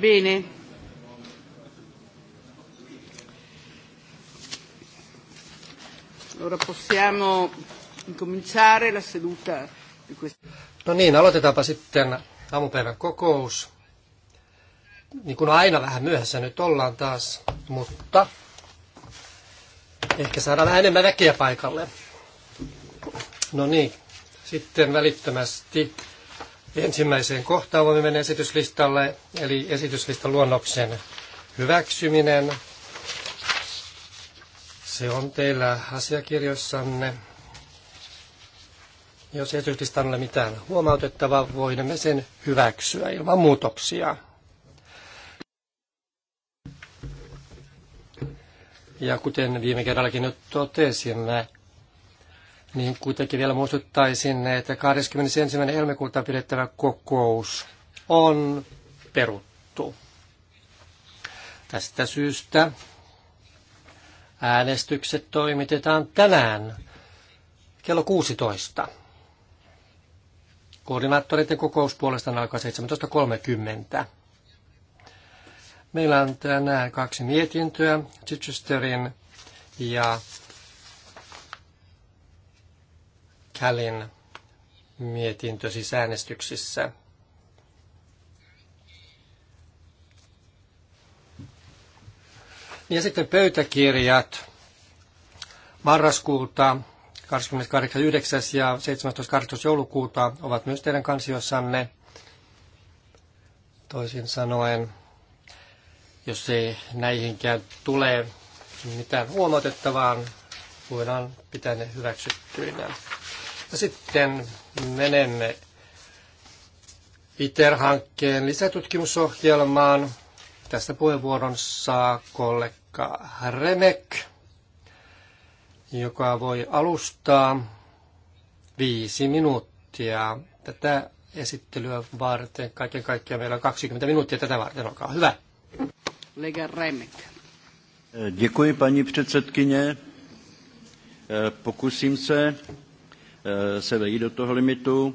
Bene. Allora possiamo incominciare la seduta di questa... No niin, aloitetaanpa sitten aamupäivän kokous. Niin kuin aina vähän myöhässä nyt ollaan taas, mutta ehkä saadaan vähän enemmän väkeä paikalle. No niin, sitten välittömästi ensimmäiseen kohtaan voimme mennä esityslistalle, eli esityslistan luonnoksen hyväksyminen. Se on teillä asiakirjoissanne. Jos esityslistalle mitään huomautettavaa, voimme sen hyväksyä ilman muutoksia. Ja kuten viime kerrallakin nyt totesimme, niin kuitenkin vielä muistuttaisin, että 21. helmikuuta pidettävä kokous on peruttu. Tästä syystä äänestykset toimitetaan tänään kello 16. Koordinaattoreiden kokous puolestaan alkaa 17.30. Meillä on tänään kaksi mietintöä, Chichesterin ja Kälin mietintö siis äänestyksissä. Ja sitten pöytäkirjat marraskuulta 28.9. ja 17.18. joulukuuta ovat myös teidän kansiossanne. Toisin sanoen, jos ei näihinkään tule mitään huomautettavaa, voidaan pitää ne hyväksyttyinä. Ja sitten menemme ITER-hankkeen lisätutkimusohjelmaan. Tästä puheenvuoron saa kollega Remek, joka voi alustaa viisi minuuttia tätä esittelyä varten. Kaiken kaikkiaan meillä on 20 minuuttia tätä varten. Olkaa hyvä. Lega Remek. Děkuji, paní předsedkyně. E, pokusím se Eh, se vei do toho limitu.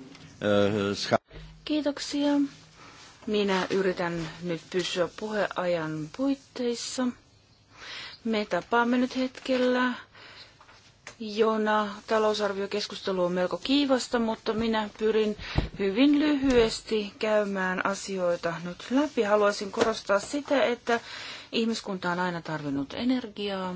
Eh, Kiitoksia. Minä yritän nyt pysyä puheajan puitteissa. Me tapaamme nyt hetkellä, jona talousarviokeskustelu on melko kiivasta, mutta minä pyrin hyvin lyhyesti käymään asioita nyt läpi. Haluaisin korostaa sitä, että ihmiskunta on aina tarvinnut energiaa,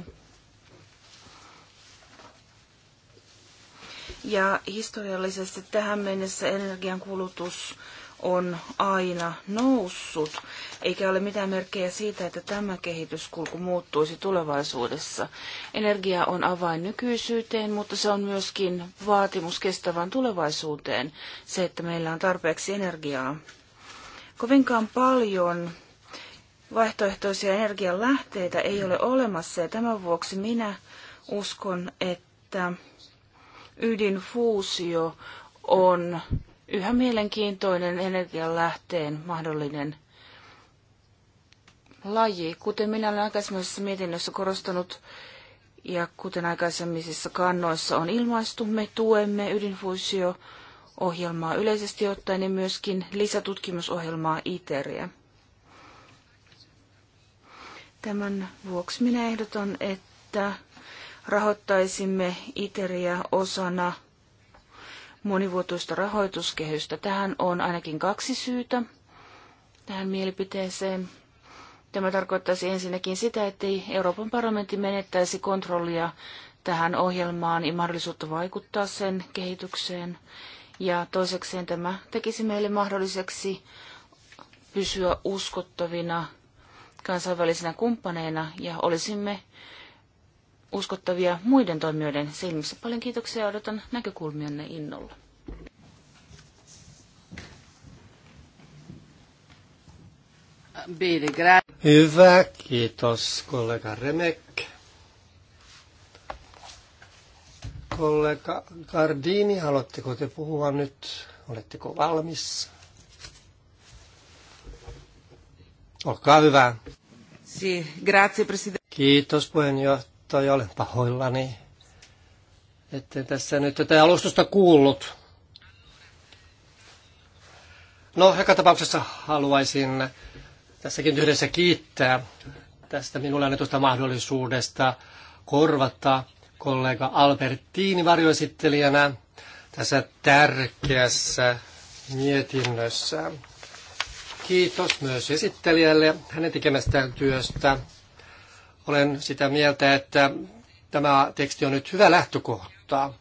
Ja historiallisesti tähän mennessä energiankulutus on aina noussut, eikä ole mitään merkkejä siitä, että tämä kehityskulku muuttuisi tulevaisuudessa. Energia on avain nykyisyyteen, mutta se on myöskin vaatimus kestävään tulevaisuuteen, se, että meillä on tarpeeksi energiaa. Kovinkaan paljon vaihtoehtoisia energianlähteitä ei ole olemassa, ja tämän vuoksi minä uskon, että ydinfuusio on yhä mielenkiintoinen energianlähteen mahdollinen laji. Kuten minä olen aikaisemmassa mietinnössä korostanut ja kuten aikaisemmissa kannoissa on ilmaistu, me tuemme ydinfuusio-ohjelmaa yleisesti ottaen ja myöskin lisätutkimusohjelmaa ITERiä. Tämän vuoksi minä ehdotan, että rahoittaisimme ITERiä osana monivuotoista rahoituskehystä. Tähän on ainakin kaksi syytä tähän mielipiteeseen. Tämä tarkoittaisi ensinnäkin sitä, että Euroopan parlamentti menettäisi kontrollia tähän ohjelmaan ja mahdollisuutta vaikuttaa sen kehitykseen. Ja toisekseen tämä tekisi meille mahdolliseksi pysyä uskottavina kansainvälisenä kumppaneina ja olisimme uskottavia muiden toimijoiden silmissä. Paljon kiitoksia ja odotan näkökulmianne innolla. Hyvä, kiitos kollega Remek. Kollega Gardini, haluatteko te puhua nyt? Oletteko valmis? Olkaa hyvä. Kiitos puheenjohtaja puheenjohtaja ja olen pahoillani, etten tässä nyt tätä alustusta kuullut. No, joka tapauksessa haluaisin tässäkin yhdessä kiittää tästä minulle annetusta mahdollisuudesta korvata kollega Albertini varjoesittelijänä tässä tärkeässä mietinnössä. Kiitos myös esittelijälle hänen tekemästään työstä. Olen sitä mieltä, että tämä teksti on nyt hyvä lähtökohta.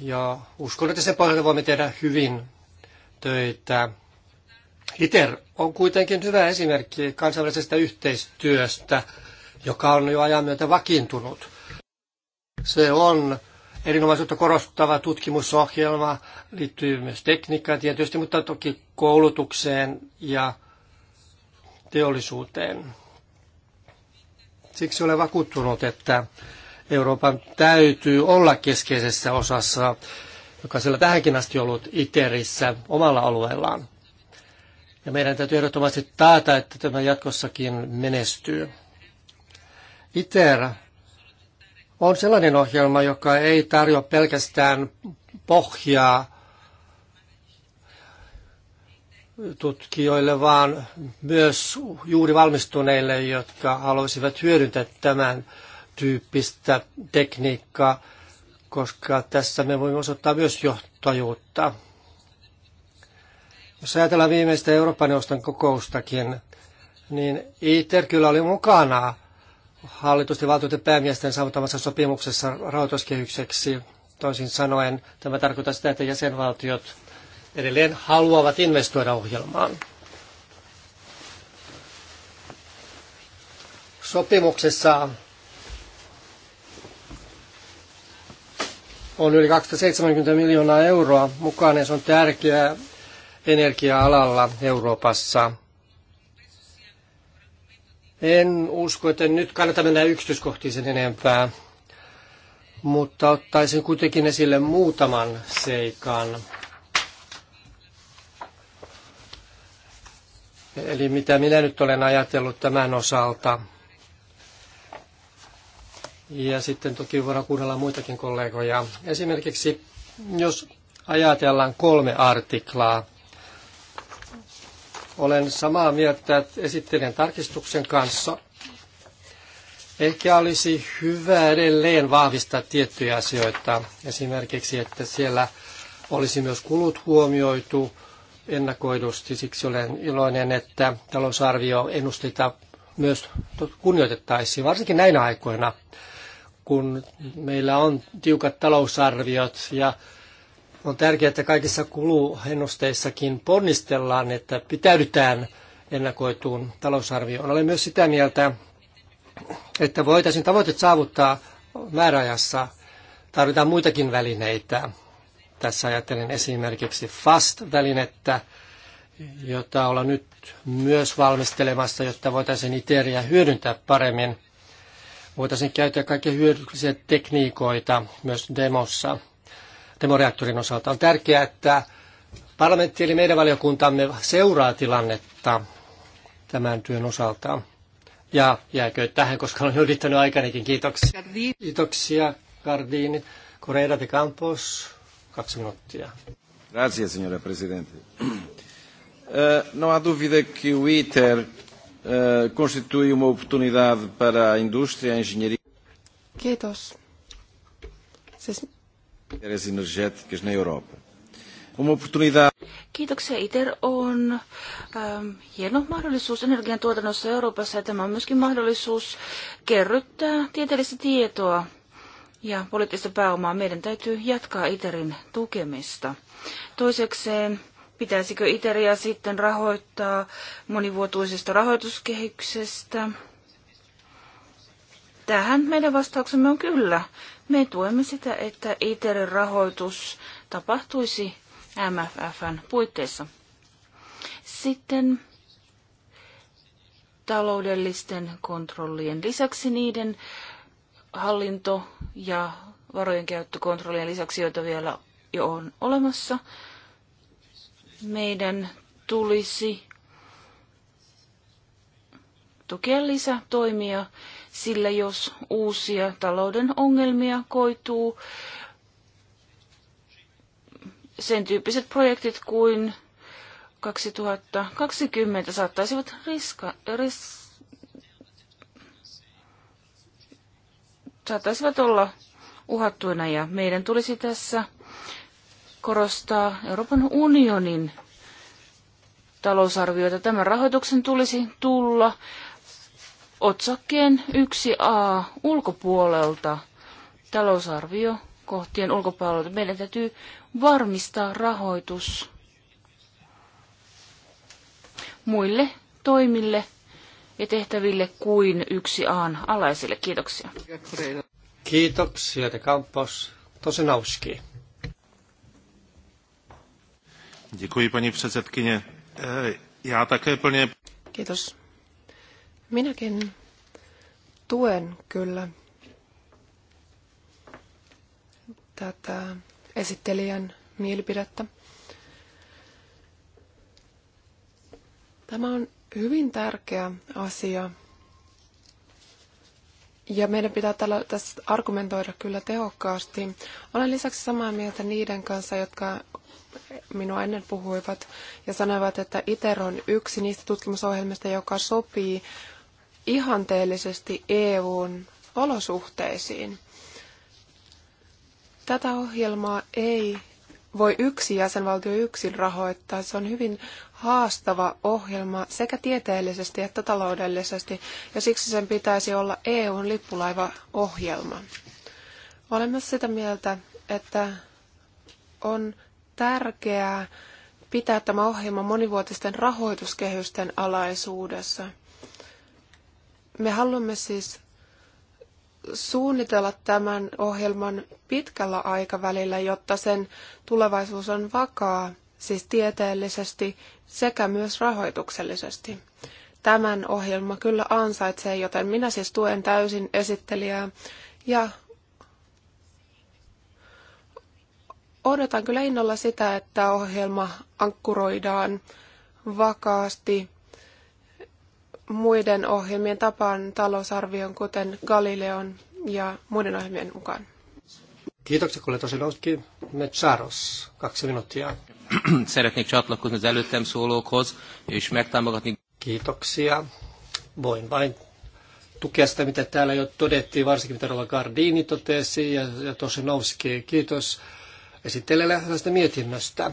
Ja uskon, että sen pohjalta voimme tehdä hyvin töitä. ITER on kuitenkin hyvä esimerkki kansainvälisestä yhteistyöstä, joka on jo ajan myötä vakiintunut. Se on erinomaisuutta korostava tutkimusohjelma, liittyy myös tekniikkaan tietysti, mutta toki koulutukseen ja teollisuuteen. Siksi olen vakuuttunut, että Euroopan täytyy olla keskeisessä osassa, joka sillä tähänkin asti ollut ITERissä omalla alueellaan. Ja meidän täytyy ehdottomasti taata, että tämä jatkossakin menestyy. ITER on sellainen ohjelma, joka ei tarjoa pelkästään pohjaa tutkijoille, vaan myös juuri valmistuneille, jotka haluaisivat hyödyntää tämän tyyppistä tekniikkaa, koska tässä me voimme osoittaa myös johtajuutta. Jos ajatellaan viimeistä Euroopan neuvoston kokoustakin, niin ITER kyllä oli mukana hallitusten valtuuden päämiesten saavuttamassa sopimuksessa rahoituskehykseksi. Toisin sanoen tämä tarkoittaa sitä, että jäsenvaltiot edelleen haluavat investoida ohjelmaan. Sopimuksessa on yli 270 miljoonaa euroa mukana ja se on tärkeää energia-alalla Euroopassa. En usko, että nyt kannata mennä yksityiskohtiin sen enempää, mutta ottaisin kuitenkin esille muutaman seikan. Eli mitä minä nyt olen ajatellut tämän osalta. Ja sitten toki voidaan kuunnella muitakin kollegoja. Esimerkiksi jos ajatellaan kolme artiklaa, olen samaa mieltä esittelijän tarkistuksen kanssa. Ehkä olisi hyvä edelleen vahvistaa tiettyjä asioita, esimerkiksi että siellä olisi myös kulut huomioitu ennakoidusti. Siksi olen iloinen, että talousarvio ennusteita myös kunnioitettaisiin, varsinkin näinä aikoina, kun meillä on tiukat talousarviot ja on tärkeää, että kaikissa kuluennusteissakin ponnistellaan, että pitäydytään ennakoituun talousarvioon. Olen myös sitä mieltä, että voitaisiin tavoitteet saavuttaa määräajassa. Tarvitaan muitakin välineitä, tässä ajattelen esimerkiksi FAST-välinettä, jota ollaan nyt myös valmistelemassa, jotta voitaisiin Iteriä hyödyntää paremmin. Voitaisiin käyttää kaikkia hyödyllisiä tekniikoita myös demossa, demoreaktorin osalta. On tärkeää, että parlamentti eli meidän valiokuntamme seuraa tilannetta tämän työn osalta. Ja jääkö tähän, koska olen yrittänyt aikanikin. Kiitoksia. Kiitoksia, Gardini. Correira de Campos. Kaksi minuuttia. Grazie, signora Presidente. Eh, não há dúvida que o ITER eh, constitui uma oportunidade para a indústria, a engenharia. Kiitos. Siis... energéticas na Europa. Uma oportunidade. Kiitoksia. ITER on ähm, hieno mahdollisuus energiantuotannossa Euroopassa ja tämä on myöskin mahdollisuus kerryttää tieteellistä tietoa ja poliittista pääomaa, meidän täytyy jatkaa ITERin tukemista. Toisekseen, pitäisikö ITERia sitten rahoittaa monivuotuisesta rahoituskehyksestä? Tähän meidän vastauksemme on kyllä. Me tuemme sitä, että ITERin rahoitus tapahtuisi MFFn puitteissa. Sitten taloudellisten kontrollien lisäksi niiden hallinto ja varojen käyttökontrollien lisäksi, joita vielä jo on olemassa, meidän tulisi tukea lisätoimia, sillä jos uusia talouden ongelmia koituu, sen tyyppiset projektit kuin 2020 saattaisivat riska, ris, saattaisivat olla uhattuina ja meidän tulisi tässä korostaa Euroopan unionin talousarviota. Tämän rahoituksen tulisi tulla otsakkeen 1a ulkopuolelta talousarvio kohtien ulkopuolelta. Meidän täytyy varmistaa rahoitus muille toimille ja tehtäville kuin yksi aan alaisille. Kiitoksia. Kiitoksia, de Campos Tosinowski. Děkuji, paní předsedkyně. Eh, já také plně... Kiitos. Minäkin tuen kyllä tätä esittelijän mielipidettä. Tämä on hyvin tärkeä asia. Ja meidän pitää tällä, tässä argumentoida kyllä tehokkaasti. Olen lisäksi samaa mieltä niiden kanssa, jotka minua ennen puhuivat ja sanoivat, että ITER on yksi niistä tutkimusohjelmista, joka sopii ihanteellisesti EUn olosuhteisiin. Tätä ohjelmaa ei voi yksi jäsenvaltio yksin rahoittaa. Se on hyvin haastava ohjelma sekä tieteellisesti että taloudellisesti, ja siksi sen pitäisi olla EUn lippulaivaohjelma. Olen myös sitä mieltä, että on tärkeää pitää tämä ohjelma monivuotisten rahoituskehysten alaisuudessa. Me haluamme siis suunnitella tämän ohjelman pitkällä aikavälillä, jotta sen tulevaisuus on vakaa, siis tieteellisesti sekä myös rahoituksellisesti. Tämän ohjelma kyllä ansaitsee, joten minä siis tuen täysin esittelijää ja odotan kyllä innolla sitä, että ohjelma ankkuroidaan vakaasti muiden ohjelmien tapaan talousarvion, kuten Galileon ja muiden ohjelmien mukaan. Kiitoksia, kun Tosilowski. Metsaros, kaksi minuuttia. Szeretnék csatlakozni az előttem szólókhoz, és megtámogatni. Kiitoksia. Voin vain tukea sitä, mitä täällä jo todettiin, varsinkin mitä Rova Gardini totesi ja, ja Tosinowski. Kiitos esittelijälle tästä mietinnöstä.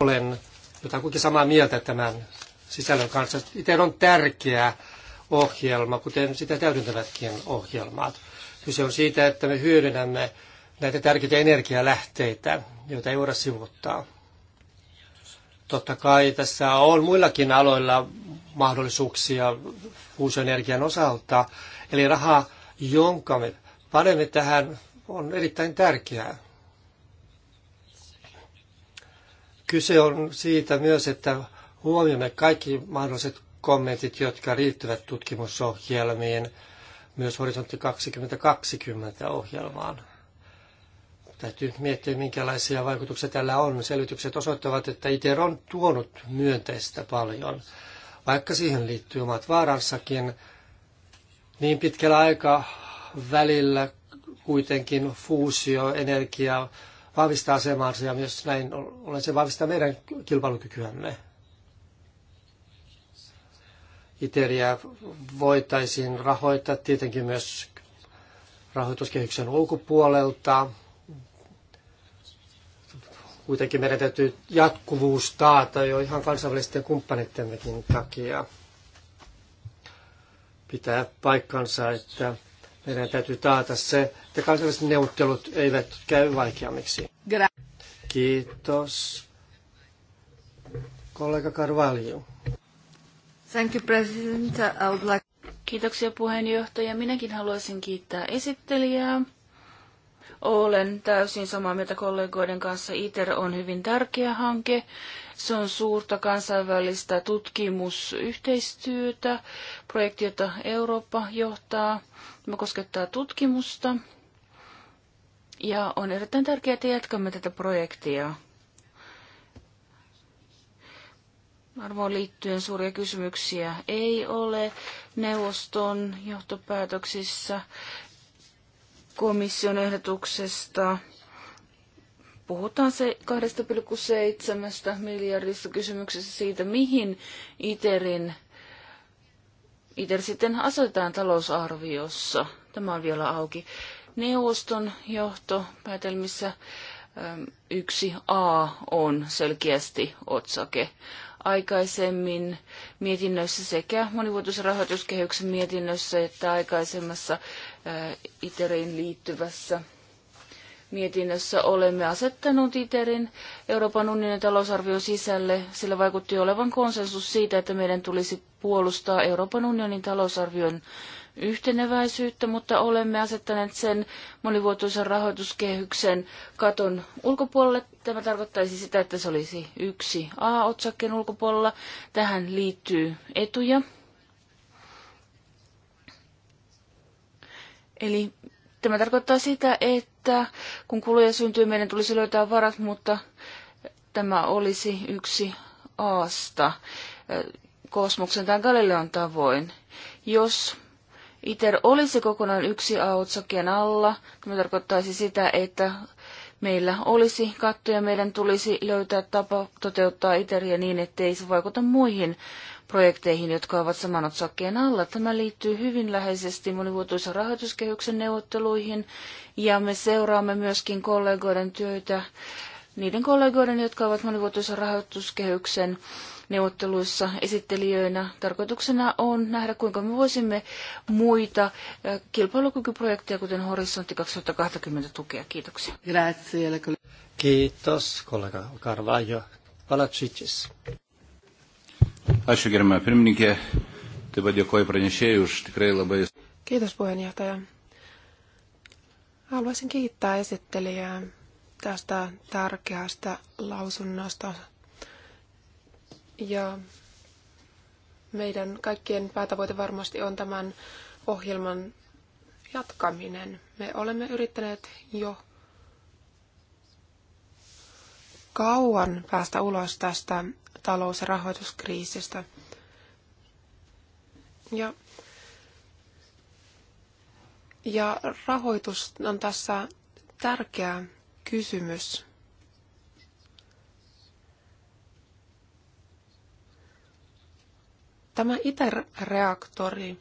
Olen jotakin samaa mieltä tämän sisällön kanssa. Itse on tärkeä ohjelma, kuten sitä täydentävätkin ohjelmat. Kyse on siitä, että me hyödynnämme näitä tärkeitä energialähteitä, joita ei voida sivuuttaa. Totta kai tässä on muillakin aloilla mahdollisuuksia uusenergian osalta. Eli raha, jonka me panemme tähän, on erittäin tärkeää. Kyse on siitä myös, että huomioimme kaikki mahdolliset kommentit, jotka liittyvät tutkimusohjelmiin, myös Horisontti 2020 ohjelmaan. Täytyy miettiä, minkälaisia vaikutuksia tällä on. Selvitykset osoittavat, että ITER on tuonut myönteistä paljon. Vaikka siihen liittyy omat vaaransakin, niin pitkällä aika välillä kuitenkin fuusio, energia vahvistaa asemaansa ja myös näin ollen se vahvistaa meidän kilpailukykyämme. Iteriä voitaisiin rahoittaa tietenkin myös rahoituskehyksen ulkopuolelta. Kuitenkin meidän täytyy jatkuvuus taata jo ihan kansainvälisten kumppaneittemmekin takia. Pitää paikkansa, että meidän täytyy taata se, että kansainväliset neuvottelut eivät käy vaikeammiksi. Kiitos. Kollega Carvalho. Thank you, President. I would like... Kiitoksia puheenjohtaja. Minäkin haluaisin kiittää esittelijää. Olen täysin samaa mieltä kollegoiden kanssa. ITER on hyvin tärkeä hanke. Se on suurta kansainvälistä tutkimusyhteistyötä, projekti, jota Eurooppa johtaa. Tämä koskettaa tutkimusta ja on erittäin tärkeää, että jatkamme tätä projektia. arvoon liittyen suuria kysymyksiä ei ole neuvoston johtopäätöksissä komission ehdotuksesta. Puhutaan se 2,7 miljardista kysymyksessä siitä, mihin ITERin, ITER sitten asetetaan talousarviossa. Tämä on vielä auki. Neuvoston johtopäätelmissä 1a on selkeästi otsake aikaisemmin mietinnöissä sekä monivuotisen rahoituskehyksen mietinnössä että aikaisemmassa äh, ITERin liittyvässä mietinnössä olemme asettaneet ITERin Euroopan unionin talousarvion sisälle, sillä vaikutti olevan konsensus siitä, että meidän tulisi puolustaa Euroopan unionin talousarvion yhteneväisyyttä, mutta olemme asettaneet sen monivuotoisen rahoituskehyksen katon ulkopuolelle. Tämä tarkoittaisi sitä, että se olisi yksi A-otsakkeen ulkopuolella. Tähän liittyy etuja. Eli tämä tarkoittaa sitä, että kun kuluja syntyy, meidän tulisi löytää varat, mutta tämä olisi yksi aasta kosmoksen tai Galileon tavoin. Jos ITER olisi kokonaan yksi autsakien alla. Tämä tarkoittaisi sitä, että meillä olisi katto ja meidän tulisi löytää tapa toteuttaa ITERiä niin, ettei se vaikuta muihin projekteihin, jotka ovat saman otsakkeen alla. Tämä liittyy hyvin läheisesti monivuotuisen rahoituskehyksen neuvotteluihin ja me seuraamme myöskin kollegoiden työtä, niiden kollegoiden, jotka ovat monivuotuisen rahoituskehyksen neuvotteluissa esittelijöinä. Tarkoituksena on nähdä, kuinka me voisimme muita eh, kilpailukykyprojekteja, kuten Horisontti 2020 tukea. Kiitoksia. Kiitos, kollega Carvalho. Palacicis. Ačiū gerbiamą pirmininkę, taip pat dėkoju pranešėjai už labai. Kiitos puheenjohtaja. Haluaisin kiittää esittelijää tästä tärkeästä lausunnosta. Ja meidän kaikkien päätavoite varmasti on tämän ohjelman jatkaminen. Me olemme yrittäneet jo kauan päästä ulos tästä talous- ja rahoituskriisistä. Ja, ja rahoitus on tässä tärkeä kysymys. Tämä ITER-reaktori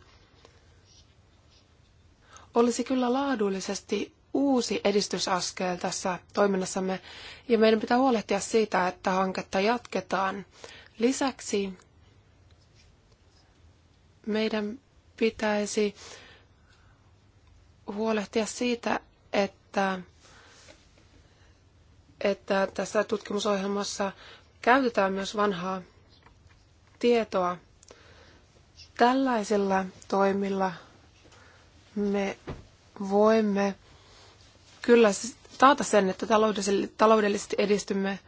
olisi kyllä laadullisesti uusi edistysaskel tässä toiminnassamme, ja meidän pitää huolehtia siitä, että hanketta jatketaan. Lisäksi meidän pitäisi huolehtia siitä, että, että tässä tutkimusohjelmassa käytetään myös vanhaa tietoa Tällaisilla toimilla me voimme kyllä taata sen, että taloudellisesti edistymme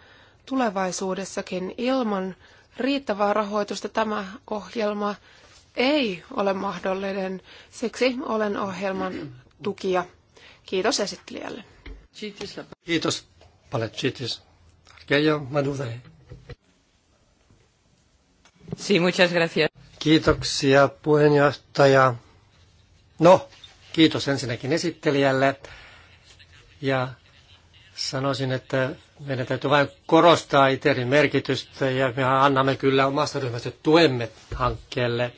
tulevaisuudessakin ilman riittävää rahoitusta tämä ohjelma ei ole mahdollinen. Siksi olen ohjelman tukija. Kiitos esittelijälle. Kiitos paljon. Kiitos. Arkeja Madurei. Sí, muchas gracias. Kiitoksia puheenjohtaja. No, kiitos ensinnäkin esittelijälle. Ja sanoisin, että meidän täytyy vain korostaa ITERin merkitystä ja me annamme kyllä omasta ryhmästä tuemme hankkeelle.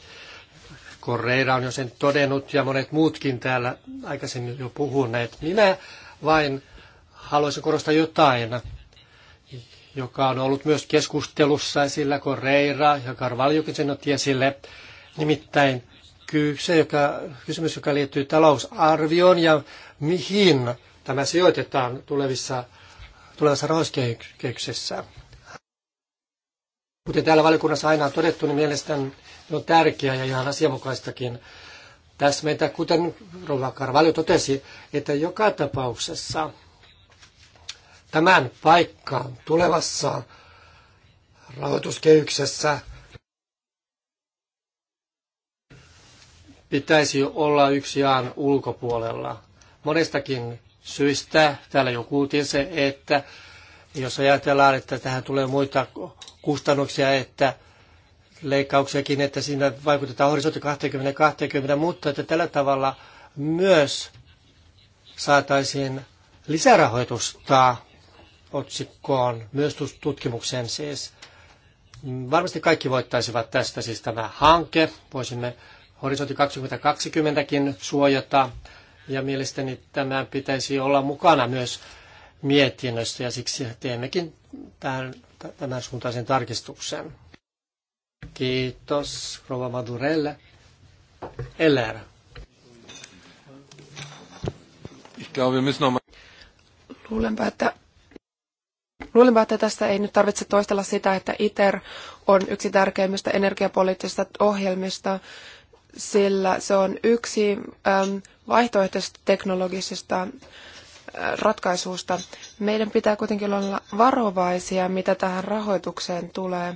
Korreira on jo sen todennut ja monet muutkin täällä aikaisemmin jo puhuneet. Minä vain haluaisin korostaa jotain joka on ollut myös keskustelussa esillä, kun Reira ja Karvaljukin sen otti esille. Nimittäin kyse, joka, kysymys, joka liittyy talousarvioon ja mihin tämä sijoitetaan tulevissa, tulevassa rahoiskehyksessä. Kuten täällä valiokunnassa aina on todettu, niin mielestäni on tärkeää ja ihan asianmukaistakin tässä meitä, kuten Rova Karvalio totesi, että joka tapauksessa tämän paikkaan tulevassa rahoituskehyksessä pitäisi olla yksi aan ulkopuolella. Monestakin syistä täällä jo kuultiin se, että jos ajatellaan, että tähän tulee muita kustannuksia, että leikkauksiakin, että siinä vaikutetaan horisontti 20-20, mutta että tällä tavalla myös saataisiin lisärahoitusta otsikkoon, myös tutkimukseen siis. Varmasti kaikki voittaisivat tästä siis tämä hanke. Voisimme Horisontti 2020kin suojata. Ja mielestäni tämä pitäisi olla mukana myös mietinnössä ja siksi teemmekin tämän, tämän suuntaisen tarkistuksen. Kiitos Rova Madurelle. Eller. Luulenpa, että Luulenpa, että tässä ei nyt tarvitse toistella sitä, että ITER on yksi tärkeimmistä energiapoliittisista ohjelmista, sillä se on yksi äm, vaihtoehtoisista teknologisista ratkaisuista. Meidän pitää kuitenkin olla varovaisia, mitä tähän rahoitukseen tulee.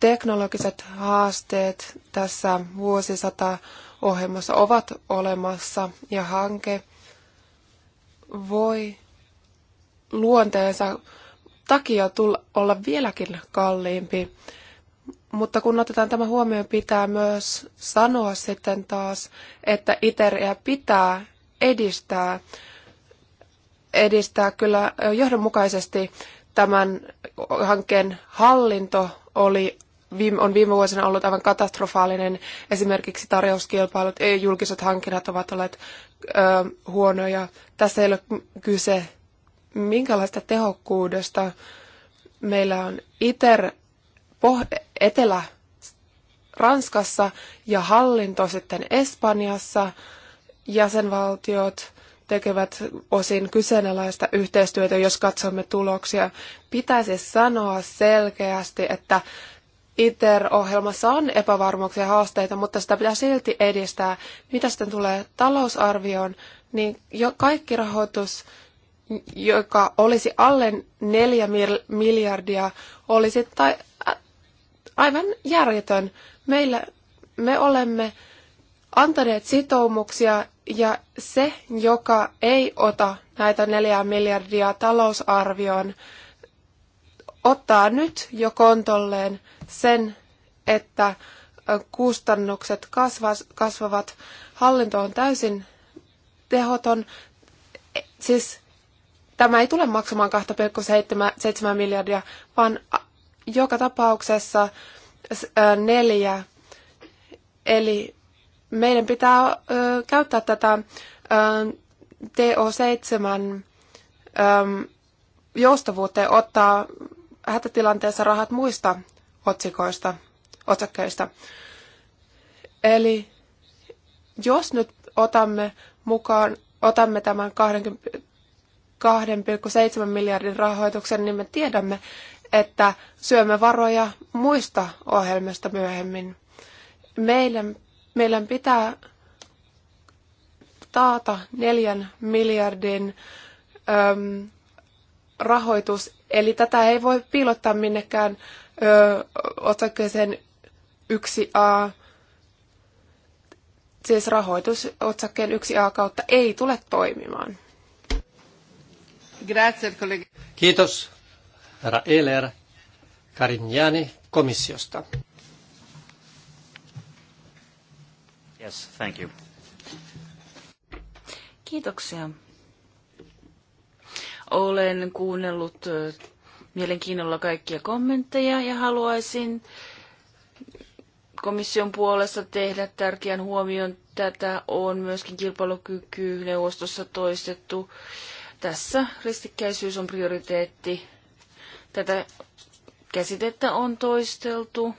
Teknologiset haasteet tässä vuosisata-ohjelmassa ovat olemassa ja hanke voi luonteensa takia tulla, olla vieläkin kalliimpi. Mutta kun otetaan tämä huomioon, pitää myös sanoa sitten taas, että ITERiä pitää edistää, edistää kyllä johdonmukaisesti tämän hankkeen hallinto oli viime, on viime vuosina ollut aivan katastrofaalinen. Esimerkiksi tarjouskilpailut, julkiset hankinnat ovat olleet ö, huonoja. Tässä ei ole kyse minkälaista tehokkuudesta meillä on ITER Etelä Ranskassa ja hallinto sitten Espanjassa. Jäsenvaltiot tekevät osin kyseenalaista yhteistyötä, jos katsomme tuloksia. Pitäisi sanoa selkeästi, että ITER-ohjelmassa on epävarmuuksia ja haasteita, mutta sitä pitää silti edistää. Mitä sitten tulee talousarvioon, niin jo kaikki rahoitus, joka olisi alle neljä miljardia, olisi tai, aivan järjetön. Meillä, me olemme antaneet sitoumuksia ja se, joka ei ota näitä neljää miljardia talousarvioon, ottaa nyt jo kontolleen sen, että kustannukset kasvavat. Hallinto on täysin tehoton. Siis tämä ei tule maksamaan 2,7 miljardia, vaan joka tapauksessa neljä. Eli meidän pitää käyttää tätä TO7 ja ottaa hätätilanteessa rahat muista otsikoista, otsakkeista. Eli jos nyt otamme mukaan, otamme tämän 20, 2,7 miljardin rahoituksen, niin me tiedämme, että syömme varoja muista ohjelmista myöhemmin. Meidän, meidän pitää taata neljän miljardin äm, rahoitus, eli tätä ei voi piilottaa minnekään otsakkeeseen 1a, siis rahoitus otsakkeen 1a kautta ei tule toimimaan. Kiitos, herra Eler Karinjani komissiosta. Yes, thank you. Kiitoksia. Olen kuunnellut mielenkiinnolla kaikkia kommentteja ja haluaisin komission puolesta tehdä tärkeän huomion. Tätä on myöskin kilpailukykyneuvostossa neuvostossa toistettu tässä ristikkäisyys on prioriteetti. Tätä käsitettä on toisteltu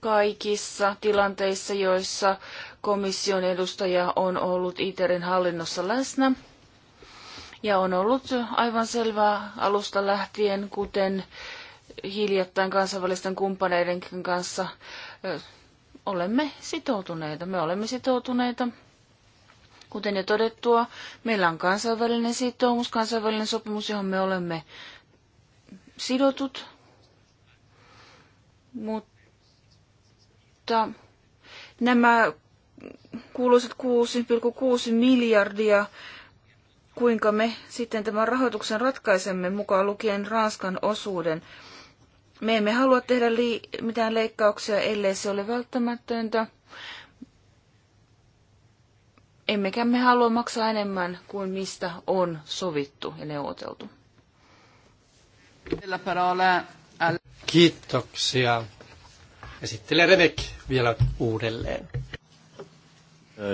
kaikissa tilanteissa, joissa komission edustaja on ollut ITERin hallinnossa läsnä. Ja on ollut aivan selvää alusta lähtien, kuten hiljattain kansainvälisten kumppaneidenkin kanssa olemme sitoutuneita. Me olemme sitoutuneita Kuten jo todettua, meillä on kansainvälinen sitoumus, kansainvälinen sopimus, johon me olemme sidotut, mutta nämä kuuluisat 6,6 miljardia, kuinka me sitten tämän rahoituksen ratkaisemme mukaan lukien Ranskan osuuden. Me emme halua tehdä mitään leikkauksia, ellei se ole välttämätöntä. Emmekä me halua maksaa enemmän kuin mistä on sovittu ja neuvoteltu. Kiitoksia. Esittelee Remek vielä uudelleen. Äh, äh,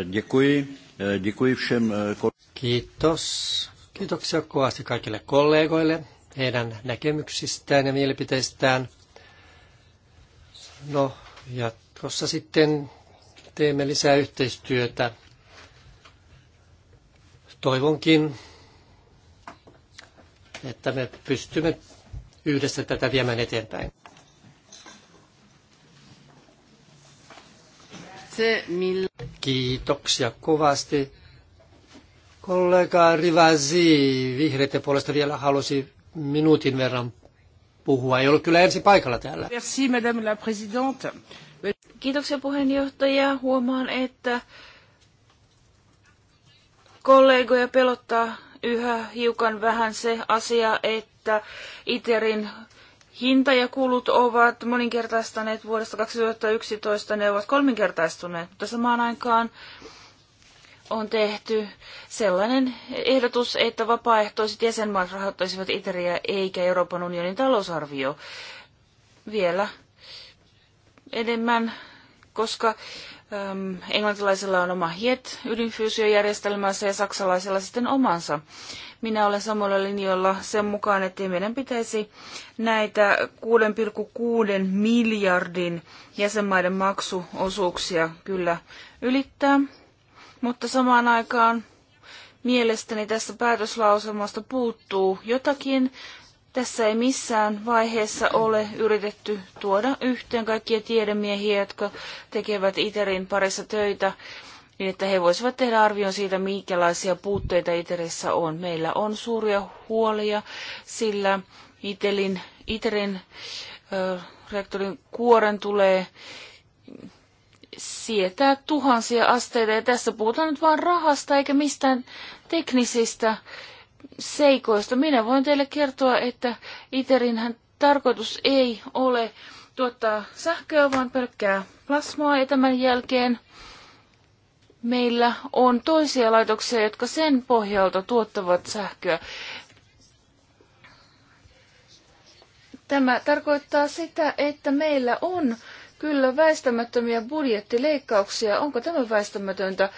äh, Kiitos. Kiitoksia kovasti kaikille kollegoille heidän näkemyksistään ja mielipiteistään. No, jatkossa sitten teemme lisää yhteistyötä Toivonkin, että me pystymme yhdessä tätä viemään eteenpäin. Kiitoksia kovasti. Kollega Rivasi vihreiden puolesta vielä halusi minuutin verran puhua. Ei ollut kyllä ensin paikalla täällä. Merci, madame la présidente. Kiitoksia puheenjohtaja. Huomaan, että kollegoja pelottaa yhä hiukan vähän se asia, että ITERin hinta ja kulut ovat moninkertaistaneet vuodesta 2011, ne ovat kolminkertaistuneet, mutta samaan aikaan on tehty sellainen ehdotus, että vapaaehtoiset jäsenmaat rahoittaisivat Iteriä eikä Euroopan unionin talousarvio vielä enemmän, koska Öm, ähm, englantilaisilla on oma HIET ydinfyysiojärjestelmänsä ja saksalaisilla sitten omansa. Minä olen samalla linjoilla sen mukaan, että meidän pitäisi näitä 6,6 miljardin jäsenmaiden maksuosuuksia kyllä ylittää. Mutta samaan aikaan mielestäni tässä päätöslauselmasta puuttuu jotakin. Tässä ei missään vaiheessa ole yritetty tuoda yhteen kaikkia tiedemiehiä, jotka tekevät ITERin parissa töitä, niin että he voisivat tehdä arvion siitä, minkälaisia puutteita ITERissä on. Meillä on suuria huolia, sillä ITERin, ITERin kuoren tulee sietää tuhansia asteita, ja tässä puhutaan nyt vain rahasta eikä mistään teknisistä seikoista. Minä voin teille kertoa, että ITERinhän tarkoitus ei ole tuottaa sähköä, vaan pelkkää plasmaa. Ja tämän jälkeen meillä on toisia laitoksia, jotka sen pohjalta tuottavat sähköä. Tämä tarkoittaa sitä, että meillä on kyllä väistämättömiä budjettileikkauksia. Onko tämä väistämätöntä?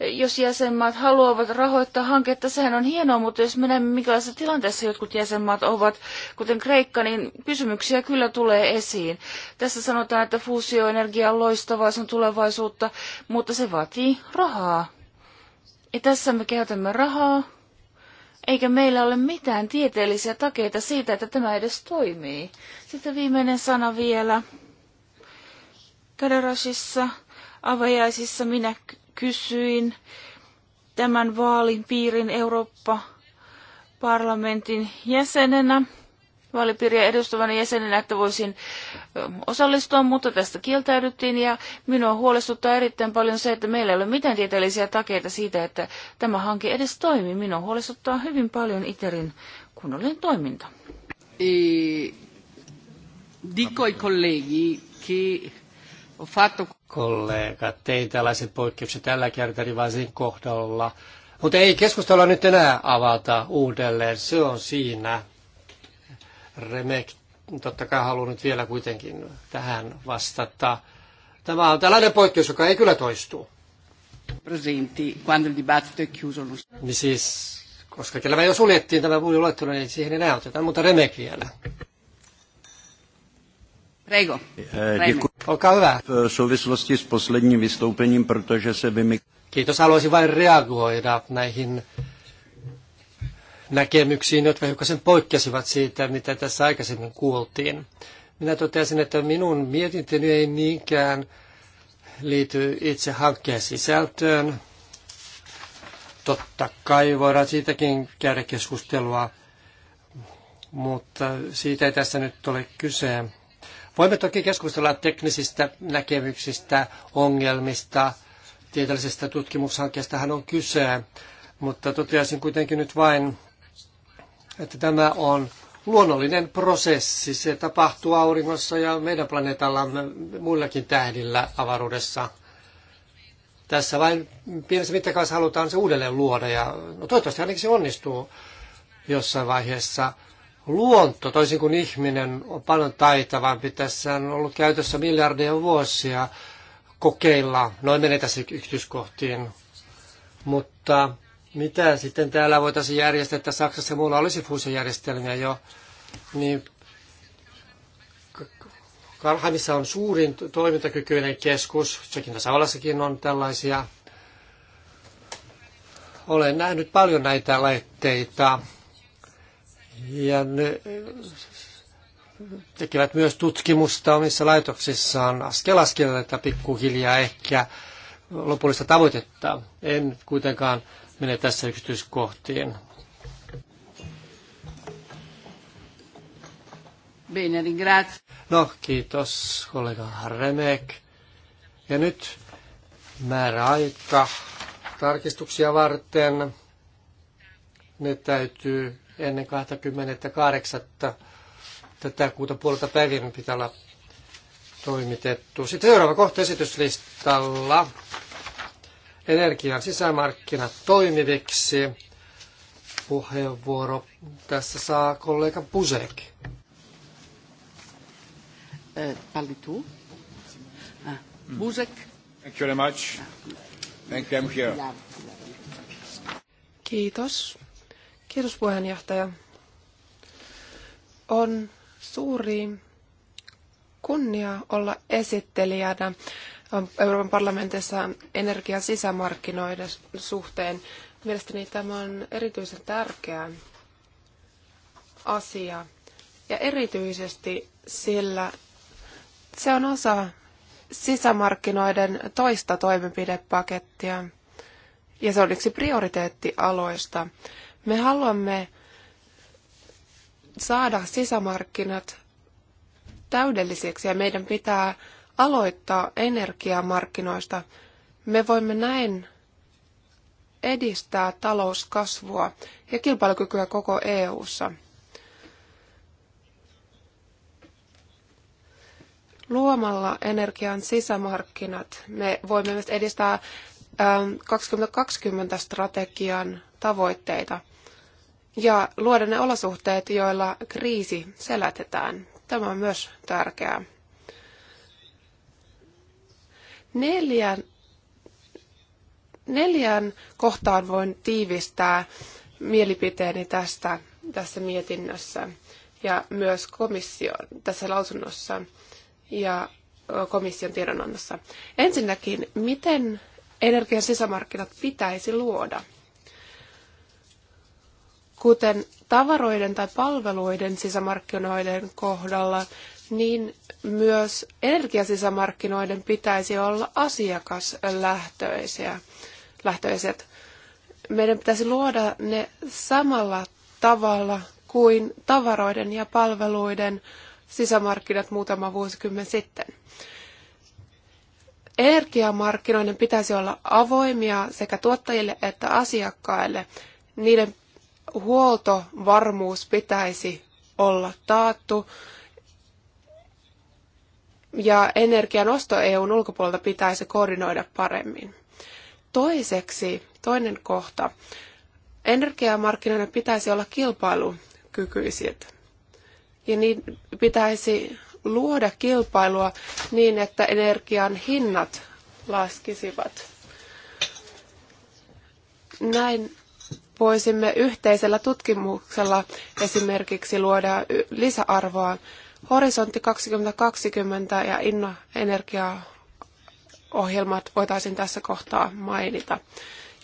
Jos jäsenmaat haluavat rahoittaa hanketta, sehän on hienoa, mutta jos me näemme, minkälaisessa tilanteessa jotkut jäsenmaat ovat, kuten Kreikka, niin kysymyksiä kyllä tulee esiin. Tässä sanotaan, että fuusioenergia on loistavaa, se on tulevaisuutta, mutta se vaatii rahaa. Ja tässä me käytämme rahaa, eikä meillä ole mitään tieteellisiä takeita siitä, että tämä edes toimii. Sitten viimeinen sana vielä. Kaderasissa, avajaisissa minä kysyin tämän vaalin piirin Eurooppa-parlamentin jäsenenä, vaalipiiriä edustavana jäsenenä, että voisin osallistua, mutta tästä kieltäydyttiin ja minua huolestuttaa erittäin paljon se, että meillä ei ole mitään tieteellisiä takeita siitä, että tämä hanke edes toimii. Minua huolestuttaa hyvin paljon ITERin kunnollinen toiminta. E... Dico ai colleghi che Kollegat, tein tällaisen poikkeuksen tällä kertaa Rivasin kohdalla. Mutta ei keskustella nyt enää avata uudelleen, se on siinä. Remek totta kai haluan nyt vielä kuitenkin tähän vastata. Tämä on tällainen poikkeus, joka ei kyllä toistu. Presenti, quando il dibattito è chiuso. Niin siis, koska kyllä me jo suljettiin tämä muu luettelo, niin siihen ei näytetä, mutta Remek vielä. Prego. Prego. Eh, Olkaa hyvä. V souvislosti s posledním vystoupením, protože se vymyk... Kiitos. Haluaisin vain reagoida näihin näkemyksiin, jotka hiukkasen poikkesivat siitä, mitä tässä aikaisemmin kuultiin. Minä totesin, että minun mietintöni ei niinkään liity itse hankkeen sisältöön. Totta kai voidaan siitäkin käydä keskustelua, mutta siitä ei tässä nyt ole kyse. Voimme toki keskustella teknisistä näkemyksistä, ongelmista, tieteellisestä tutkimushankkeestahan on kyse, mutta toteaisin kuitenkin nyt vain, että tämä on luonnollinen prosessi. Se tapahtuu auringossa ja meidän planeetallamme muillakin tähdillä avaruudessa. Tässä vain pienessä mittakaavassa halutaan se uudelleen luoda ja no toivottavasti ainakin se onnistuu jossain vaiheessa luonto, toisin kuin ihminen, on paljon taitavampi. Tässä on ollut käytössä miljardeja vuosia kokeilla. Noin menee tässä yksityiskohtiin. Mutta mitä sitten täällä voitaisiin järjestää, että Saksassa ja muulla olisi fuusiojärjestelmiä jo, niin Karhamissa on suurin toimintakykyinen keskus, sekin tasavallassakin on tällaisia. Olen nähnyt paljon näitä laitteita ja ne tekevät myös tutkimusta omissa laitoksissaan askel askeleelta pikkuhiljaa ehkä lopullista tavoitetta. En kuitenkaan mene tässä yksityiskohtiin. Bene, ringrazio. No, kiitos kollega Remek. Ja nyt määräaika tarkistuksia varten. Ne täytyy ennen 28. tätä kuuta puolta päivien pitää olla toimitettu. Sitten seuraava kohta esityslistalla. Energian sisämarkkinat toimiviksi. Puheenvuoro tässä saa kollega Pusek. Eh, Pallitu. Ah, Busek. Thank you very much. Thank you, Kiitos. Kiitos puheenjohtaja. On suuri kunnia olla esittelijänä Euroopan parlamentissa energia sisämarkkinoiden suhteen. Mielestäni tämä on erityisen tärkeä asia. Ja erityisesti sillä se on osa sisämarkkinoiden toista toimenpidepakettia. Ja se on yksi prioriteettialoista. Me haluamme saada sisämarkkinat täydellisiksi ja meidän pitää aloittaa energiamarkkinoista. Me voimme näin edistää talouskasvua ja kilpailukykyä koko EU:ssa. Luomalla energian sisämarkkinat me voimme myös edistää 2020 strategian tavoitteita – ja luoda ne olosuhteet, joilla kriisi selätetään. Tämä on myös tärkeää. Neljän, neljän kohtaan voin tiivistää mielipiteeni tästä tässä mietinnössä ja myös komission tässä lausunnossa ja komission tiedonannossa. Ensinnäkin, miten energian sisämarkkinat pitäisi luoda? kuten tavaroiden tai palveluiden sisämarkkinoiden kohdalla, niin myös energiasisämarkkinoiden pitäisi olla asiakaslähtöisiä. Lähtöiset. Meidän pitäisi luoda ne samalla tavalla kuin tavaroiden ja palveluiden sisämarkkinat muutama vuosikymmen sitten. Energiamarkkinoiden pitäisi olla avoimia sekä tuottajille että asiakkaille. Niiden huoltovarmuus pitäisi olla taattu ja energian osto EUn ulkopuolelta pitäisi koordinoida paremmin. Toiseksi, toinen kohta. Energiamarkkinoiden pitäisi olla kilpailukykyiset ja niin pitäisi luoda kilpailua niin, että energian hinnat laskisivat. Näin voisimme yhteisellä tutkimuksella esimerkiksi luoda lisäarvoa. Horisontti 2020 ja energiaohjelmat voitaisiin tässä kohtaa mainita.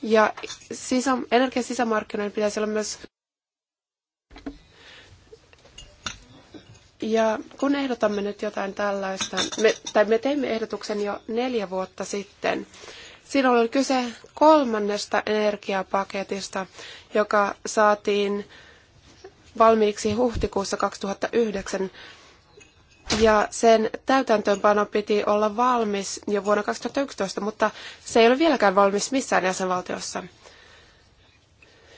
Ja sisä, energian sisämarkkinoiden pitäisi olla myös Ja kun ehdotamme nyt jotain tällaista, me, tai me teimme ehdotuksen jo neljä vuotta sitten, Silloin oli kyse kolmannesta energiapaketista, joka saatiin valmiiksi huhtikuussa 2009. Ja sen täytäntöönpano piti olla valmis jo vuonna 2011, mutta se ei ole vieläkään valmis missään jäsenvaltiossa.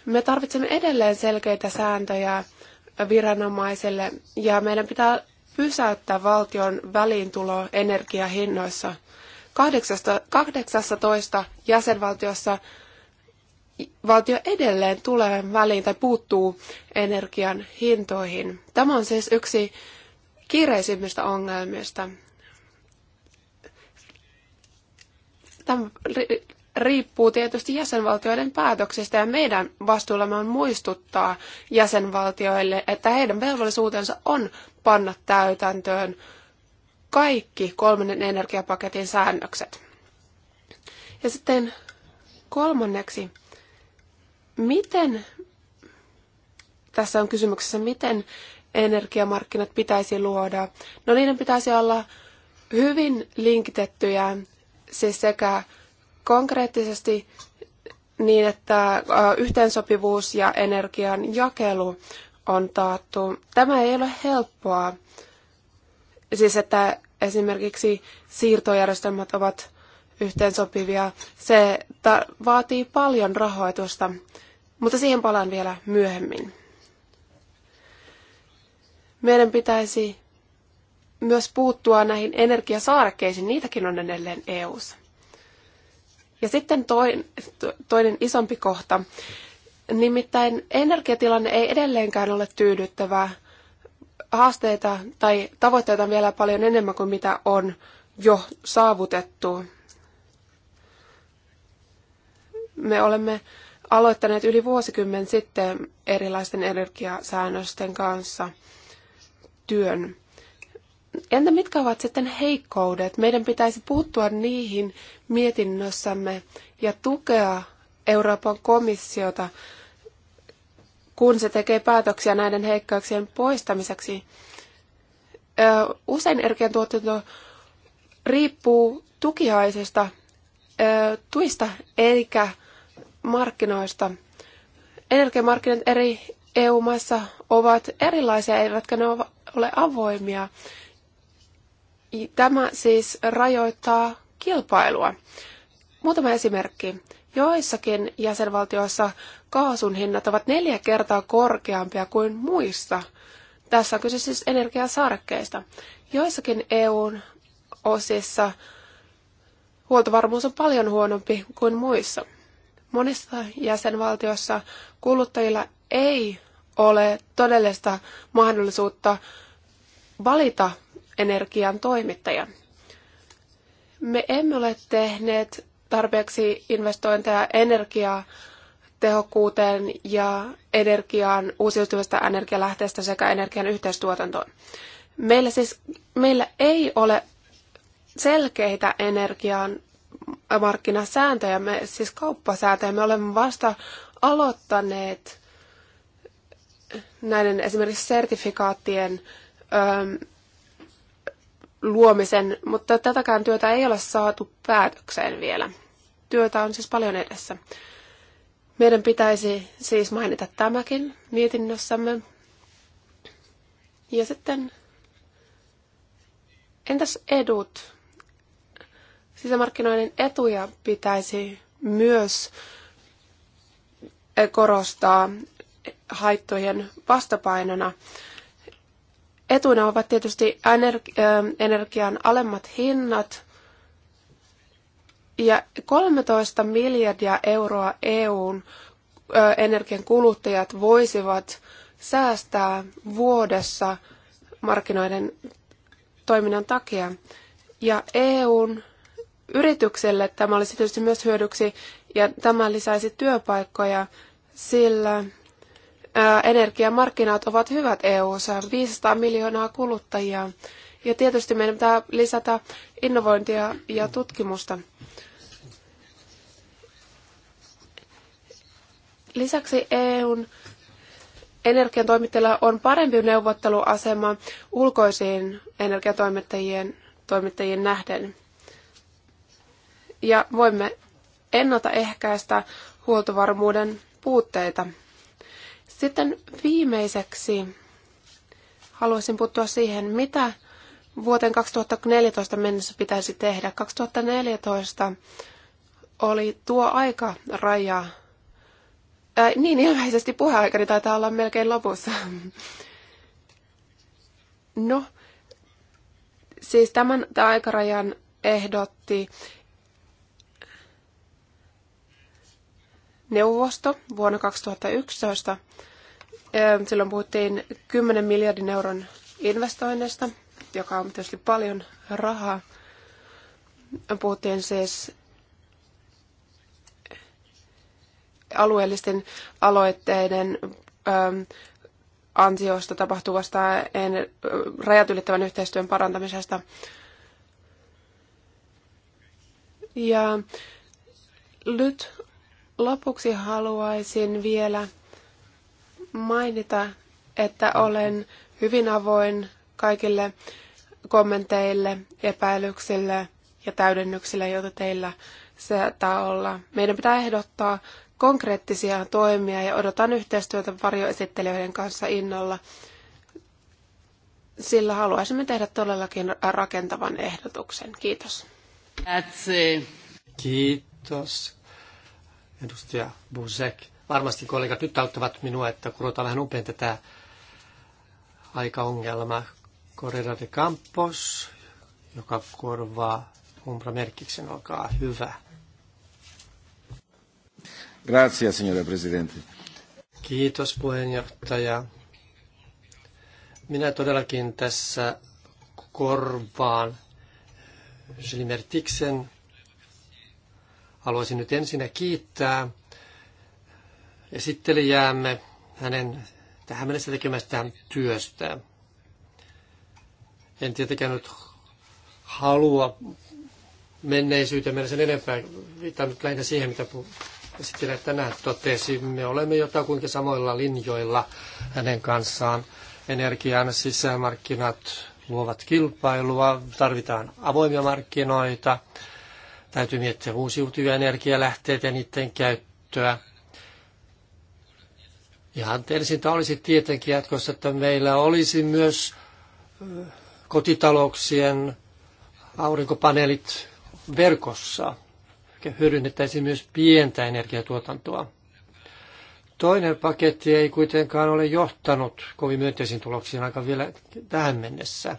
Me tarvitsemme edelleen selkeitä sääntöjä viranomaisille ja meidän pitää pysäyttää valtion väliintulo energiahinnoissa – 18 jäsenvaltiossa valtio edelleen tulee väliin tai puuttuu energian hintoihin. Tämä on siis yksi kiireisimmistä ongelmista. Tämä riippuu tietysti jäsenvaltioiden päätöksistä ja meidän vastuullamme on muistuttaa jäsenvaltioille, että heidän velvollisuutensa on panna täytäntöön kaikki kolmannen energiapaketin säännökset. Ja sitten kolmanneksi, miten, tässä on kysymyksessä, miten energiamarkkinat pitäisi luoda. No niiden pitäisi olla hyvin linkitettyjä, siis sekä konkreettisesti niin, että yhteensopivuus ja energian jakelu on taattu. Tämä ei ole helppoa siis että esimerkiksi siirtojärjestelmät ovat yhteensopivia. Se vaatii paljon rahoitusta, mutta siihen palaan vielä myöhemmin. Meidän pitäisi myös puuttua näihin energiasaarekkeisiin, niitäkin on edelleen EU:ssa. Ja sitten toinen, toinen isompi kohta. Nimittäin energiatilanne ei edelleenkään ole tyydyttävää haasteita tai tavoitteita on vielä paljon enemmän kuin mitä on jo saavutettu. Me olemme aloittaneet yli vuosikymmen sitten erilaisten energiasäännösten kanssa työn. Entä mitkä ovat sitten heikkoudet? Meidän pitäisi puuttua niihin mietinnössämme ja tukea Euroopan komissiota kun se tekee päätöksiä näiden heikkauksien poistamiseksi. Usein energiantuotanto riippuu tukihaisista tuista eikä markkinoista. Energiamarkkinat eri EU-maissa ovat erilaisia, eivätkä ne ole avoimia. Tämä siis rajoittaa kilpailua. Muutama esimerkki. Joissakin jäsenvaltioissa kaasun hinnat ovat neljä kertaa korkeampia kuin muissa. Tässä on kyse siis energiasarkkeista. Joissakin EUn osissa huoltovarmuus on paljon huonompi kuin muissa. Monissa jäsenvaltioissa kuluttajilla ei ole todellista mahdollisuutta valita energian toimittaja. Me emme ole tehneet tarpeeksi investointeja energiaa tehokkuuteen ja energiaan uusiutuvista energialähteistä sekä energian yhteistuotantoon. Meillä siis meillä ei ole selkeitä energian markkinasääntöjä, me, siis kauppasääntöjä. Me olemme vasta aloittaneet näiden esimerkiksi sertifikaattien luomisen, mutta tätäkään työtä ei ole saatu päätökseen vielä. Työtä on siis paljon edessä. Meidän pitäisi siis mainita tämäkin mietinnössämme. Ja sitten, entäs edut? Sisämarkkinoiden etuja pitäisi myös eh, korostaa haittojen vastapainona. Etuina ovat tietysti energian alemmat hinnat ja 13 miljardia euroa EUn energian kuluttajat voisivat säästää vuodessa markkinoiden toiminnan takia. Ja EUn yritykselle tämä olisi tietysti myös hyödyksi ja tämä lisäisi työpaikkoja, sillä energiamarkkinat ovat hyvät EU-ssa, 500 miljoonaa kuluttajia. Ja tietysti meidän pitää lisätä innovointia ja tutkimusta. Lisäksi EUn energiantoimittajilla on parempi neuvotteluasema ulkoisiin energiatoimittajien toimittajien nähden. Ja voimme ennaltaehkäistä huoltovarmuuden puutteita. Sitten viimeiseksi haluaisin puuttua siihen, mitä vuoteen 2014 mennessä pitäisi tehdä. 2014 oli tuo raja. Äh, niin ilmeisesti puheaikani taitaa olla melkein lopussa. No, siis tämän aikarajan ehdotti neuvosto vuonna 2011 Öö, silloin puhuttiin 10 miljardin euron investoinneista, joka on tietysti paljon rahaa. Puhuttiin siis alueellisten aloitteiden öö, ansiosta tapahtuvasta öö, rajat ylittävän yhteistyön parantamisesta. Ja nyt lopuksi haluaisin vielä mainita, että olen hyvin avoin kaikille kommenteille, epäilyksille ja täydennyksille, joita teillä saattaa olla. Meidän pitää ehdottaa konkreettisia toimia ja odotan yhteistyötä varjoesittelijöiden kanssa innolla, sillä haluaisimme tehdä todellakin rakentavan ehdotuksen. Kiitos. That's it. Kiitos. Edustaja Buzek. Varmasti kollegat nyt auttavat minua, että kurotaan vähän umpeen tätä aikaongelmaa. Correra de Campos, joka korvaa Umbra Merkiksen, olkaa hyvä. Grazie, signora Presidente. Kiitos puheenjohtaja. Minä todellakin tässä korvaan Gilles Tiksen Haluaisin nyt ensinnä kiittää esittelijäämme hänen tähän mennessä tekemästään työstään. En tietenkään nyt halua menneisyyteen mennä sen enempää, viittaan nyt lähinnä siihen, mitä esittelijä tänään totesi. Me olemme jotakuinkin samoilla linjoilla hänen kanssaan. Energian sisämarkkinat luovat kilpailua, tarvitaan avoimia markkinoita, täytyy miettiä uusiutuvia energialähteitä ja niiden käyttöä Ihan ensintä olisi tietenkin jatkossa, että meillä olisi myös kotitalouksien aurinkopaneelit verkossa. Hyödynnettäisiin myös pientä energiatuotantoa. Toinen paketti ei kuitenkaan ole johtanut kovin myönteisiin tuloksiin aika vielä tähän mennessä.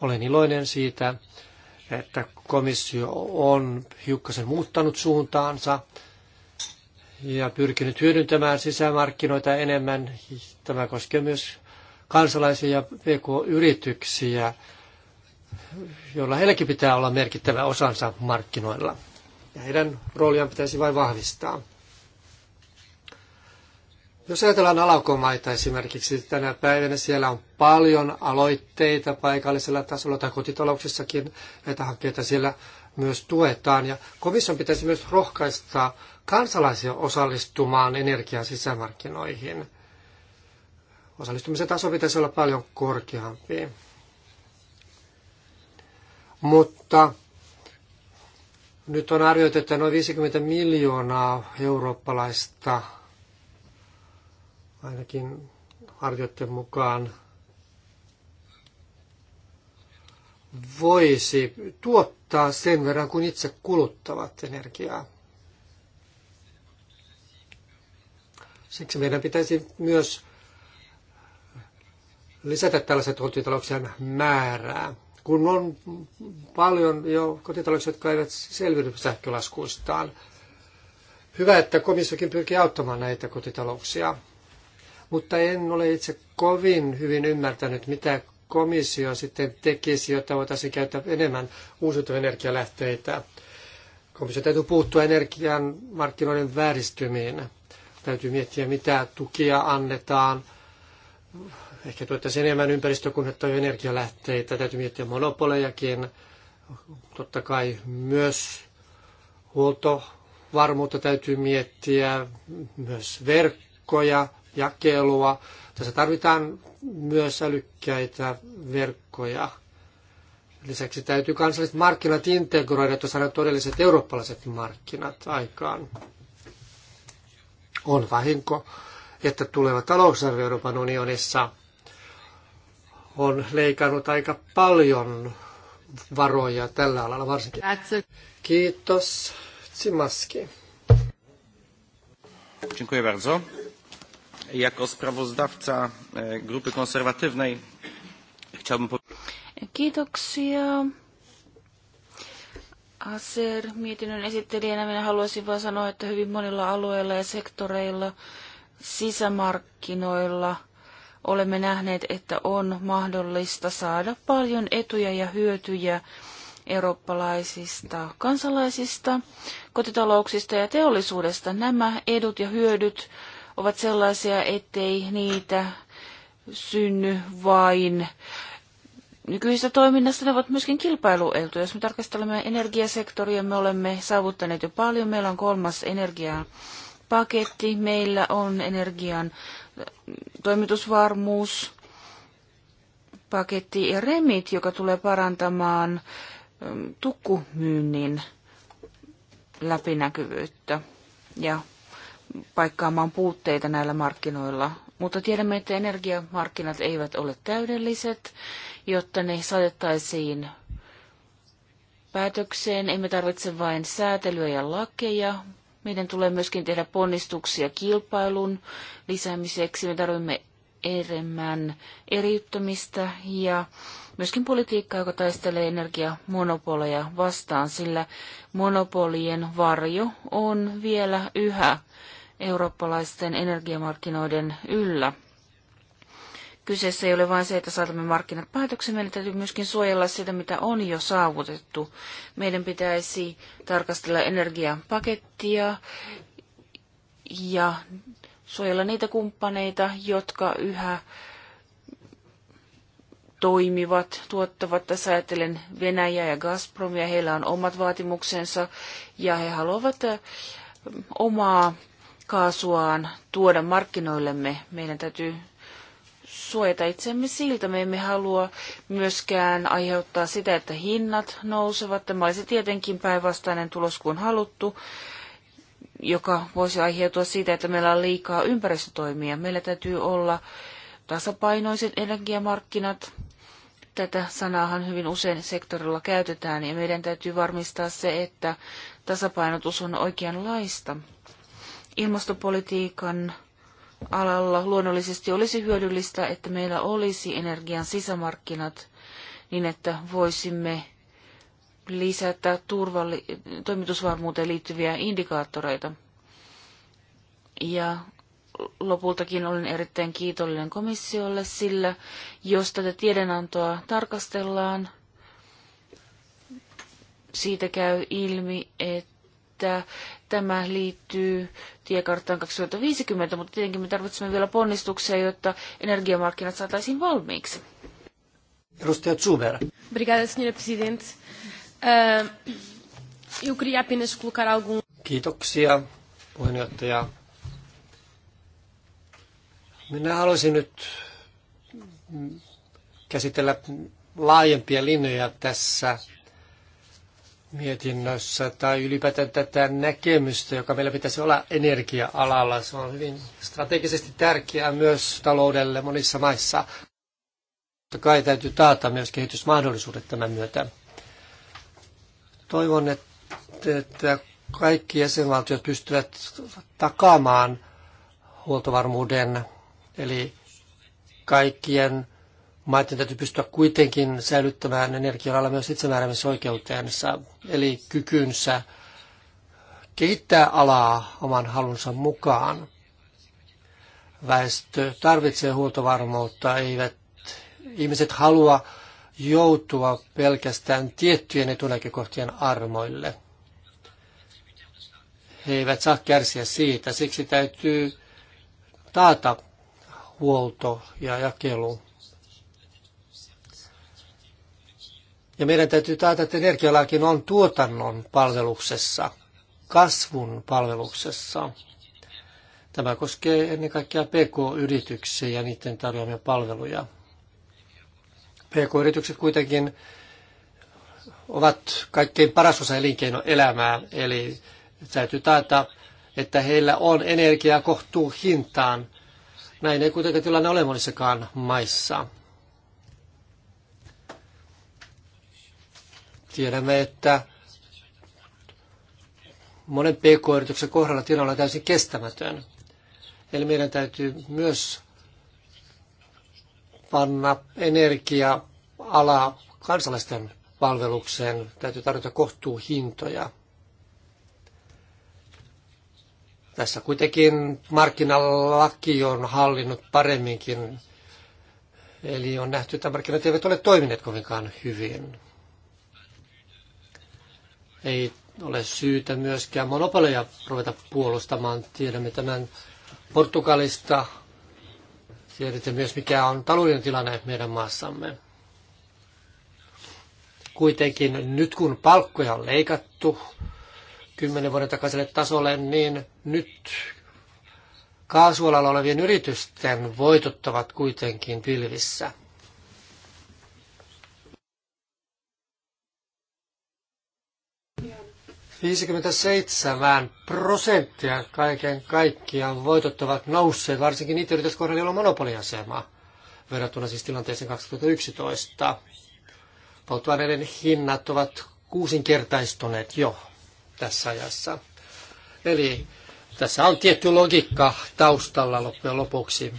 Olen iloinen siitä, että komissio on hiukkasen muuttanut suuntaansa ja pyrkinyt hyödyntämään sisämarkkinoita enemmän. Tämä koskee myös kansalaisia ja pk-yrityksiä, joilla heilläkin pitää olla merkittävä osansa markkinoilla. Ja heidän rooliaan pitäisi vain vahvistaa. Jos ajatellaan alakomaita esimerkiksi tänä päivänä, siellä on paljon aloitteita paikallisella tasolla tai kotitalouksissakin näitä hankkeita siellä myös tuetaan. Ja komission pitäisi myös rohkaista kansalaisia osallistumaan energian sisämarkkinoihin. Osallistumisen taso pitäisi olla paljon korkeampi. Mutta nyt on arvioitu, että noin 50 miljoonaa eurooppalaista, ainakin arvioiden mukaan, voisi tuottaa sen verran, kun itse kuluttavat energiaa. Siksi meidän pitäisi myös lisätä tällaisen kotitalouksien määrää. Kun on paljon jo kotitalouksia, jotka eivät selviydy sähkölaskuistaan. Hyvä, että komissiokin pyrkii auttamaan näitä kotitalouksia. Mutta en ole itse kovin hyvin ymmärtänyt, mitä komissio sitten tekisi, jotta voitaisiin käyttää enemmän uusiutuvia energialähteitä. Komissio täytyy puuttua energian markkinoiden vääristymiin. Täytyy miettiä, mitä tukia annetaan. Ehkä tuottaisiin enemmän ympäristökunnettuja energialähteitä. Täytyy miettiä monopolejakin. Totta kai myös huoltovarmuutta täytyy miettiä, myös verkkoja jakelua. Tässä tarvitaan myös älykkäitä verkkoja. Lisäksi täytyy kansalliset markkinat integroida, että saadaan todelliset eurooppalaiset markkinat aikaan. On vahinko, että tuleva talousarvio Euroopan unionissa on leikannut aika paljon varoja tällä alalla varsinkin. Kiitos. Simaski. Dziękuję bardzo. Jako sprawozdawca e, grupy konserwatywnej chciałbym... Kiitoksia. Aser, mietinnön esittelijänä minä haluaisin vain sanoa, että hyvin monilla alueilla ja sektoreilla, sisämarkkinoilla olemme nähneet, että on mahdollista saada paljon etuja ja hyötyjä eurooppalaisista kansalaisista, kotitalouksista ja teollisuudesta. Nämä edut ja hyödyt ovat sellaisia, ettei niitä synny vain nykyisessä toiminnassa ne ovat myöskin kilpailuetuja. Jos me tarkastelemme energiasektoria, me olemme saavuttaneet jo paljon. Meillä on kolmas energiapaketti, meillä on energian toimitusvarmuus, paketti ja remit, joka tulee parantamaan mm, tukkumyynnin läpinäkyvyyttä ja paikkaamaan puutteita näillä markkinoilla. Mutta tiedämme, että energiamarkkinat eivät ole täydelliset, jotta ne saatettaisiin päätökseen. Emme tarvitse vain säätelyä ja lakeja. Meidän tulee myöskin tehdä ponnistuksia kilpailun lisäämiseksi. Me tarvitsemme enemmän eriyttämistä ja myöskin politiikkaa, joka taistelee energiamonopoleja vastaan, sillä monopolien varjo on vielä yhä eurooppalaisten energiamarkkinoiden yllä. Kyseessä ei ole vain se, että saatamme markkinat päätöksen, meidän täytyy myöskin suojella sitä, mitä on jo saavutettu. Meidän pitäisi tarkastella energiapakettia ja suojella niitä kumppaneita, jotka yhä toimivat, tuottavat. Tässä ajattelen Venäjä ja Gazpromia, heillä on omat vaatimuksensa ja he haluavat omaa kaasuaan tuoda markkinoillemme. Meidän täytyy suojata itsemme siltä. Me emme halua myöskään aiheuttaa sitä, että hinnat nousevat. Tämä olisi tietenkin päinvastainen tulos kuin haluttu, joka voisi aiheutua siitä, että meillä on liikaa ympäristötoimia. Meillä täytyy olla tasapainoiset energiamarkkinat. Tätä sanaahan hyvin usein sektorilla käytetään ja meidän täytyy varmistaa se, että tasapainotus on oikeanlaista ilmastopolitiikan alalla luonnollisesti olisi hyödyllistä, että meillä olisi energian sisämarkkinat niin, että voisimme lisätä turvalli- toimitusvarmuuteen liittyviä indikaattoreita. Ja lopultakin olen erittäin kiitollinen komissiolle, sillä jos tätä tiedonantoa tarkastellaan, siitä käy ilmi, että Tämä liittyy tiekarttaan 2050, mutta tietenkin me tarvitsemme vielä ponnistuksia, jotta energiamarkkinat saataisiin valmiiksi. Edustaja Zuber. Obrigada, senhora Presidente. Uh, eu queria apenas colocar algum... Kiitoksia, puheenjohtaja. Minä haluaisin nyt käsitellä laajempia linjoja tässä mietinnössä tai ylipäätään tätä näkemystä, joka meillä pitäisi olla energia-alalla. Se on hyvin strategisesti tärkeää myös taloudelle monissa maissa. Totta kai täytyy taata myös kehitysmahdollisuudet tämän myötä. Toivon, että kaikki jäsenvaltiot pystyvät takaamaan huoltovarmuuden, eli kaikkien maiden täytyy pystyä kuitenkin säilyttämään energialla myös itsemääräämisoikeuteensa, eli kykynsä kehittää alaa oman halunsa mukaan. Väestö tarvitsee huoltovarmuutta, eivät ihmiset halua joutua pelkästään tiettyjen etunäkökohtien armoille. He eivät saa kärsiä siitä, siksi täytyy taata huolto ja jakelu. Ja meidän täytyy taata, että energialaakin on tuotannon palveluksessa, kasvun palveluksessa. Tämä koskee ennen kaikkea PK-yrityksiä ja niiden tarjoamia palveluja. PK-yritykset kuitenkin ovat kaikkein paras osa elinkeinoelämää, eli täytyy taata, että heillä on energiaa kohtuu hintaan. Näin ei kuitenkaan tilanne ole monissakaan maissa. Tiedämme, että monen pk-yrityksen kohdalla tilanne on täysin kestämätön. Eli meidän täytyy myös panna energia-ala kansalaisten palvelukseen. Täytyy tarjota kohtuuhintoja. Tässä kuitenkin markkinalaki on hallinnut paremminkin. Eli on nähty, että markkinat eivät ole toimineet kovinkaan hyvin. Ei ole syytä myöskään monopoleja ruveta puolustamaan. Tiedämme tämän Portugalista. Tiedätte myös, mikä on talouden tilanne meidän maassamme. Kuitenkin nyt kun palkkoja on leikattu kymmenen vuoden takaiselle tasolle, niin nyt kaasualalla olevien yritysten voitot kuitenkin pilvissä. 57 prosenttia kaiken kaikkiaan voitot ovat nousseet, varsinkin niitä yrityskohdalla, joilla on monopoliasema verrattuna siis tilanteeseen 2011. Polttoaineiden hinnat ovat kuusinkertaistuneet jo tässä ajassa. Eli tässä on tietty logiikka taustalla loppujen lopuksi.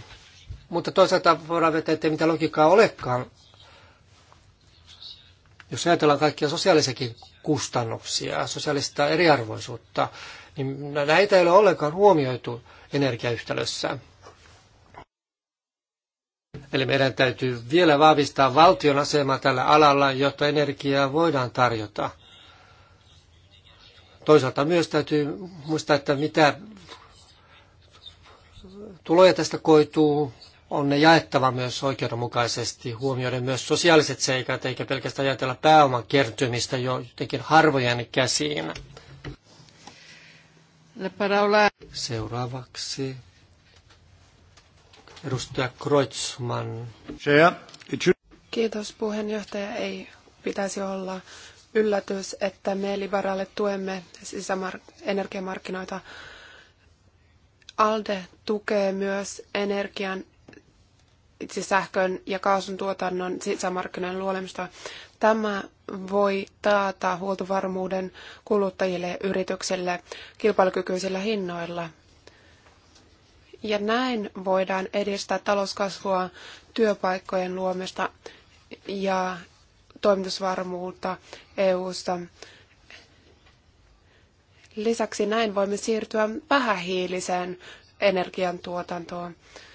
Mutta toisaalta voidaan vetää, että mitä logiikkaa olekaan. Jos ajatellaan kaikkia sosiaalisiakin kustannuksia, sosiaalista eriarvoisuutta, niin näitä ei ole ollenkaan huomioitu energiayhtälössä. Eli meidän täytyy vielä vahvistaa valtion asemaa tällä alalla, jotta energiaa voidaan tarjota. Toisaalta myös täytyy muistaa, että mitä tuloja tästä koituu on ne jaettava myös oikeudenmukaisesti, huomioiden myös sosiaaliset seikat, eikä pelkästään ajatella pääoman kertymistä jotenkin harvojen käsiin. Seuraavaksi edustaja Kreutzmann. Kiitos puheenjohtaja. Ei pitäisi olla yllätys, että me liberaalit tuemme energiamarkkinoita. ALDE tukee myös energian siis sähkön ja kaasun tuotannon sisämarkkinoiden luolemista. Tämä voi taata huoltovarmuuden kuluttajille ja yrityksille kilpailukykyisillä hinnoilla. Ja näin voidaan edistää talouskasvua, työpaikkojen luomista ja toimitusvarmuutta EU-sta. Lisäksi näin voimme siirtyä vähähiiliseen energiantuotantoon. tuotantoon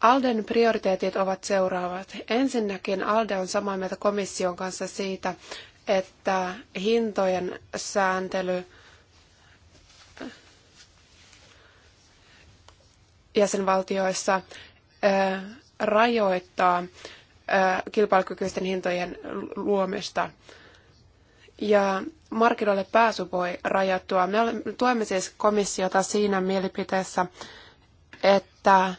Alden prioriteetit ovat seuraavat. Ensinnäkin Alde on samaa mieltä komission kanssa siitä, että hintojen sääntely jäsenvaltioissa rajoittaa kilpailukykyisten hintojen luomista. Ja markkinoille pääsy voi rajoittua. Me tuemme siis komissiota siinä mielipiteessä, että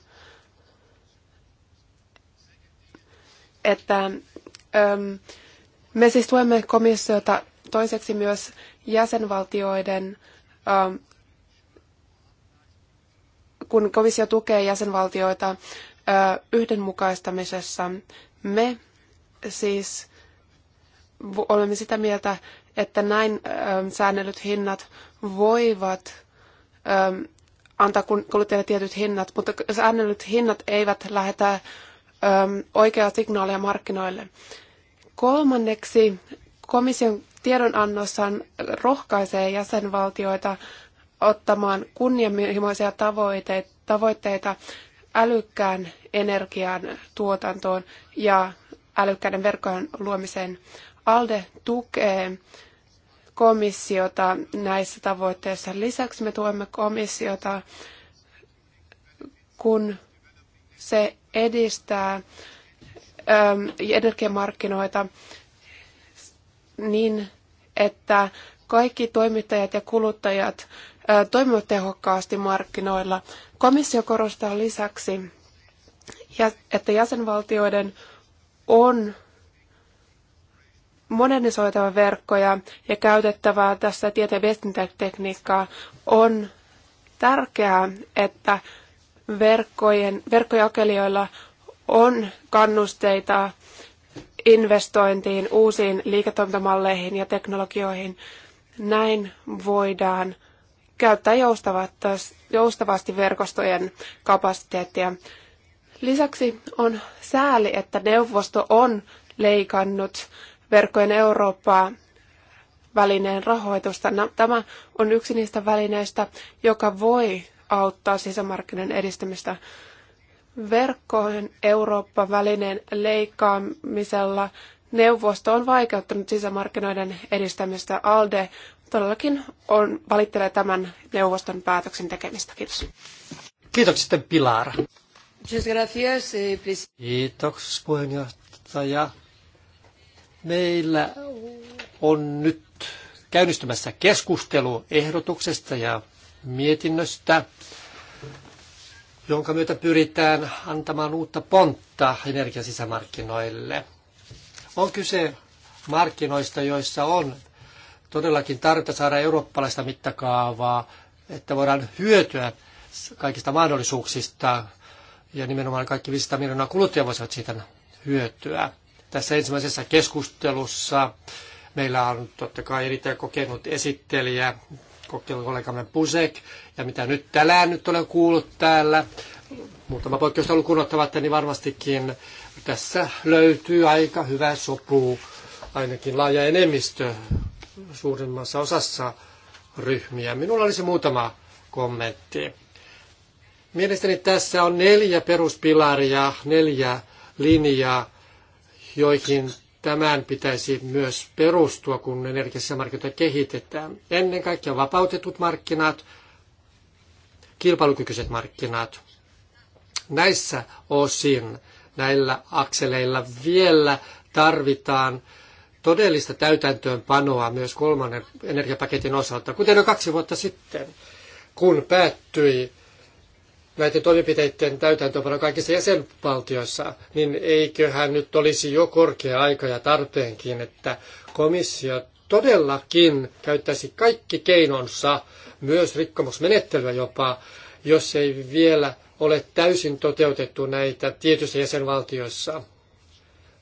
että ähm, me siis tuemme komissiota toiseksi myös jäsenvaltioiden, ähm, kun komissio tukee jäsenvaltioita äh, yhdenmukaistamisessa, me siis olemme sitä mieltä, että näin ähm, säännellyt hinnat voivat antaa kuluttajille tietyt hinnat, mutta säännellyt hinnat eivät lähetä Ähm, oikeaa signaalia markkinoille. Kolmanneksi komission tiedonannossaan rohkaisee jäsenvaltioita ottamaan kunnianhimoisia tavoitteita älykkään energian tuotantoon ja älykkäiden verkkojen luomiseen. ALDE tukee komissiota näissä tavoitteissa. Lisäksi me tuemme komissiota, kun se edistää ähm, energiamarkkinoita niin, että kaikki toimittajat ja kuluttajat äh, toimivat tehokkaasti markkinoilla. Komissio korostaa lisäksi, että jäsenvaltioiden on modernisoitava verkkoja ja käytettävää tässä tieteen viestintätekniikkaa on tärkeää, että verkkojen, verkkojakelijoilla on kannusteita investointiin uusiin liiketoimintamalleihin ja teknologioihin. Näin voidaan käyttää joustavasti verkostojen kapasiteettia. Lisäksi on sääli, että neuvosto on leikannut verkkojen Eurooppaa välineen rahoitusta. No, tämä on yksi niistä välineistä, joka voi auttaa sisämarkkinoiden edistämistä verkkojen Eurooppa-välineen leikkaamisella. Neuvosto on vaikeuttanut sisämarkkinoiden edistämistä. ALDE todellakin on, valittelee tämän neuvoston päätöksen tekemistä. Kiitos. Kiitoksia sitten Pilar. Eh, Kiitos puheenjohtaja. Meillä on nyt käynnistymässä keskustelu ehdotuksesta ja mietinnöstä, jonka myötä pyritään antamaan uutta pontta energiasisämarkkinoille. On kyse markkinoista, joissa on todellakin tarvetta saada eurooppalaista mittakaavaa, että voidaan hyötyä kaikista mahdollisuuksista ja nimenomaan kaikki 500 miljoonaa kuluttajia voisivat siitä hyötyä. Tässä ensimmäisessä keskustelussa meillä on totta kai erittäin kokenut esittelijä kollegamme Pusek, ja mitä nyt tänään nyt olen kuullut täällä, muutama poikkeusta lukuun ottamatta, niin varmastikin tässä löytyy aika hyvä sopu, ainakin laaja enemmistö suurimmassa osassa ryhmiä. Minulla olisi muutama kommentti. Mielestäni tässä on neljä peruspilaria, neljä linjaa, joihin tämän pitäisi myös perustua, kun markkinoita kehitetään. Ennen kaikkea vapautetut markkinat, kilpailukykyiset markkinat. Näissä osin, näillä akseleilla vielä tarvitaan todellista täytäntöönpanoa myös kolmannen energiapaketin osalta, kuten jo kaksi vuotta sitten, kun päättyi näiden toimenpiteiden täytäntöönpano kaikissa jäsenvaltioissa, niin eiköhän nyt olisi jo korkea aika ja tarpeenkin, että komissio todellakin käyttäisi kaikki keinonsa, myös rikkomusmenettelyä jopa, jos ei vielä ole täysin toteutettu näitä tietyissä jäsenvaltioissa.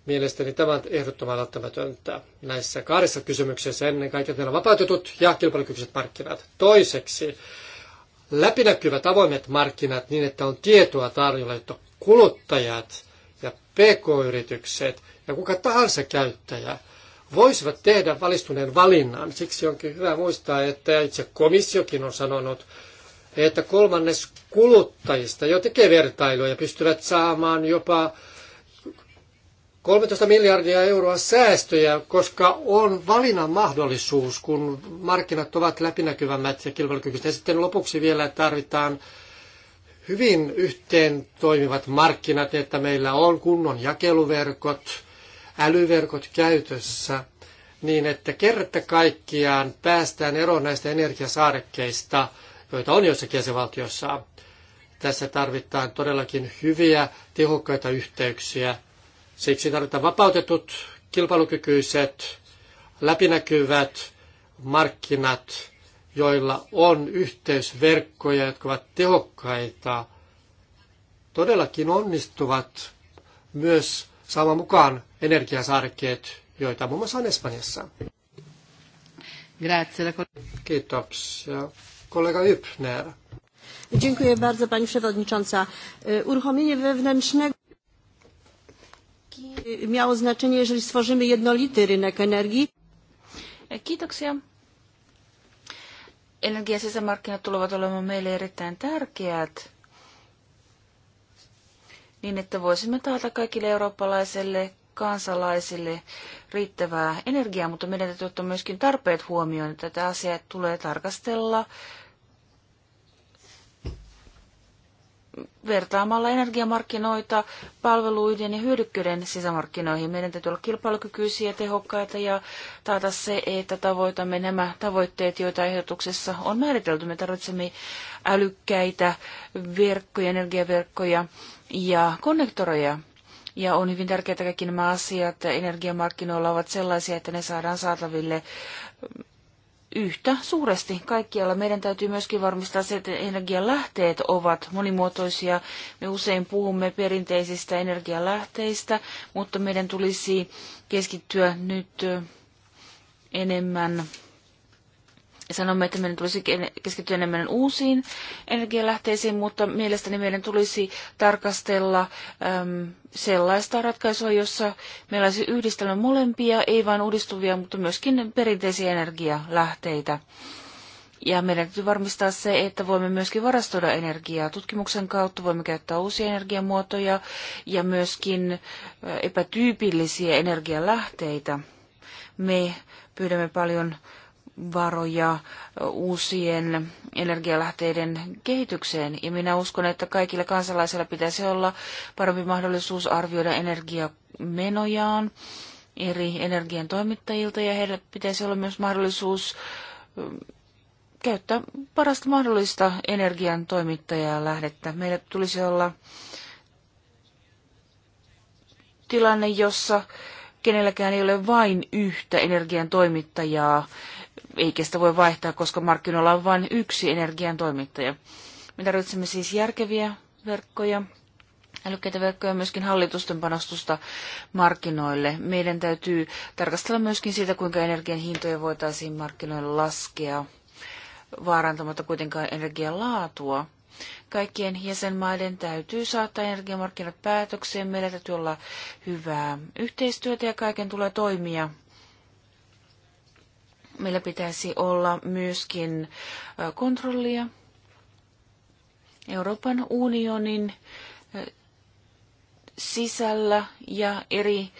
Mielestäni tämä on ehdottoman välttämätöntä näissä kahdessa kysymyksessä ennen kaikkea vapautetut ja kilpailukykyiset markkinat. Toiseksi läpinäkyvät avoimet markkinat niin, että on tietoa tarjolla, että kuluttajat ja pk-yritykset ja kuka tahansa käyttäjä voisivat tehdä valistuneen valinnan. Siksi onkin hyvä muistaa, että itse komissiokin on sanonut, että kolmannes kuluttajista jo tekee vertailua ja pystyvät saamaan jopa 13 miljardia euroa säästöjä, koska on valinnan mahdollisuus, kun markkinat ovat läpinäkyvämmät ja kilpailukykyiset. Ja sitten lopuksi vielä tarvitaan hyvin yhteen toimivat markkinat, että meillä on kunnon jakeluverkot, älyverkot käytössä, niin että kerta kaikkiaan päästään eroon näistä energiasaarekkeista, joita on joissakin jäsenvaltiossa. Tässä tarvitaan todellakin hyviä, tehokkaita yhteyksiä Siksi tarvitaan vapautetut, kilpailukykyiset, läpinäkyvät markkinat, joilla on yhteysverkkoja, jotka ovat tehokkaita, todellakin onnistuvat myös saamaan mukaan energiasarkeet, joita muun muassa on Espanjassa. Grazie. Kiitoksia. Kollega Ypner. Dziękuję bardzo Pani Przewodnicząca. E, uruchomienie wewnętrznego Ki- miało znaczenie, jeżeli stworzymy jednolity rynek energii. E, kiitoksia. Energia- sisämarkkinat tulevat olemaan meille erittäin tärkeät niin, että voisimme taata kaikille eurooppalaisille kansalaisille riittävää energiaa, mutta meidän täytyy ottaa myöskin tarpeet huomioon. Tätä asiaa tulee tarkastella vertaamalla energiamarkkinoita palveluiden ja hyödykkyyden sisämarkkinoihin. Meidän täytyy olla kilpailukykyisiä, tehokkaita ja taata se, että tavoitamme nämä tavoitteet, joita ehdotuksessa on määritelty. Me tarvitsemme älykkäitä verkkoja, energiaverkkoja ja konnektoreja. Ja on hyvin tärkeää, että kaikki nämä asiat energiamarkkinoilla ovat sellaisia, että ne saadaan saataville yhtä suuresti kaikkialla. Meidän täytyy myöskin varmistaa se, että energialähteet ovat monimuotoisia. Me usein puhumme perinteisistä energialähteistä, mutta meidän tulisi keskittyä nyt enemmän sanomme, että meidän tulisi keskittyä enemmän uusiin energialähteisiin, mutta mielestäni meidän tulisi tarkastella äm, sellaista ratkaisua, jossa meillä olisi yhdistelmä molempia, ei vain uudistuvia, mutta myöskin perinteisiä energialähteitä. Ja meidän täytyy varmistaa se, että voimme myöskin varastoida energiaa. Tutkimuksen kautta voimme käyttää uusia energiamuotoja ja myöskin epätyypillisiä energialähteitä. Me pyydämme paljon varoja uusien energialähteiden kehitykseen. Ja minä uskon, että kaikilla kansalaisilla pitäisi olla parempi mahdollisuus arvioida energiamenojaan eri energian toimittajilta ja heillä pitäisi olla myös mahdollisuus käyttää parasta mahdollista energian toimittajaa lähdettä. Meillä tulisi olla tilanne, jossa kenelläkään ei ole vain yhtä energian toimittajaa eikä sitä voi vaihtaa, koska markkinoilla on vain yksi energian toimittaja. Me tarvitsemme siis järkeviä verkkoja, älykkäitä verkkoja ja myöskin hallitusten panostusta markkinoille. Meidän täytyy tarkastella myöskin sitä, kuinka energian hintoja voitaisiin markkinoilla laskea vaarantamatta kuitenkaan energian laatua. Kaikkien jäsenmaiden täytyy saattaa energiamarkkinat päätökseen. Meillä täytyy olla hyvää yhteistyötä ja kaiken tulee toimia Meillä pitäisi olla myöskin kontrollia Euroopan unionin sisällä ja eri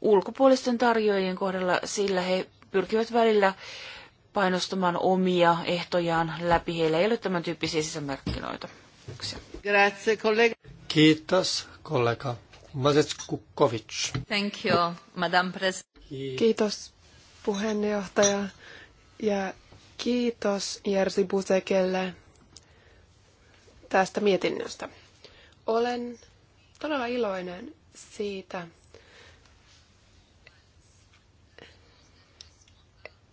ulkopuolisten tarjoajien kohdalla, sillä he pyrkivät välillä painostamaan omia ehtojaan läpi. Heillä ei ole tämän tyyppisiä sisämarkkinoita. Grazie, collega. Kiitos, kollega Mazetskukovic. Thank you, Madam President. Kiitos, puheenjohtaja ja kiitos Jersi Busekelle tästä mietinnöstä. Olen todella iloinen siitä,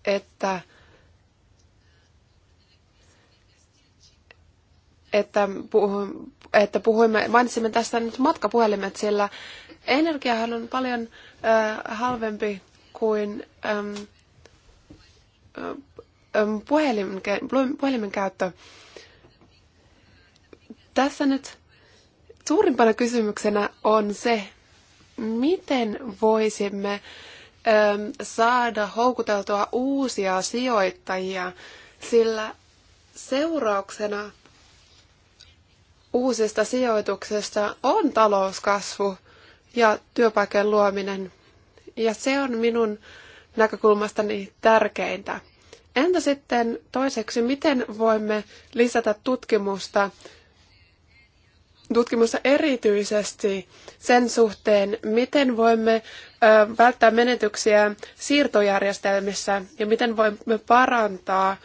että, että, puhu, että puhuimme, mainitsimme tästä nyt matkapuhelimet, sillä energiahan on paljon äh, halvempi kuin äm, äm, puhelimen, puhelimen käyttö. Tässä nyt suurimpana kysymyksenä on se, miten voisimme äm, saada houkuteltua uusia sijoittajia, sillä seurauksena uusista sijoituksista on talouskasvu ja työpaikan luominen ja se on minun näkökulmastani tärkeintä. Entä sitten toiseksi, miten voimme lisätä tutkimusta, tutkimusta erityisesti sen suhteen, miten voimme ö, välttää menetyksiä siirtojärjestelmissä ja miten voimme parantaa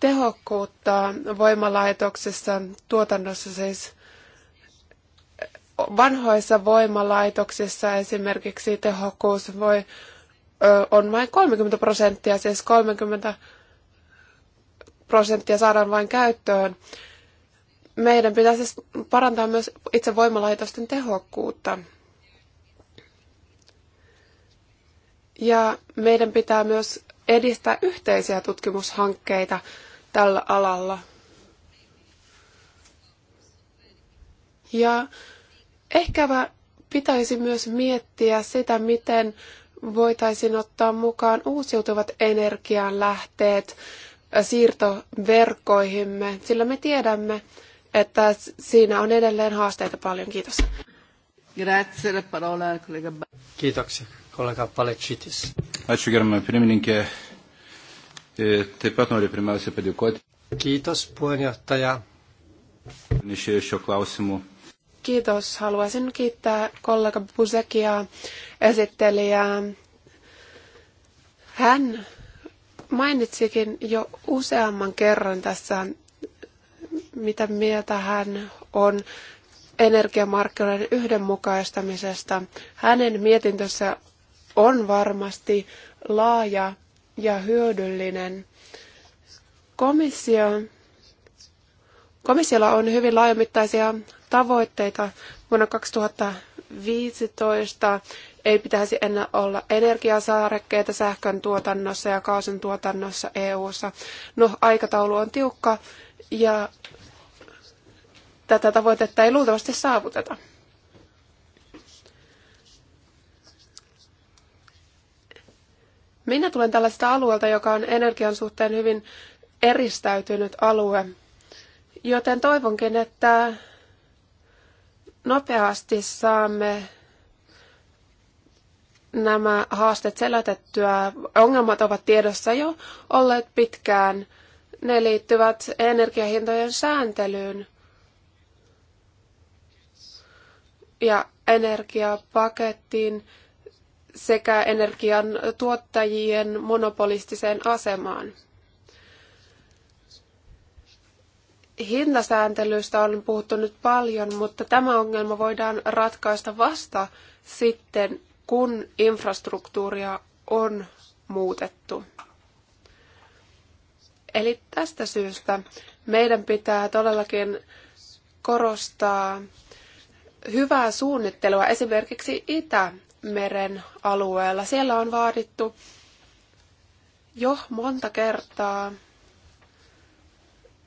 tehokkuutta voimalaitoksissa, tuotannossa siis vanhoissa voimalaitoksissa esimerkiksi tehokkuus voi, on vain 30 prosenttia, siis 30 prosenttia saadaan vain käyttöön. Meidän pitää siis parantaa myös itse voimalaitosten tehokkuutta. Ja meidän pitää myös edistää yhteisiä tutkimushankkeita tällä alalla. Ja ehkä pitäisi myös miettiä sitä, miten voitaisiin ottaa mukaan uusiutuvat energianlähteet siirtoverkkoihimme, sillä me tiedämme, että siinä on edelleen haasteita paljon. Kiitos. parola Kiitoksia, kollega Palecitis. Ačiū, gerbiamą e, Kiitos, puheenjohtaja. Kiitos. Haluaisin kiittää kollega Busekia esittelijää. Hän mainitsikin jo useamman kerran tässä, mitä mieltä hän on energiamarkkinoiden yhdenmukaistamisesta. Hänen mietintössä on varmasti laaja ja hyödyllinen. Komissio, komissiolla on hyvin laajamittaisia tavoitteita. Vuonna 2015 ei pitäisi enää olla energiasaarekkeita sähkön tuotannossa ja kaasun tuotannossa EU:ssa. No, aikataulu on tiukka ja tätä tavoitetta ei luultavasti saavuteta. Minä tulen tällaista alueelta, joka on energian suhteen hyvin eristäytynyt alue, joten toivonkin, että nopeasti saamme nämä haasteet selätettyä. Ongelmat ovat tiedossa jo olleet pitkään. Ne liittyvät energiahintojen sääntelyyn ja energiapakettiin sekä energian tuottajien monopolistiseen asemaan. hintasääntelystä on puhuttu nyt paljon, mutta tämä ongelma voidaan ratkaista vasta sitten, kun infrastruktuuria on muutettu. Eli tästä syystä meidän pitää todellakin korostaa hyvää suunnittelua esimerkiksi Itämeren alueella. Siellä on vaadittu jo monta kertaa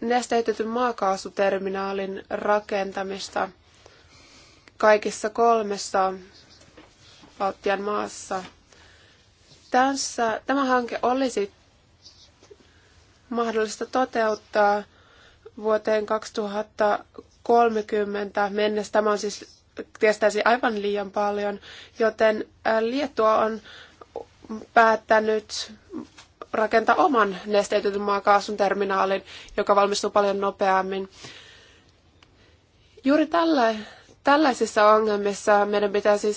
nesteytetyn maakaasuterminaalin rakentamista kaikissa kolmessa Baltian maassa. Tässä, tämä hanke olisi mahdollista toteuttaa vuoteen 2030 mennessä. Tämä on siis kestäisi aivan liian paljon, joten äh, Liettua on päättänyt rakentaa oman nesteytetyn maakaasun terminaalin, joka valmistuu paljon nopeammin. Juuri tällä, tällaisissa ongelmissa meidän pitäisi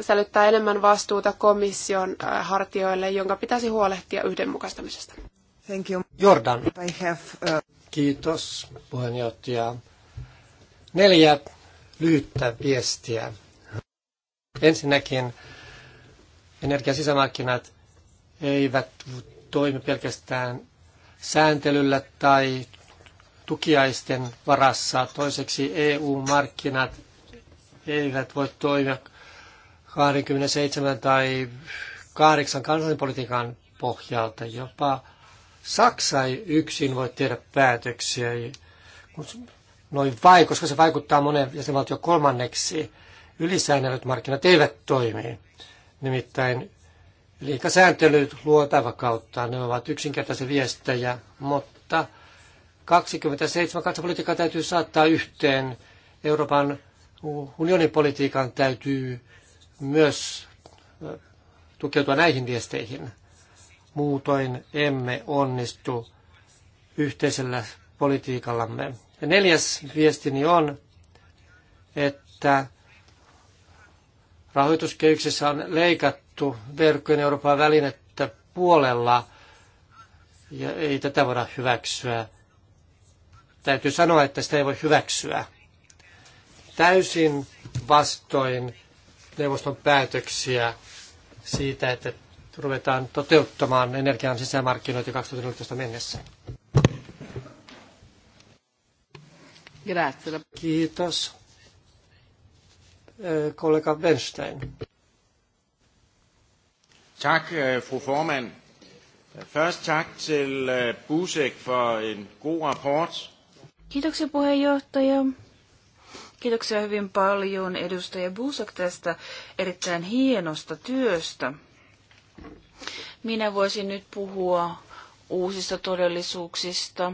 sälyttää enemmän vastuuta komission äh, hartioille, jonka pitäisi huolehtia yhdenmukaistamisesta. Thank you. Jordan. I have, uh... Kiitos puheenjohtaja. Neljä lyhyttä viestiä. Ensinnäkin energiasisämarkkinat eivät toimi pelkästään sääntelyllä tai tukiaisten varassa. Toiseksi EU-markkinat eivät voi toimia 27 tai 8 kansallipolitiikan pohjalta. Jopa Saksa ei yksin voi tehdä päätöksiä noin vai, koska se vaikuttaa monen jäsenvaltion kolmanneksi. Ylisäännellyt markkinat eivät toimi. Nimittäin Eli sääntelyt luo kautta, ne ovat yksinkertaisia viestejä, mutta 27 kansanpolitiikkaa täytyy saattaa yhteen. Euroopan unionin politiikan täytyy myös tukeutua näihin viesteihin. Muutoin emme onnistu yhteisellä politiikallamme. Ja neljäs viestini on, että rahoituskehyksessä on leikattu tuettu verkkojen Euroopan välinettä puolella, ja ei tätä voida hyväksyä. Täytyy sanoa, että sitä ei voi hyväksyä. Täysin vastoin neuvoston päätöksiä siitä, että ruvetaan toteuttamaan energian sisämarkkinoita 2014 mennessä. Grazie. Kiitos. Kollega Bernstein. Tak, øh, fru formand. Først tak til øh, Busek for en god rapport. Kiitoksia puheenjohtaja. Kiitoksia hyvin paljon edustaja Busek tästä erittäin hienosta työstä. Minä voisin nyt puhua uusista todellisuuksista.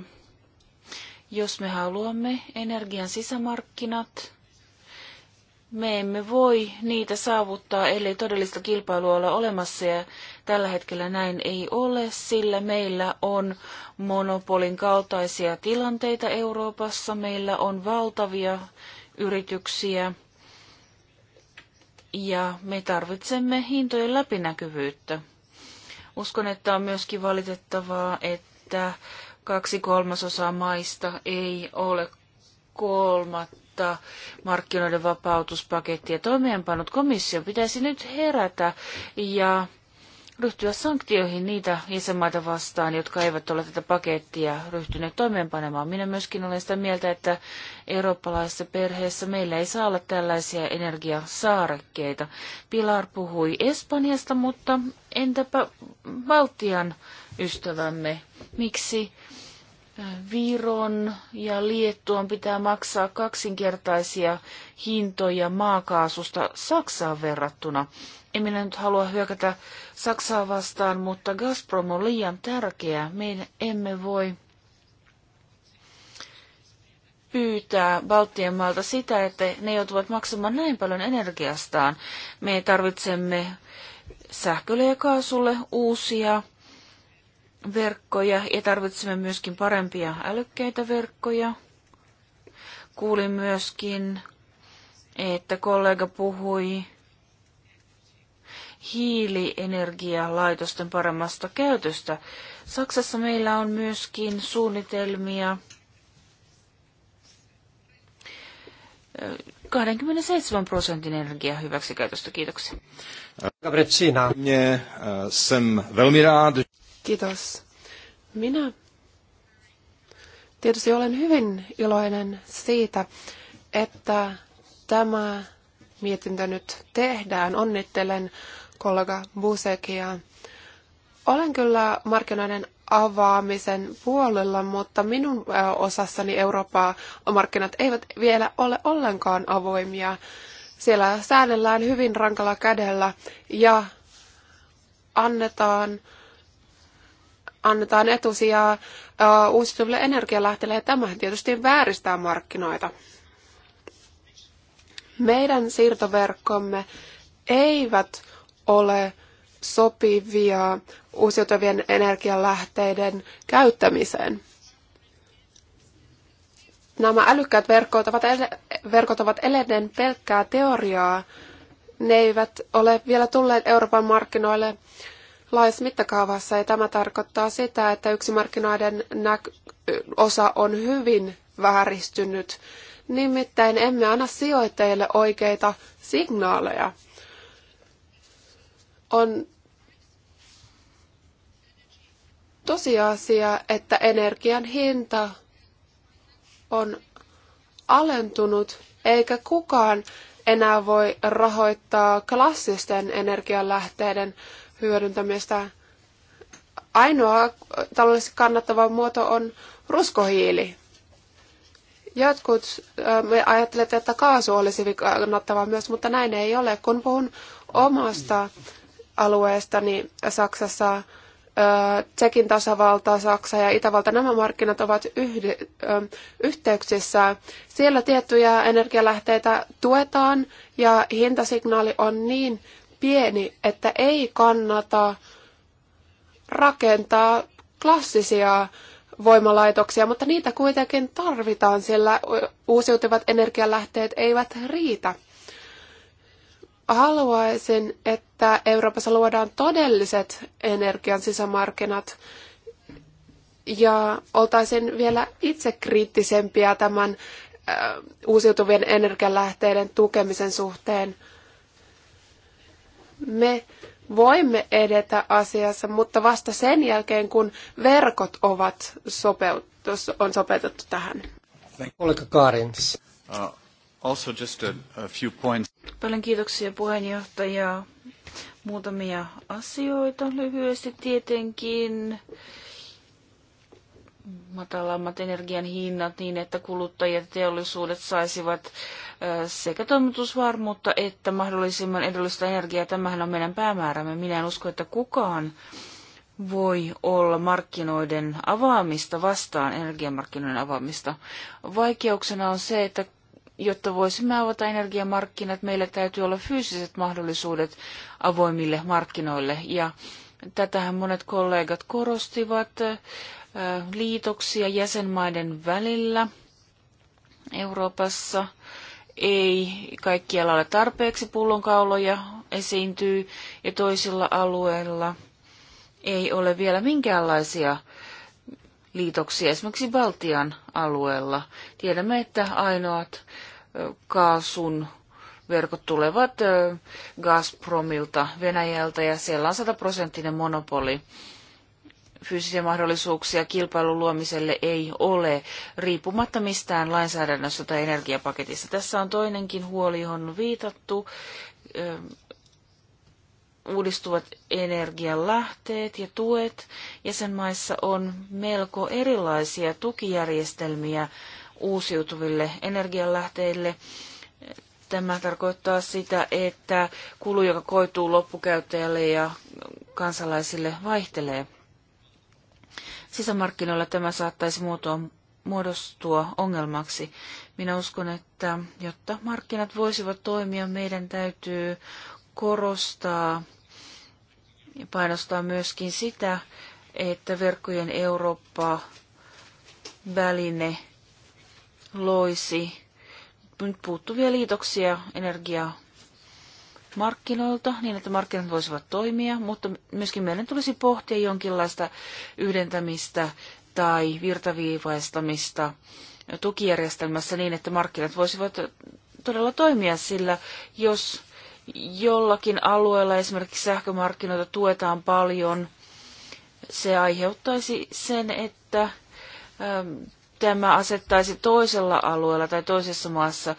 Jos me haluamme energian sisämarkkinat, me emme voi niitä saavuttaa, ellei todellista kilpailua ole olemassa ja tällä hetkellä näin ei ole, sillä meillä on monopolin kaltaisia tilanteita Euroopassa, meillä on valtavia yrityksiä ja me tarvitsemme hintojen läpinäkyvyyttä. Uskon, että on myöskin valitettavaa, että kaksi kolmasosaa maista ei ole kolmatta uutta markkinoiden vapautuspakettia toimeenpanot. komissio pitäisi nyt herätä ja ryhtyä sanktioihin niitä jäsenmaita vastaan, jotka eivät ole tätä pakettia ryhtyneet toimeenpanemaan. Minä myöskin olen sitä mieltä, että eurooppalaisessa perheessä meillä ei saa olla tällaisia energiasaarekkeita. Pilar puhui Espanjasta, mutta entäpä Baltian ystävämme? Miksi Viron ja Liettuan pitää maksaa kaksinkertaisia hintoja maakaasusta Saksaan verrattuna. En minä nyt halua hyökätä Saksaa vastaan, mutta Gazprom on liian tärkeä. Me emme voi pyytää Baltian maalta sitä, että ne joutuvat maksamaan näin paljon energiastaan. Me tarvitsemme sähkölle ja kaasulle uusia verkkoja ja tarvitsemme myöskin parempia älykkäitä verkkoja. Kuulin myöskin, että kollega puhui hiilienergialaitosten paremmasta käytöstä. Saksassa meillä on myöskin suunnitelmia 27 prosentin energiaa hyväksikäytöstä. Kiitoksia. Dobretsina. Eh, jsem velmi rád. Kiitos. Minä tietysti olen hyvin iloinen siitä, että tämä mietintö nyt tehdään. Onnittelen kollega Busekia. Olen kyllä markkinoiden avaamisen puolella, mutta minun osassani Eurooppaa markkinat eivät vielä ole ollenkaan avoimia. Siellä säännellään hyvin rankalla kädellä ja annetaan annetaan etusijaa uusiutuville energialähteille, ja tämähän tietysti vääristää markkinoita. Meidän siirtoverkkomme eivät ole sopivia uusiutuvien energialähteiden käyttämiseen. Nämä älykkäät verkot ovat, verkot ovat edelleen pelkkää teoriaa. Ne eivät ole vielä tulleet Euroopan markkinoille laajassa mittakaavassa. Ja tämä tarkoittaa sitä, että yksi markkinoiden osa on hyvin vääristynyt. Nimittäin emme anna sijoittajille oikeita signaaleja. On tosiasia, että energian hinta on alentunut, eikä kukaan enää voi rahoittaa klassisten energialähteiden hyödyntämistä. Ainoa taloudellisesti kannattava muoto on ruskohiili. Jotkut me ajattelet, että kaasu olisi kannattava myös, mutta näin ei ole. Kun puhun omasta alueestani niin Saksassa, Tsekin tasavalta, Saksa ja Itävalta, nämä markkinat ovat yhde, yhteyksissä. Siellä tiettyjä energialähteitä tuetaan ja hintasignaali on niin pieni, että ei kannata rakentaa klassisia voimalaitoksia, mutta niitä kuitenkin tarvitaan, sillä uusiutuvat energialähteet eivät riitä. Haluaisin, että Euroopassa luodaan todelliset energian sisämarkkinat ja oltaisin vielä itse kriittisempiä tämän äh, uusiutuvien energialähteiden tukemisen suhteen me voimme edetä asiassa, mutta vasta sen jälkeen, kun verkot ovat sopeutettu, on sopeutettu tähän. Olkaa Kaarins. Uh, also just a, a few points. Paljon kiitoksia puheenjohtaja. Muutamia asioita lyhyesti tietenkin matalammat energian hinnat niin, että kuluttajat ja teollisuudet saisivat sekä toimitusvarmuutta että mahdollisimman edullista energiaa. Tämähän on meidän päämäärämme. Minä en usko, että kukaan voi olla markkinoiden avaamista vastaan, energiamarkkinoiden avaamista. Vaikeuksena on se, että jotta voisimme avata energiamarkkinat, meillä täytyy olla fyysiset mahdollisuudet avoimille markkinoille. Ja tätähän monet kollegat korostivat liitoksia jäsenmaiden välillä Euroopassa. Ei kaikkialla ole tarpeeksi pullonkauloja esiintyy ja toisilla alueilla ei ole vielä minkäänlaisia liitoksia, esimerkiksi Baltian alueella. Tiedämme, että ainoat kaasun verkot tulevat Gazpromilta Venäjältä ja siellä on sataprosenttinen monopoli fyysisiä mahdollisuuksia kilpailun luomiselle ei ole, riippumatta mistään lainsäädännöstä tai energiapaketista. Tässä on toinenkin huoli, johon on viitattu, uudistuvat energianlähteet ja tuet. Jäsenmaissa on melko erilaisia tukijärjestelmiä uusiutuville energianlähteille. Tämä tarkoittaa sitä, että kulu, joka koituu loppukäyttäjälle ja kansalaisille, vaihtelee sisämarkkinoilla tämä saattaisi muotoa, muodostua ongelmaksi. Minä uskon, että jotta markkinat voisivat toimia, meidän täytyy korostaa ja painostaa myöskin sitä, että verkkojen Eurooppa-väline loisi nyt puuttuvia liitoksia energiaa markkinoilta niin, että markkinat voisivat toimia, mutta myöskin meidän tulisi pohtia jonkinlaista yhdentämistä tai virtaviivaistamista tukijärjestelmässä niin, että markkinat voisivat todella toimia, sillä jos jollakin alueella esimerkiksi sähkömarkkinoita tuetaan paljon, se aiheuttaisi sen, että tämä asettaisi toisella alueella tai toisessa maassa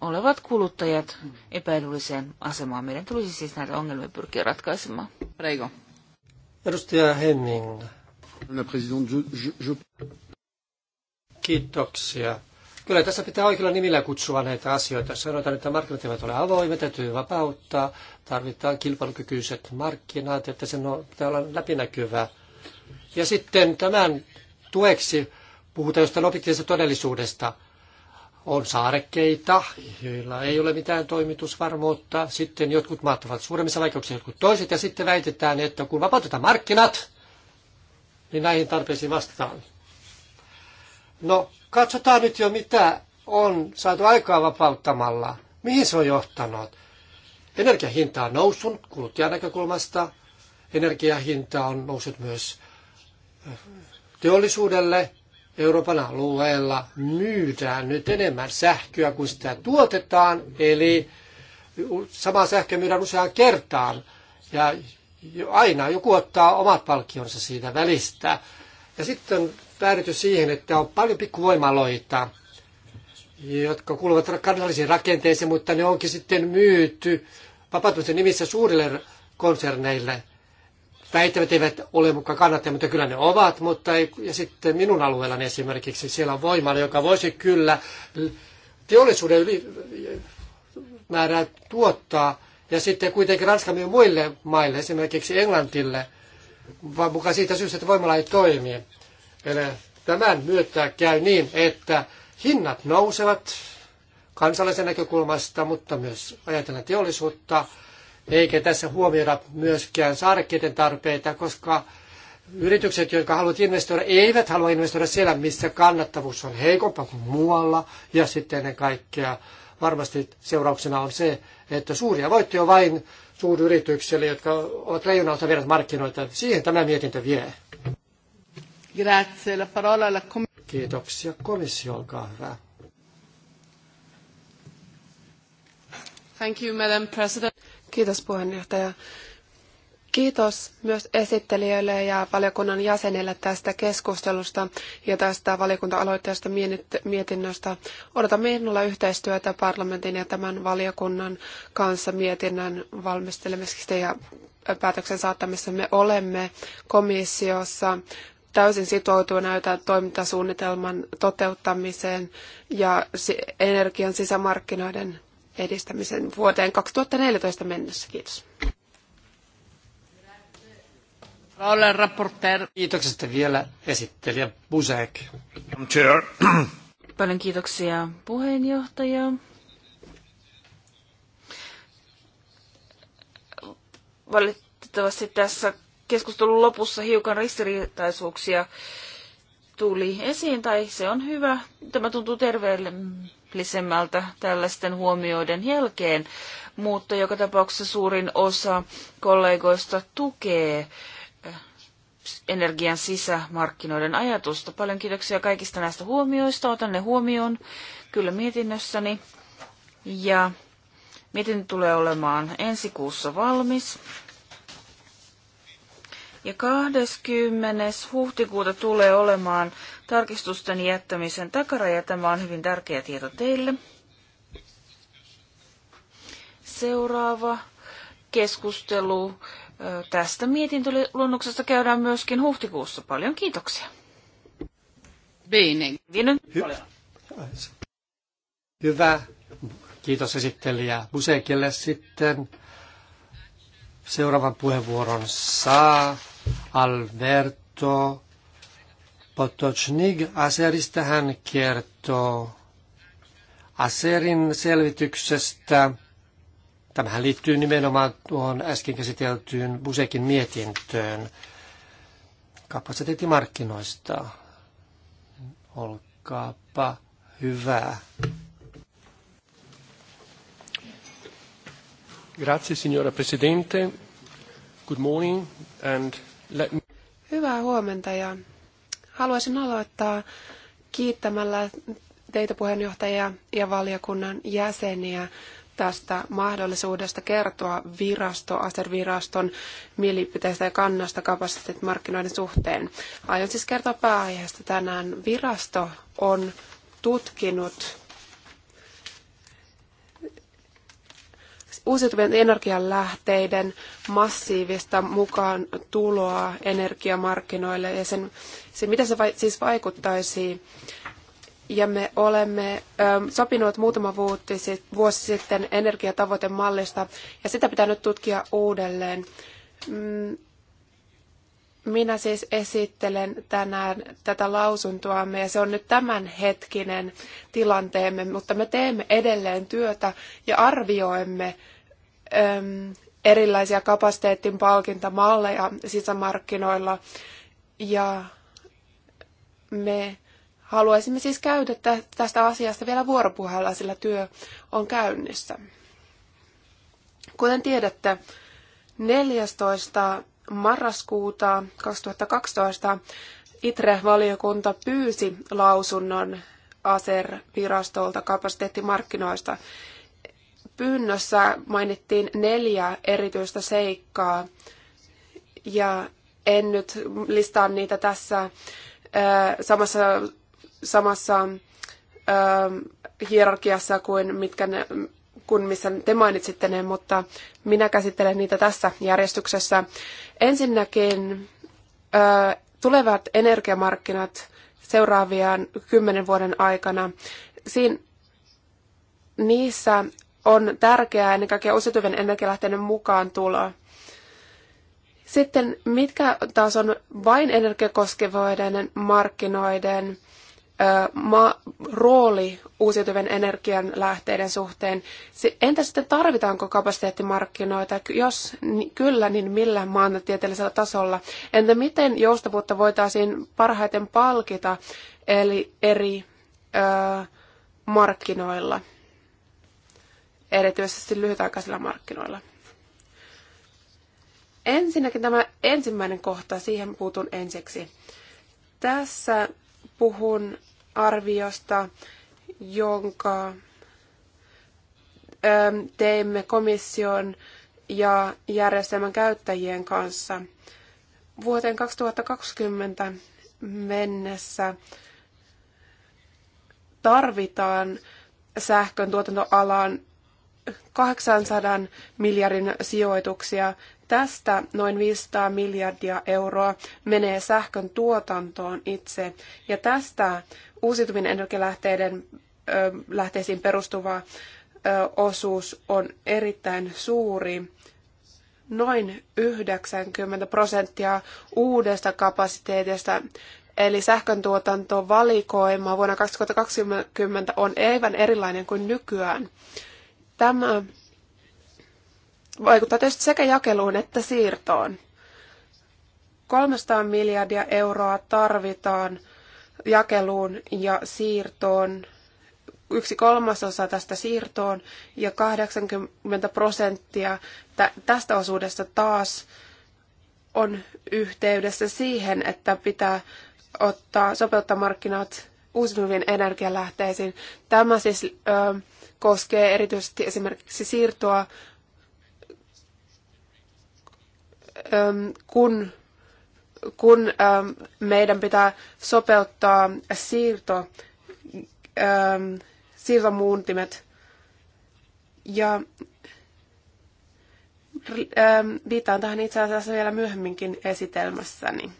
olevat kuluttajat epäedulliseen asemaan. Meidän tulisi siis näitä ongelmia pyrkiä ratkaisemaan. Reiko. Edustaja Henning. Kiitoksia. Kyllä tässä pitää oikealla nimillä kutsua näitä asioita. Sanotaan, että markkinat eivät ole avoimet, täytyy vapauttaa, tarvitaan kilpailukykyiset markkinat, että sen on, pitää olla läpinäkyvää. Ja sitten tämän tueksi puhutaan jostain objektiivisesta todellisuudesta – on saarekkeita, joilla ei ole mitään toimitusvarmuutta. Sitten jotkut maat ovat suuremmissa vaikeuksissa, jotkut toiset. Ja sitten väitetään, että kun vapautetaan markkinat, niin näihin tarpeisiin vastataan. No, katsotaan nyt jo, mitä on saatu aikaa vapauttamalla. Mihin se on johtanut? Energiahinta on noussut kuluttajan näkökulmasta. Energiahinta on noussut myös teollisuudelle. Euroopan alueella myydään nyt enemmän sähköä kuin sitä tuotetaan, eli sama sähkö myydään useaan kertaan ja aina joku ottaa omat palkkionsa siitä välistä. Ja sitten on päädytty siihen, että on paljon pikkuvoimaloita, jotka kuuluvat kansallisiin rakenteisiin, mutta ne onkin sitten myyty vapautumisen nimissä suurille konserneille väittävät eivät ole mukaan kannattajia, mutta kyllä ne ovat, mutta ei, ja sitten minun alueellani esimerkiksi siellä on voimala, joka voisi kyllä teollisuuden yli, määrää tuottaa, ja sitten kuitenkin Ranska myy muille maille, esimerkiksi Englantille, vaan mukaan siitä syystä, että voimala ei toimi. Eli tämän myötä käy niin, että hinnat nousevat kansallisen näkökulmasta, mutta myös ajatellen teollisuutta, eikä tässä huomioida myöskään saarekkeiden tarpeita, koska yritykset, jotka haluavat investoida, eivät halua investoida siellä, missä kannattavuus on heikompaa kuin muualla. Ja sitten ennen kaikkea varmasti seurauksena on se, että suuria voittoja vain suuryrityksille, jotka ovat leijonalta vielä markkinoita. Siihen tämä mietintö vie. Grazie. La parola alla com- Kiitoksia. Komissio, olkaa hyvä. Thank you, Madam President. Kiitos puheenjohtaja. Kiitos myös esittelijöille ja valiokunnan jäsenille tästä keskustelusta ja tästä valiokunta-aloitteesta mietinnöstä. Odotamme innolla yhteistyötä parlamentin ja tämän valiokunnan kanssa mietinnön valmistelemiseksi ja päätöksen saattamissa me olemme komissiossa täysin sitoutuneita toimintasuunnitelman toteuttamiseen ja energian sisämarkkinoiden edistämisen vuoteen 2014 mennessä. Kiitos. Olen raporter. Kiitoksesta vielä esittelijä Busek. Paljon kiitoksia puheenjohtaja. Valitettavasti tässä keskustelun lopussa hiukan ristiriitaisuuksia tuli esiin, tai se on hyvä. Tämä tuntuu terveelle maltillisemmältä tällaisten huomioiden jälkeen, mutta joka tapauksessa suurin osa kollegoista tukee eh, energian sisämarkkinoiden ajatusta. Paljon kiitoksia kaikista näistä huomioista. Otan ne huomioon kyllä mietinnössäni. Ja mietintö tulee olemaan ensi kuussa valmis. Ja 20. huhtikuuta tulee olemaan tarkistusten jättämisen takaraja. Tämä on hyvin tärkeä tieto teille. Seuraava keskustelu tästä mietintöluonnoksesta käydään myöskin huhtikuussa. Paljon kiitoksia. Hyvä. Kiitos esittelijä Musekille sitten. Seuraavan puheenvuoron saa Alberto Potocnig Aserista hän kertoo Aserin selvityksestä. Tämähän liittyy nimenomaan tuohon äsken käsiteltyyn Busekin mietintöön kapasiteettimarkkinoista. Olkaapa hyvä. Grazie signora Presidente. Good morning and Hyvää huomenta ja haluaisin aloittaa kiittämällä teitä puheenjohtajia ja valiokunnan jäseniä tästä mahdollisuudesta kertoa virasto, aserviraston mielipiteistä ja kannasta kapasiteettimarkkinoiden suhteen. Aion siis kertoa pääaiheesta tänään. Virasto on tutkinut uusiutuvien energianlähteiden massiivista mukaan tuloa energiamarkkinoille ja sen, se, mitä se vai, siis vaikuttaisi. Ja me olemme ö, ähm, sopineet muutama vuosi sitten energiatavoitemallista ja sitä pitää nyt tutkia uudelleen. Mm, minä siis esittelen tänään tätä lausuntoamme ja se on nyt tämänhetkinen tilanteemme, mutta me teemme edelleen työtä ja arvioimme erilaisia kapasiteetin palkintamalleja sisämarkkinoilla. Ja me haluaisimme siis käydä tästä asiasta vielä vuoropuhella, sillä työ on käynnissä. Kuten tiedätte, 14. marraskuuta 2012 ITRE-valiokunta pyysi lausunnon ASER-virastolta kapasiteettimarkkinoista pyynnössä mainittiin neljä erityistä seikkaa, ja en nyt listaa niitä tässä samassa, samassa hierarkiassa kuin mitkä ne, kun missä te mainitsitte ne, mutta minä käsittelen niitä tässä järjestyksessä. Ensinnäkin tulevat energiamarkkinat seuraavien kymmenen vuoden aikana. Siin, niissä on tärkeää ennen kaikkea uusiutuvien energialähteiden mukaan tuloa. Sitten mitkä taas on vain energiakoskevoiden markkinoiden ma- rooli uusiutuvien energian lähteiden suhteen. Entä sitten tarvitaanko kapasiteettimarkkinoita? Jos kyllä, niin millä maantieteellisellä tasolla? Entä miten joustavuutta voitaisiin parhaiten palkita eli eri ö, markkinoilla? erityisesti lyhytaikaisilla markkinoilla. Ensinnäkin tämä ensimmäinen kohta, siihen puutun ensiksi. Tässä puhun arviosta, jonka ähm, teimme komission ja järjestelmän käyttäjien kanssa. Vuoteen 2020 mennessä tarvitaan sähkön tuotantoalan 800 miljardin sijoituksia. Tästä noin 500 miljardia euroa menee sähkön tuotantoon itse. Ja tästä uusiutuvien energialähteiden lähteisiin perustuva osuus on erittäin suuri. Noin 90 prosenttia uudesta kapasiteetista Eli sähköntuotantovalikoima vuonna 2020 on aivan erilainen kuin nykyään. Tämä vaikuttaa tietysti sekä jakeluun että siirtoon. 300 miljardia euroa tarvitaan jakeluun ja siirtoon. Yksi kolmasosa tästä siirtoon ja 80 prosenttia tästä osuudesta taas on yhteydessä siihen, että pitää ottaa sopeuttaa markkinat uusiutuviin energialähteisiin. Tämä siis ö, koskee erityisesti esimerkiksi siirtoa, ähm, kun, kun ähm, meidän pitää sopeuttaa siirto, ähm, siirtomuuntimet. Ja viitaan tähän itse asiassa vielä myöhemminkin esitelmässäni.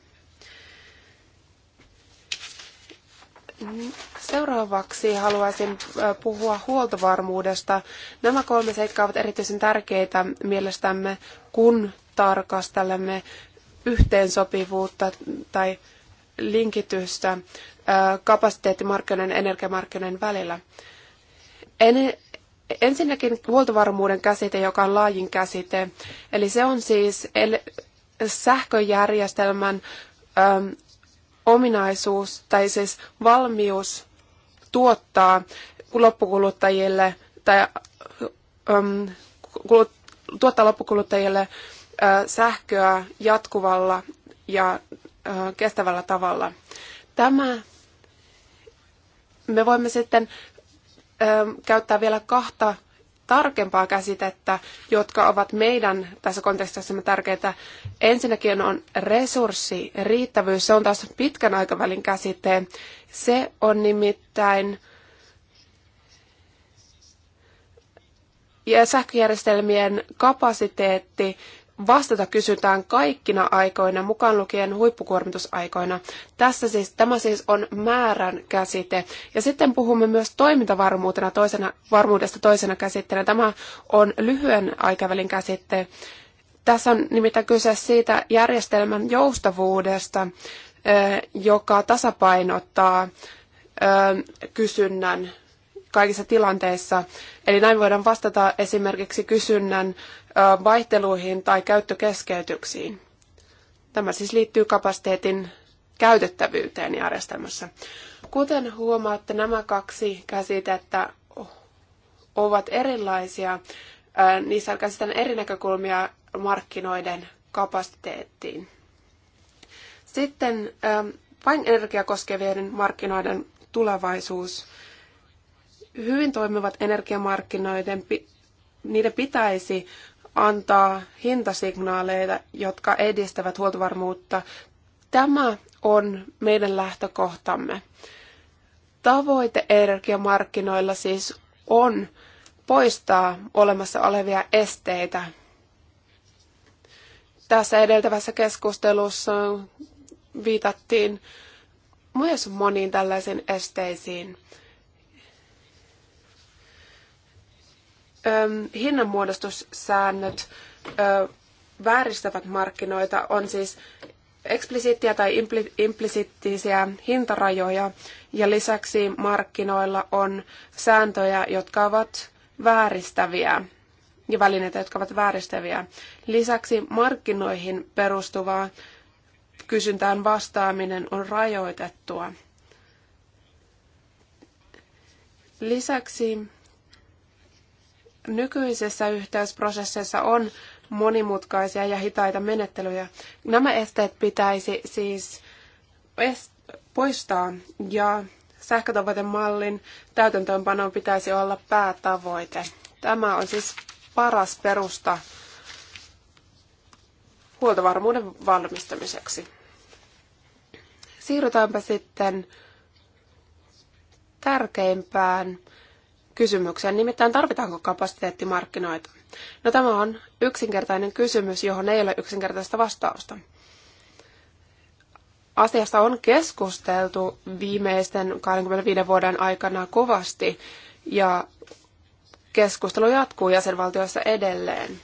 Seuraavaksi haluaisin puhua huoltovarmuudesta. Nämä kolme seikkaa ovat erityisen tärkeitä mielestämme, kun tarkastelemme yhteensopivuutta tai linkitystä kapasiteettimarkkinoiden ja energiamarkkinoiden välillä. En, ensinnäkin huoltovarmuuden käsite, joka on laajin käsite, eli se on siis sähköjärjestelmän ominaisuus tai siis valmius tuottaa loppukuluttajille tai um, kulut, tuottaa loppukuluttajille äh, sähköä jatkuvalla ja äh, kestävällä tavalla. Tämä me voimme sitten ähm, käyttää vielä kahta tarkempaa käsitettä, jotka ovat meidän tässä kontekstissamme tärkeitä. Ensinnäkin on resurssi, riittävyys, se on taas pitkän aikavälin käsite. Se on nimittäin ja sähköjärjestelmien kapasiteetti, vastata kysytään kaikkina aikoina, mukaan lukien huippukuormitusaikoina. Tässä siis, tämä siis on määrän käsite. Ja sitten puhumme myös toimintavarmuutena toisena, varmuudesta toisena käsitteenä. Tämä on lyhyen aikavälin käsite. Tässä on nimittäin kyse siitä järjestelmän joustavuudesta, joka tasapainottaa kysynnän kaikissa tilanteissa. Eli näin voidaan vastata esimerkiksi kysynnän vaihteluihin tai käyttökeskeytyksiin. Tämä siis liittyy kapasiteetin käytettävyyteen järjestelmässä. Kuten huomaatte, nämä kaksi käsitettä ovat erilaisia. Niissä käsitellään eri näkökulmia markkinoiden kapasiteettiin. Sitten vain energia koskevien markkinoiden tulevaisuus. Hyvin toimivat energiamarkkinoiden, niiden pitäisi antaa hintasignaaleita, jotka edistävät huoltovarmuutta. Tämä on meidän lähtökohtamme. Tavoite energiamarkkinoilla siis on poistaa olemassa olevia esteitä. Tässä edeltävässä keskustelussa viitattiin myös moniin tällaisiin esteisiin. hinnanmuodostussäännöt vääristävät markkinoita, on siis eksplisiittiä tai impli- implisiittisiä hintarajoja ja lisäksi markkinoilla on sääntöjä, jotka ovat vääristäviä ja välineitä, jotka ovat vääristäviä. Lisäksi markkinoihin perustuvaa kysyntään vastaaminen on rajoitettua. Lisäksi Nykyisessä yhteysprosesseissa on monimutkaisia ja hitaita menettelyjä. Nämä esteet pitäisi siis poistaa ja sähkötavoitemallin täytäntöönpanon pitäisi olla päätavoite. Tämä on siis paras perusta huoltovarmuuden valmistamiseksi. Siirrytäänpä sitten tärkeimpään kysymykseen, nimittäin tarvitaanko kapasiteettimarkkinoita? No tämä on yksinkertainen kysymys, johon ei ole yksinkertaista vastausta. Asiasta on keskusteltu viimeisten 25 vuoden aikana kovasti ja keskustelu jatkuu jäsenvaltioissa edelleen.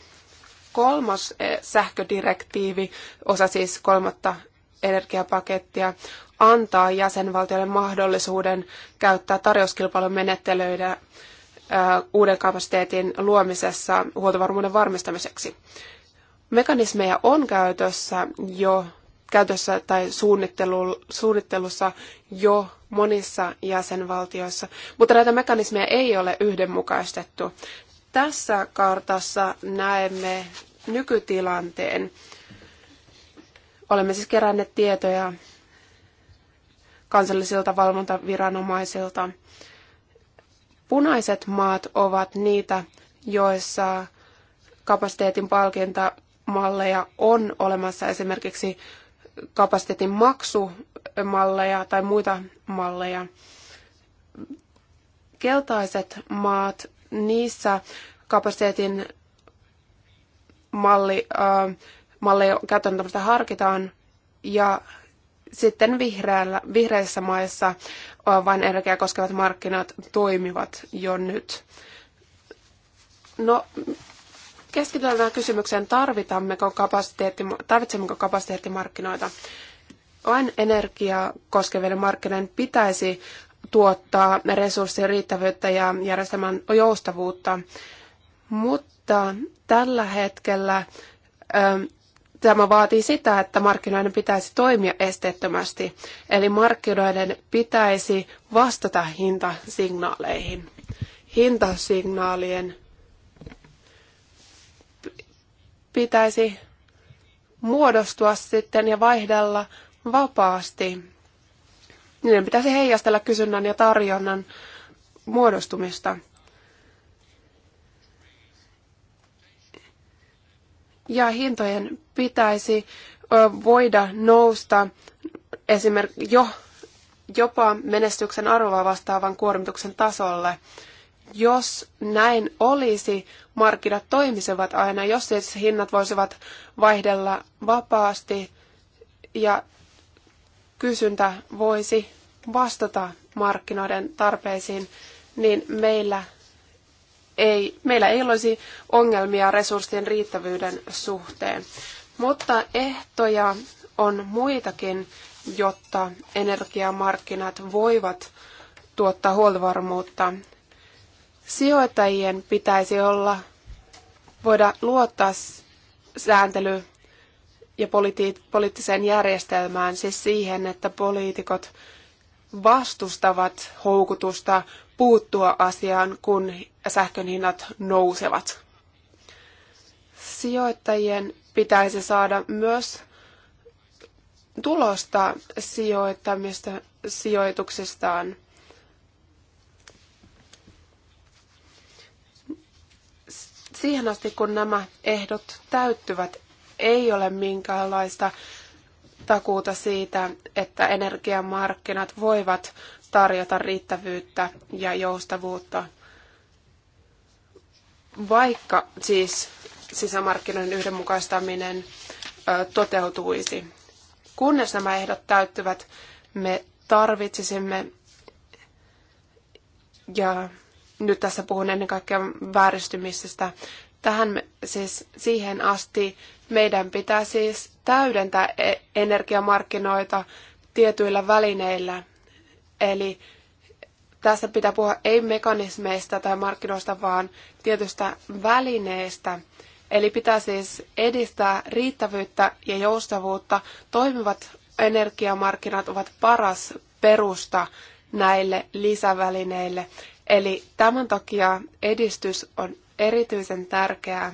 Kolmas eh, sähködirektiivi, osa siis kolmatta energiapakettia, antaa jäsenvaltioille mahdollisuuden käyttää tarjouskilpailun menettelyitä uuden kapasiteetin luomisessa huoltovarmuuden varmistamiseksi. Mekanismeja on käytössä jo käytössä tai suunnittelussa jo monissa jäsenvaltioissa, mutta näitä mekanismeja ei ole yhdenmukaistettu. Tässä kartassa näemme nykytilanteen. Olemme siis keränneet tietoja kansallisilta valvontaviranomaisilta. Punaiset maat ovat niitä, joissa kapasiteetin palkintamalleja on olemassa esimerkiksi kapasiteetin maksumalleja tai muita malleja. Keltaiset maat, niissä kapasiteetin malli, äh, malleja käytännössä harkitaan ja sitten vihreällä, vihreissä maissa vain energiaa koskevat markkinat toimivat jo nyt. No, keskitytään kysymykseen, kapasiteetti, tarvitsemmeko kapasiteettimarkkinoita. Vain energiaa koskevien markkinoiden pitäisi tuottaa resurssien riittävyyttä ja järjestelmän joustavuutta, mutta tällä hetkellä Tämä vaatii sitä, että markkinoiden pitäisi toimia esteettömästi, eli markkinoiden pitäisi vastata hintasignaaleihin. Hintasignaalien pitäisi muodostua sitten ja vaihdella vapaasti. Niiden pitäisi heijastella kysynnän ja tarjonnan muodostumista. ja hintojen pitäisi voida nousta esimerkiksi jo, jopa menestyksen arvoa vastaavan kuormituksen tasolle. Jos näin olisi, markkinat toimisivat aina, jos siis hinnat voisivat vaihdella vapaasti ja kysyntä voisi vastata markkinoiden tarpeisiin, niin meillä ei, meillä ei olisi ongelmia resurssien riittävyyden suhteen. Mutta ehtoja on muitakin, jotta energiamarkkinat voivat tuottaa huoltovarmuutta. Sijoittajien pitäisi olla, voida luottaa sääntely- ja politi- poliittiseen järjestelmään, siis siihen, että poliitikot vastustavat houkutusta puuttua asiaan, kun sähkön hinnat nousevat. Sijoittajien pitäisi saada myös tulosta sijoittamista sijoituksistaan. Siihen asti, kun nämä ehdot täyttyvät, ei ole minkäänlaista takuuta siitä, että energiamarkkinat voivat tarjota riittävyyttä ja joustavuutta vaikka siis sisämarkkinoiden yhdenmukaistaminen toteutuisi. Kunnes nämä ehdot täyttyvät, me tarvitsisimme, ja nyt tässä puhun ennen kaikkea vääristymisestä, tähän me, siis siihen asti meidän pitää siis täydentää e- energiamarkkinoita tietyillä välineillä. Eli tässä pitää puhua ei mekanismeista tai markkinoista, vaan tietystä välineestä. Eli pitää siis edistää riittävyyttä ja joustavuutta. Toimivat energiamarkkinat ovat paras perusta näille lisävälineille. Eli tämän takia edistys on erityisen tärkeää.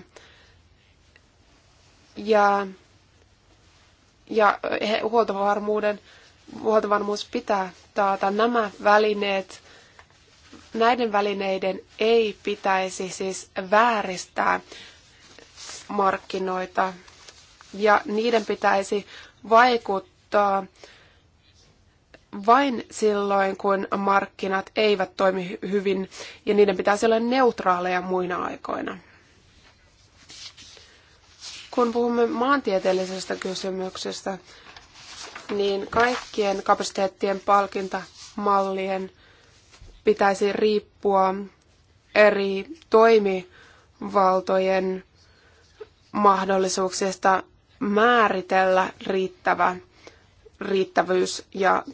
Ja, ja huoltovarmuuden, huoltovarmuus pitää taata. Nämä välineet Näiden välineiden ei pitäisi siis vääristää markkinoita ja niiden pitäisi vaikuttaa vain silloin, kun markkinat eivät toimi hyvin ja niiden pitäisi olla neutraaleja muina aikoina. Kun puhumme maantieteellisestä kysymyksestä, niin kaikkien kapasiteettien palkintamallien – pitäisi riippua eri toimivaltojen mahdollisuuksista määritellä riittävä riittävyys ja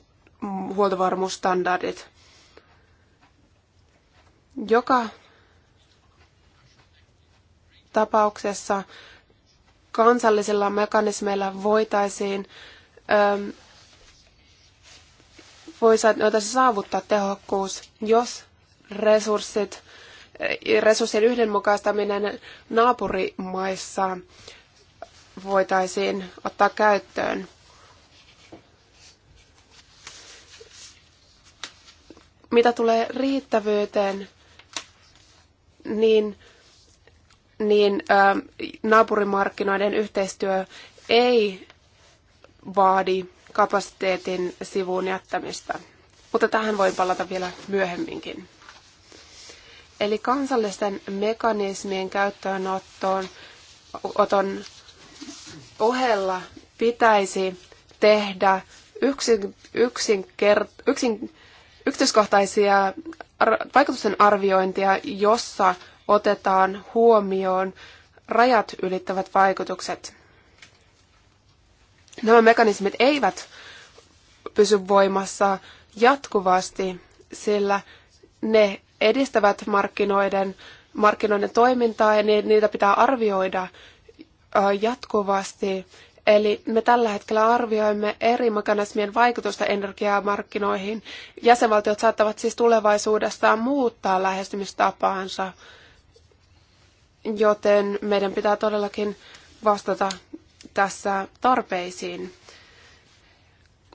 huoltovarmuusstandardit. Joka tapauksessa kansallisilla mekanismeilla voitaisiin voitaisiin saavuttaa tehokkuus, jos resurssit, eh, resurssien yhdenmukaistaminen naapurimaissa voitaisiin ottaa käyttöön. Mitä tulee riittävyyteen, niin, niin ä, ähm, naapurimarkkinoiden yhteistyö ei vaadi kapasiteetin sivuun jättämistä. Mutta tähän voin palata vielä myöhemminkin. Eli kansallisten mekanismien käyttöönottoon oton ohella pitäisi tehdä yksin, yksin, yksin, yksityiskohtaisia vaikutusten arviointia, jossa otetaan huomioon rajat ylittävät vaikutukset. Nämä mekanismit eivät pysy voimassa jatkuvasti, sillä ne edistävät markkinoiden, markkinoiden toimintaa ja niitä pitää arvioida jatkuvasti. Eli me tällä hetkellä arvioimme eri mekanismien vaikutusta energiamarkkinoihin. Jäsenvaltiot saattavat siis tulevaisuudessaan muuttaa lähestymistapaansa, joten meidän pitää todellakin vastata tässä tarpeisiin.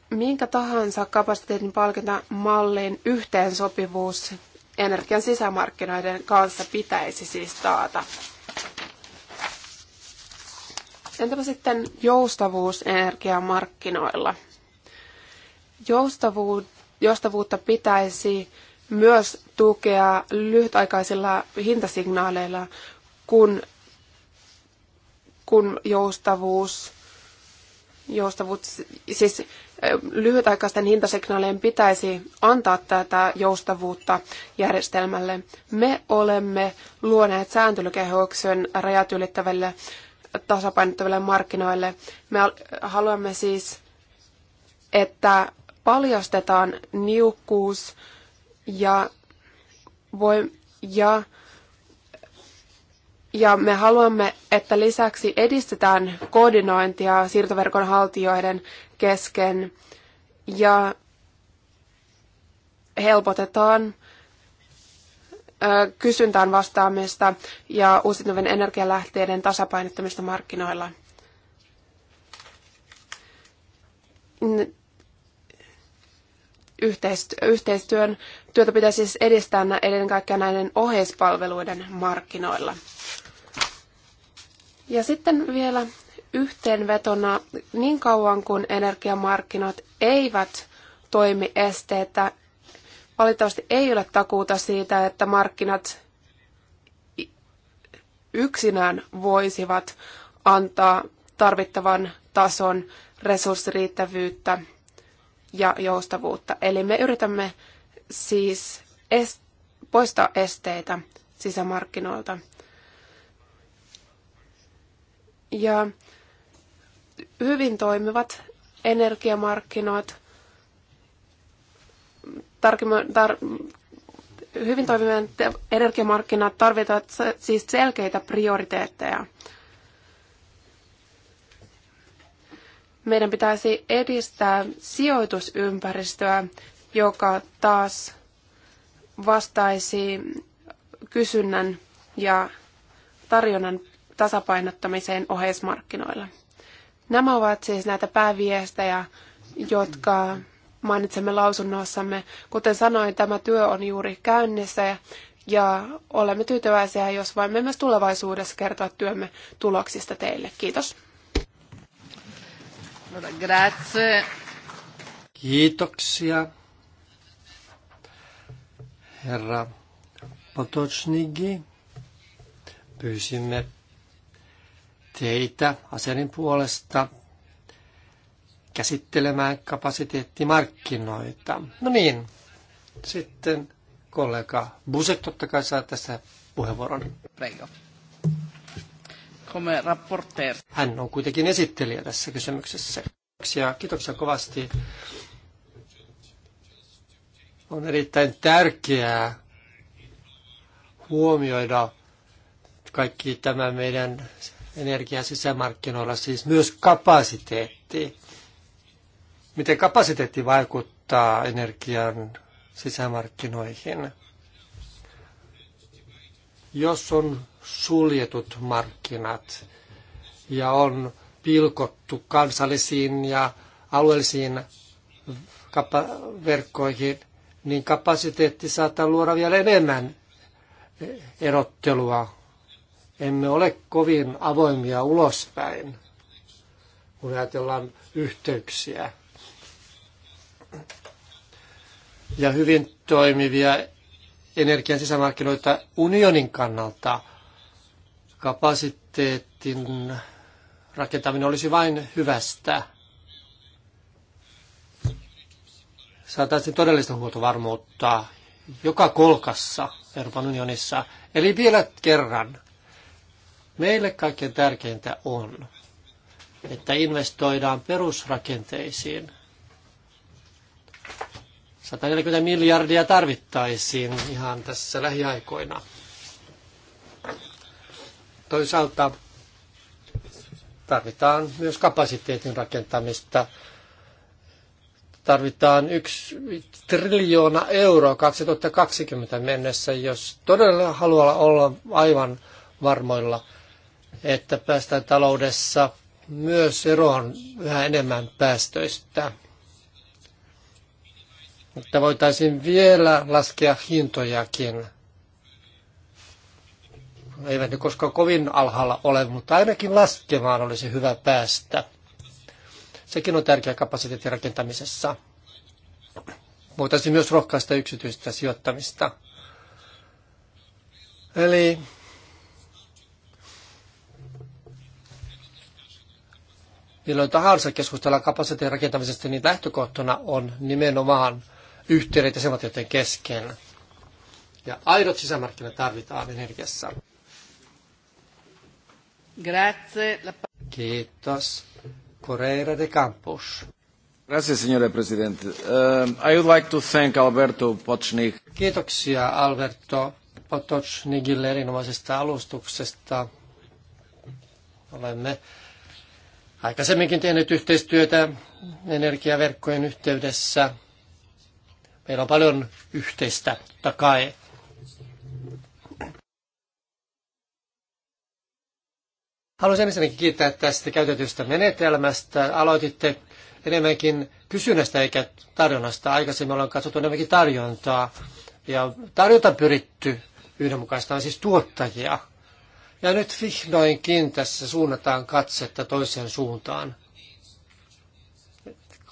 Minkä tahansa kapasiteetin palkintamallin yhteensopivuus energian sisämarkkinoiden kanssa pitäisi siis taata. Entäpä sitten joustavuus energiamarkkinoilla? joustavuutta pitäisi myös tukea lyhytaikaisilla hintasignaaleilla, kun kun joustavuus, joustavuus siis lyhytaikaisten hintasignaalien pitäisi antaa tätä joustavuutta järjestelmälle. Me olemme luoneet sääntelykehoksen rajat ylittäville tasapainottaville markkinoille. Me haluamme siis, että paljastetaan niukkuus ja, voi, ja ja me haluamme, että lisäksi edistetään koordinointia siirtoverkon haltijoiden kesken ja helpotetaan kysyntään vastaamista ja uusiutuvien energialähteiden tasapainottamista markkinoilla. Yhteistyön työtä pitäisi siis edistää ennen kaikkea näiden oheispalveluiden markkinoilla. Ja sitten vielä yhteenvetona, niin kauan kuin energiamarkkinat eivät toimi esteettä, valitettavasti ei ole takuuta siitä, että markkinat yksinään voisivat antaa tarvittavan tason resurssiriittävyyttä ja joustavuutta. Eli me yritämme siis est- poistaa esteitä sisämarkkinoilta ja hyvin toimivat energiamarkkinat, tarkemmin, tar, hyvin toimivat energiamarkkinat tarvitaan siis selkeitä prioriteetteja. Meidän pitäisi edistää sijoitusympäristöä, joka taas vastaisi kysynnän ja tarjonnan tasapainottamiseen oheismarkkinoilla. Nämä ovat siis näitä pääviestejä, jotka mainitsemme lausunnossamme. Kuten sanoin, tämä työ on juuri käynnissä ja olemme tyytyväisiä, jos voimme myös tulevaisuudessa kertoa työmme tuloksista teille. Kiitos. Kiitoksia. Herra Potocnigi, pyysimme teitä aserin puolesta käsittelemään kapasiteettimarkkinoita. No niin, sitten kollega Busek totta kai saa tässä puheenvuoron. Prego. Come Hän on kuitenkin esittelijä tässä kysymyksessä. Kiitoksia, kiitoksia kovasti. On erittäin tärkeää huomioida kaikki tämä meidän energiaa sisämarkkinoilla, siis myös kapasiteetti. Miten kapasiteetti vaikuttaa energian sisämarkkinoihin? Jos on suljetut markkinat ja on pilkottu kansallisiin ja alueellisiin verkkoihin, niin kapasiteetti saattaa luoda vielä enemmän erottelua emme ole kovin avoimia ulospäin, kun ajatellaan yhteyksiä. Ja hyvin toimivia energian sisämarkkinoita unionin kannalta kapasiteetin rakentaminen olisi vain hyvästä. Saataisiin todellista huoltovarmuutta joka kolkassa Euroopan unionissa. Eli vielä kerran Meille kaikkein tärkeintä on, että investoidaan perusrakenteisiin. 140 miljardia tarvittaisiin ihan tässä lähiaikoina. Toisaalta tarvitaan myös kapasiteetin rakentamista. Tarvitaan yksi triljoona euroa 2020 mennessä, jos todella haluaa olla aivan varmoilla – että päästään taloudessa myös eroon yhä enemmän päästöistä. Mutta voitaisiin vielä laskea hintojakin. Eivät ne koskaan kovin alhaalla ole, mutta ainakin laskemaan olisi hyvä päästä. Sekin on tärkeä kapasiteetin rakentamisessa. Voitaisiin myös rohkaista yksityistä sijoittamista. Eli milloin tahansa keskustellaan kapasiteetin rakentamisesta, niin lähtökohtana on nimenomaan yhteydet jäsenvaltioiden kesken. Ja aidot sisämarkkinat tarvitaan energiassa. Grazie. Kiitos. Correira de Campos. Grazie, signore presidente. Uh, I would like to thank Alberto Pocnik. Kiitoksia Alberto Potocnikille erinomaisesta alustuksesta. Olemme aikaisemminkin tehnyt yhteistyötä energiaverkkojen yhteydessä. Meillä on paljon yhteistä, totta kai. Haluaisin ensinnäkin kiittää tästä käytetystä menetelmästä. Aloititte enemmänkin kysynnästä eikä tarjonnasta. Aikaisemmin ollaan katsottu enemmänkin tarjontaa ja tarjota pyritty yhdenmukaistaan siis tuottajia – ja nyt vihdoinkin tässä suunnataan katsetta toiseen suuntaan.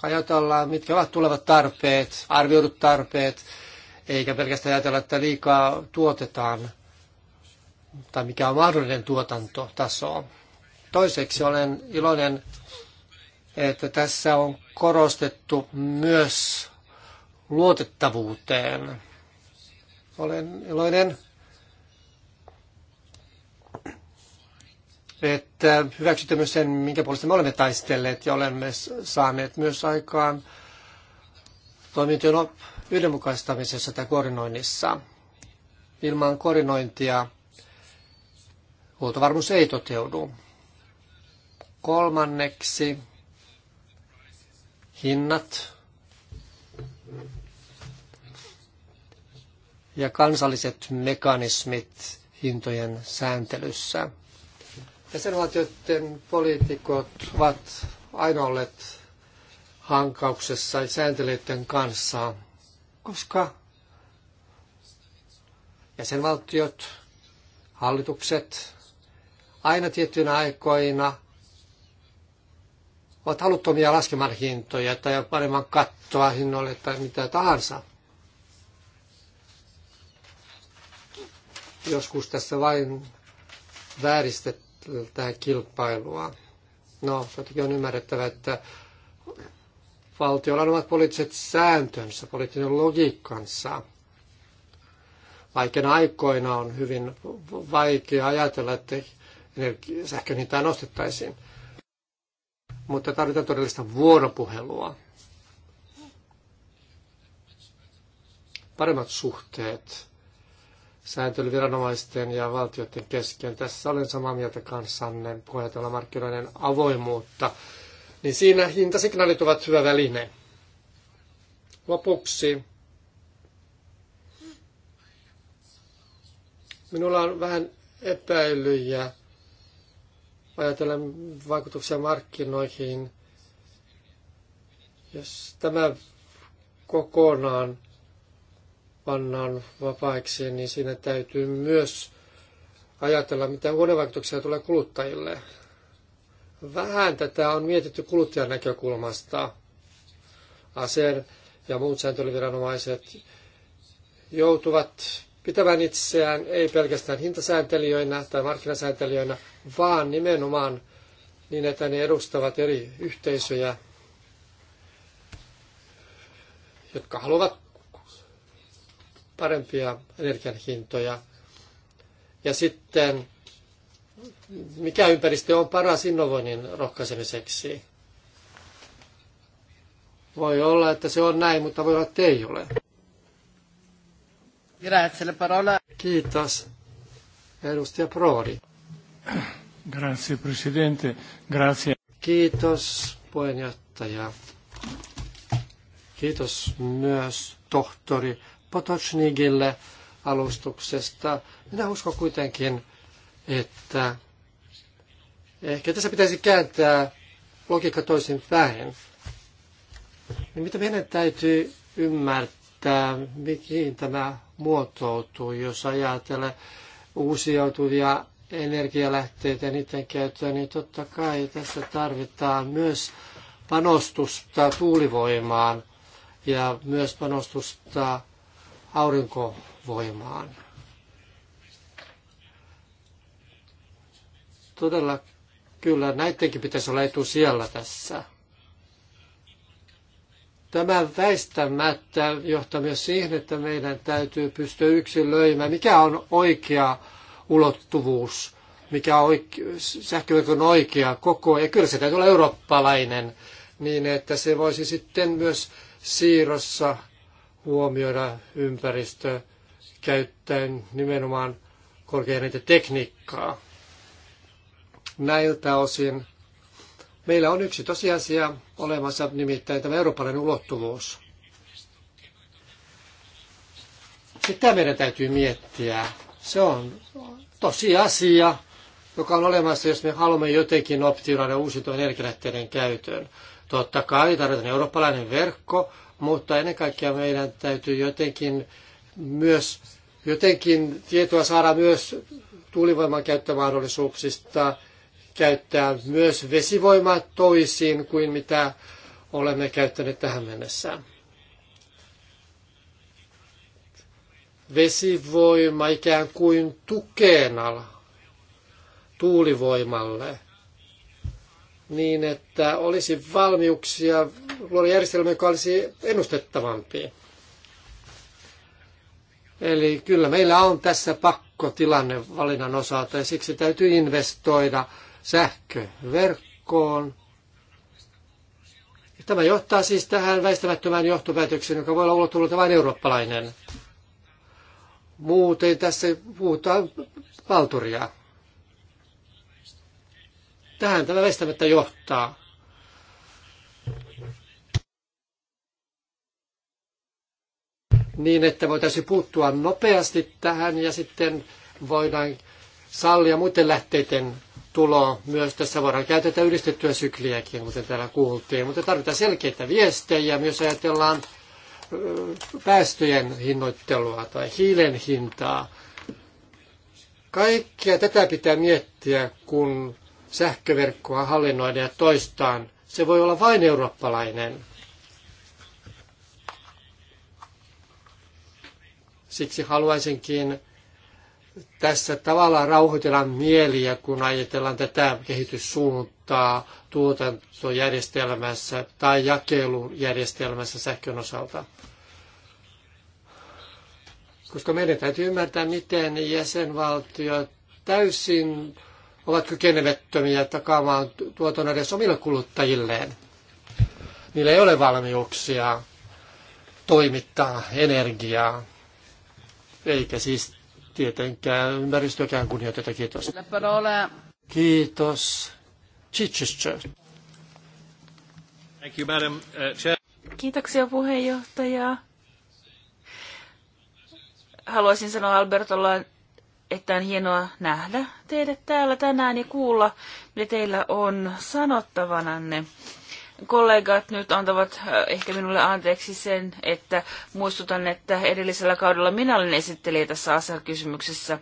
Ajatellaan, mitkä ovat tulevat tarpeet, arvioidut tarpeet, eikä pelkästään ajatella, että liikaa tuotetaan tai mikä on mahdollinen tuotantotaso. Toiseksi olen iloinen, että tässä on korostettu myös luotettavuuteen. Olen iloinen että myös sen, minkä puolesta me olemme taistelleet ja olemme saaneet myös aikaan toimintojen yhdenmukaistamisessa tai koordinoinnissa. Ilman koordinointia huoltovarmuus ei toteudu. Kolmanneksi hinnat ja kansalliset mekanismit hintojen sääntelyssä – Jäsenvaltioiden poliitikot ovat aina olleet hankauksessa sääntelyiden kanssa, koska jäsenvaltiot, hallitukset aina tiettyinä aikoina ovat haluttomia laskemaan hintoja tai paremman kattoa hinnoille tai mitä tahansa. Joskus tässä vain vääristetään tähän kilpailua. No, jotenkin on ymmärrettävä, että valtiolla on omat poliittiset sääntönsä, poliittinen logiikkansa. Vaikeina aikoina on hyvin vaikea ajatella, että sähkön hintaa nostettaisiin. Mutta tarvitaan todellista vuoropuhelua. Paremmat suhteet sääntelyviranomaisten ja valtioiden kesken. Tässä olen samaa mieltä kanssanne puheenjohtajalla markkinoiden avoimuutta. Niin siinä hintasignaalit ovat hyvä väline. Lopuksi minulla on vähän epäilyjä ajatellen vaikutuksia markkinoihin. Jos tämä kokonaan pannaan vapaiksi, niin siinä täytyy myös ajatella, mitä vuodenvaikutuksia tulee kuluttajille. Vähän tätä on mietitty kuluttajan näkökulmasta. Aser ja muut sääntelyviranomaiset joutuvat pitämään itseään ei pelkästään hintasääntelijöinä tai markkinasääntelijöinä, vaan nimenomaan niin, että ne edustavat eri yhteisöjä, jotka haluavat parempia energian hintoja. Ja sitten, mikä ympäristö on paras innovoinnin rohkaisemiseksi? Voi olla, että se on näin, mutta voi olla, että ei ole. Kiitos. Edustaja Proodi. Grazie, Presidente. Grazie. Kiitos, puheenjohtaja. Kiitos myös tohtori Potocnikille alustuksesta. Minä uskon kuitenkin, että ehkä tässä pitäisi kääntää logiikka toisin päin. Niin mitä meidän täytyy ymmärtää, mihin tämä muotoutuu, jos ajatellaan uusiutuvia energialähteitä ja niiden käyttöä, niin totta kai tässä tarvitaan myös panostusta tuulivoimaan ja myös panostusta aurinkovoimaan. Todella kyllä näidenkin pitäisi olla etu siellä tässä. Tämä väistämättä johtaa myös siihen, että meidän täytyy pystyä yksilöimään, mikä on oikea ulottuvuus, mikä on sähköverkon oikea koko. Ja kyllä se täytyy olla eurooppalainen, niin että se voisi sitten myös siirrossa huomioida ympäristö käyttäen nimenomaan tekniikkaa Näiltä osin meillä on yksi tosiasia olemassa, nimittäin tämä eurooppalainen ulottuvuus. Sitä meidän täytyy miettiä. Se on tosiasia, joka on olemassa, jos me haluamme jotenkin optioida uusiutuvan energialähteiden käytön. Totta kai tarvitaan eurooppalainen verkko, mutta ennen kaikkea meidän täytyy jotenkin myös jotenkin tietoa saada myös tuulivoiman käyttömahdollisuuksista, käyttää myös vesivoimaa toisin kuin mitä olemme käyttäneet tähän mennessä. Vesivoima ikään kuin tukena tuulivoimalle – niin, että olisi valmiuksia luoda järjestelmä, joka olisi ennustettavampi. Eli kyllä meillä on tässä pakko tilanne valinnan osalta ja siksi täytyy investoida sähköverkkoon. Tämä johtaa siis tähän väistämättömään johtopäätökseen, joka voi olla ulottuvuutta vain eurooppalainen. Muuten tässä puhutaan valturia. Tähän tämä väistämättä johtaa. Niin, että voitaisiin puuttua nopeasti tähän ja sitten voidaan sallia muiden lähteiden tulo myös. Tässä voidaan käytetä yhdistettyä sykliäkin, kuten täällä kuultiin. Mutta tarvitaan selkeitä viestejä, myös ajatellaan päästöjen hinnoittelua tai hiilen hintaa. Kaikkea tätä pitää miettiä, kun sähköverkkoa hallinnoida ja toistaan. Se voi olla vain eurooppalainen. Siksi haluaisinkin tässä tavallaan rauhoitella mieliä, kun ajatellaan tätä kehityssuuntaa tuotantojärjestelmässä tai jakelujärjestelmässä sähkön osalta. Koska meidän täytyy ymmärtää, miten jäsenvaltiot täysin ovat kykenemättömiä takaamaan tuoton edes omille kuluttajilleen. Niillä ei ole valmiuksia toimittaa energiaa, eikä siis tietenkään ympäristökään kunnioiteta. Kiitos. Kiitos. Chichester. Thank you, Madam uh, Chair. Kiitoksia puheenjohtaja. Haluaisin sanoa Albertolla että on hienoa nähdä teidät täällä tänään ja kuulla, mitä teillä on sanottavananne. Kollegat nyt antavat äh, ehkä minulle anteeksi sen, että muistutan, että edellisellä kaudella minä olen esittelijä tässä asiakysymyksessä.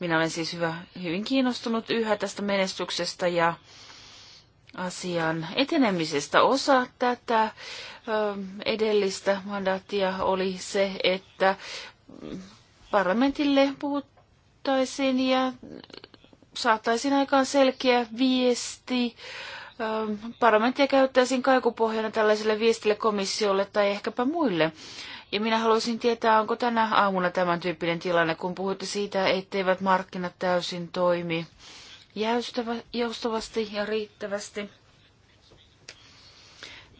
Minä olen siis hyvä, hyvin kiinnostunut yhä tästä menestyksestä ja asian etenemisestä. Osa tätä edellistä mandaattia oli se, että mm, parlamentille puhuttiin kirjoittaisin ja saattaisin aikaan selkeä viesti. Ähm, Parlamenttia käyttäisin kaikupohjana tällaiselle viestille komissiolle tai ehkäpä muille. Ja minä haluaisin tietää, onko tänä aamuna tämän tyyppinen tilanne, kun puhutte siitä, etteivät markkinat täysin toimi joustavasti ja riittävästi.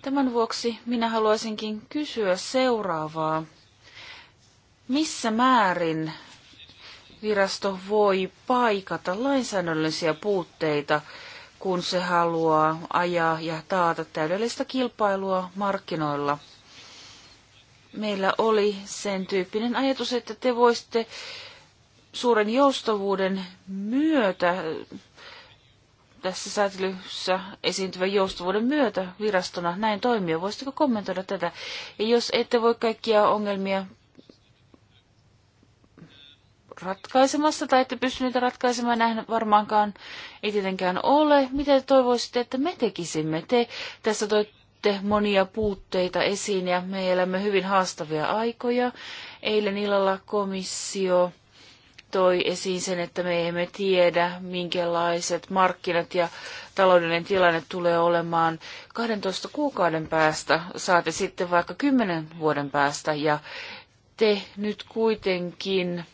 Tämän vuoksi minä haluaisinkin kysyä seuraavaa. Missä määrin virasto voi paikata lainsäädännöllisiä puutteita, kun se haluaa ajaa ja taata täydellistä kilpailua markkinoilla. Meillä oli sen tyyppinen ajatus, että te voisitte suuren joustavuuden myötä, tässä säätelyssä esiintyvän joustavuuden myötä virastona näin toimia. Voisitteko kommentoida tätä? Ja jos ette voi kaikkia ongelmia ratkaisemassa tai ette pysty niitä ratkaisemaan, näin varmaankaan ei tietenkään ole. Mitä te toivoisitte, että me tekisimme? Te tässä toitte monia puutteita esiin ja me elämme hyvin haastavia aikoja. Eilen illalla komissio toi esiin sen, että me emme tiedä, minkälaiset markkinat ja taloudellinen tilanne tulee olemaan 12 kuukauden päästä, saati sitten vaikka 10 vuoden päästä. Ja te nyt kuitenkin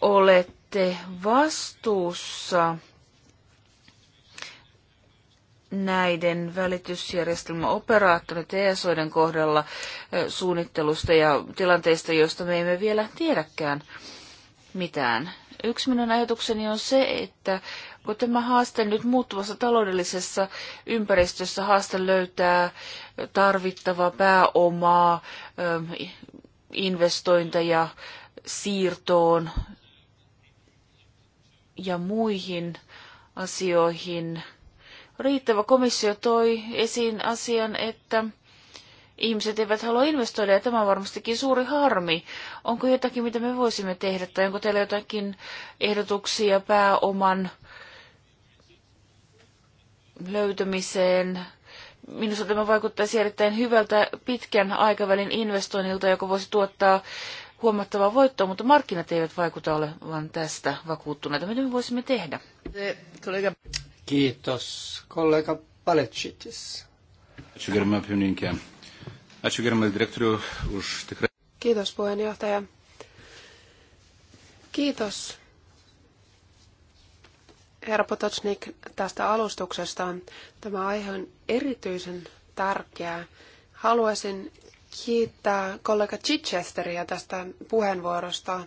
olette vastuussa näiden välitysjärjestelmäoperaattorit ESOiden kohdalla suunnittelusta ja tilanteista, joista me emme vielä tiedäkään mitään. Yksi minun ajatukseni on se, että kun tämä haaste nyt muuttuvassa taloudellisessa ympäristössä haaste löytää tarvittavaa pääomaa, investointeja siirtoon ja muihin asioihin. Riittävä komissio toi esiin asian, että ihmiset eivät halua investoida, ja tämä on varmastikin suuri harmi. Onko jotakin, mitä me voisimme tehdä, tai onko teillä jotakin ehdotuksia pääoman löytämiseen? Minusta tämä vaikuttaisi erittäin hyvältä pitkän aikavälin investoinnilta, joka voisi tuottaa huomattavaa voitto, mutta markkinat eivät vaikuta olevan tästä vakuuttuneita. Mitä me voisimme tehdä? Kiitos, kollega Paletsitis. Kiitos puheenjohtaja. Kiitos herra Potocnik tästä alustuksesta. Tämä aihe on erityisen tärkeää. Haluaisin kiittää kollega Chichesteria tästä puheenvuorosta.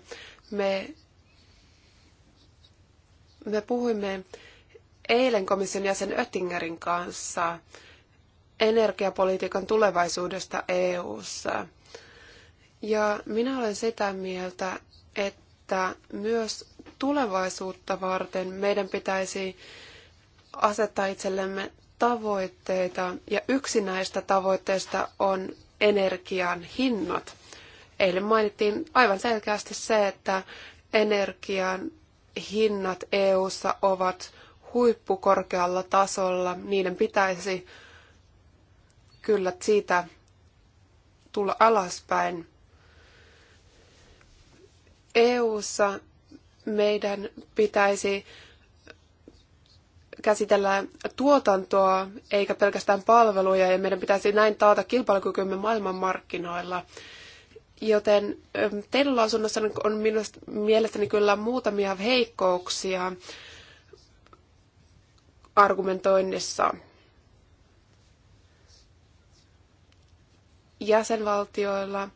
Me, me puhuimme eilen komission jäsen Oettingerin kanssa energiapolitiikan tulevaisuudesta EU:ssa. Ja minä olen sitä mieltä, että myös tulevaisuutta varten meidän pitäisi asettaa itsellemme tavoitteita, ja yksi näistä tavoitteista on energian hinnat. Eilen mainittiin aivan selkeästi se, että energian hinnat EU:ssa ovat huippukorkealla tasolla. Niiden pitäisi kyllä siitä tulla alaspäin. EU:ssa meidän pitäisi käsitellään tuotantoa eikä pelkästään palveluja ja meidän pitäisi näin taata kilpailukykymme maailmanmarkkinoilla. Joten teidän lausunnossa on minusta, mielestäni kyllä muutamia heikkouksia argumentoinnissa. Jäsenvaltioilla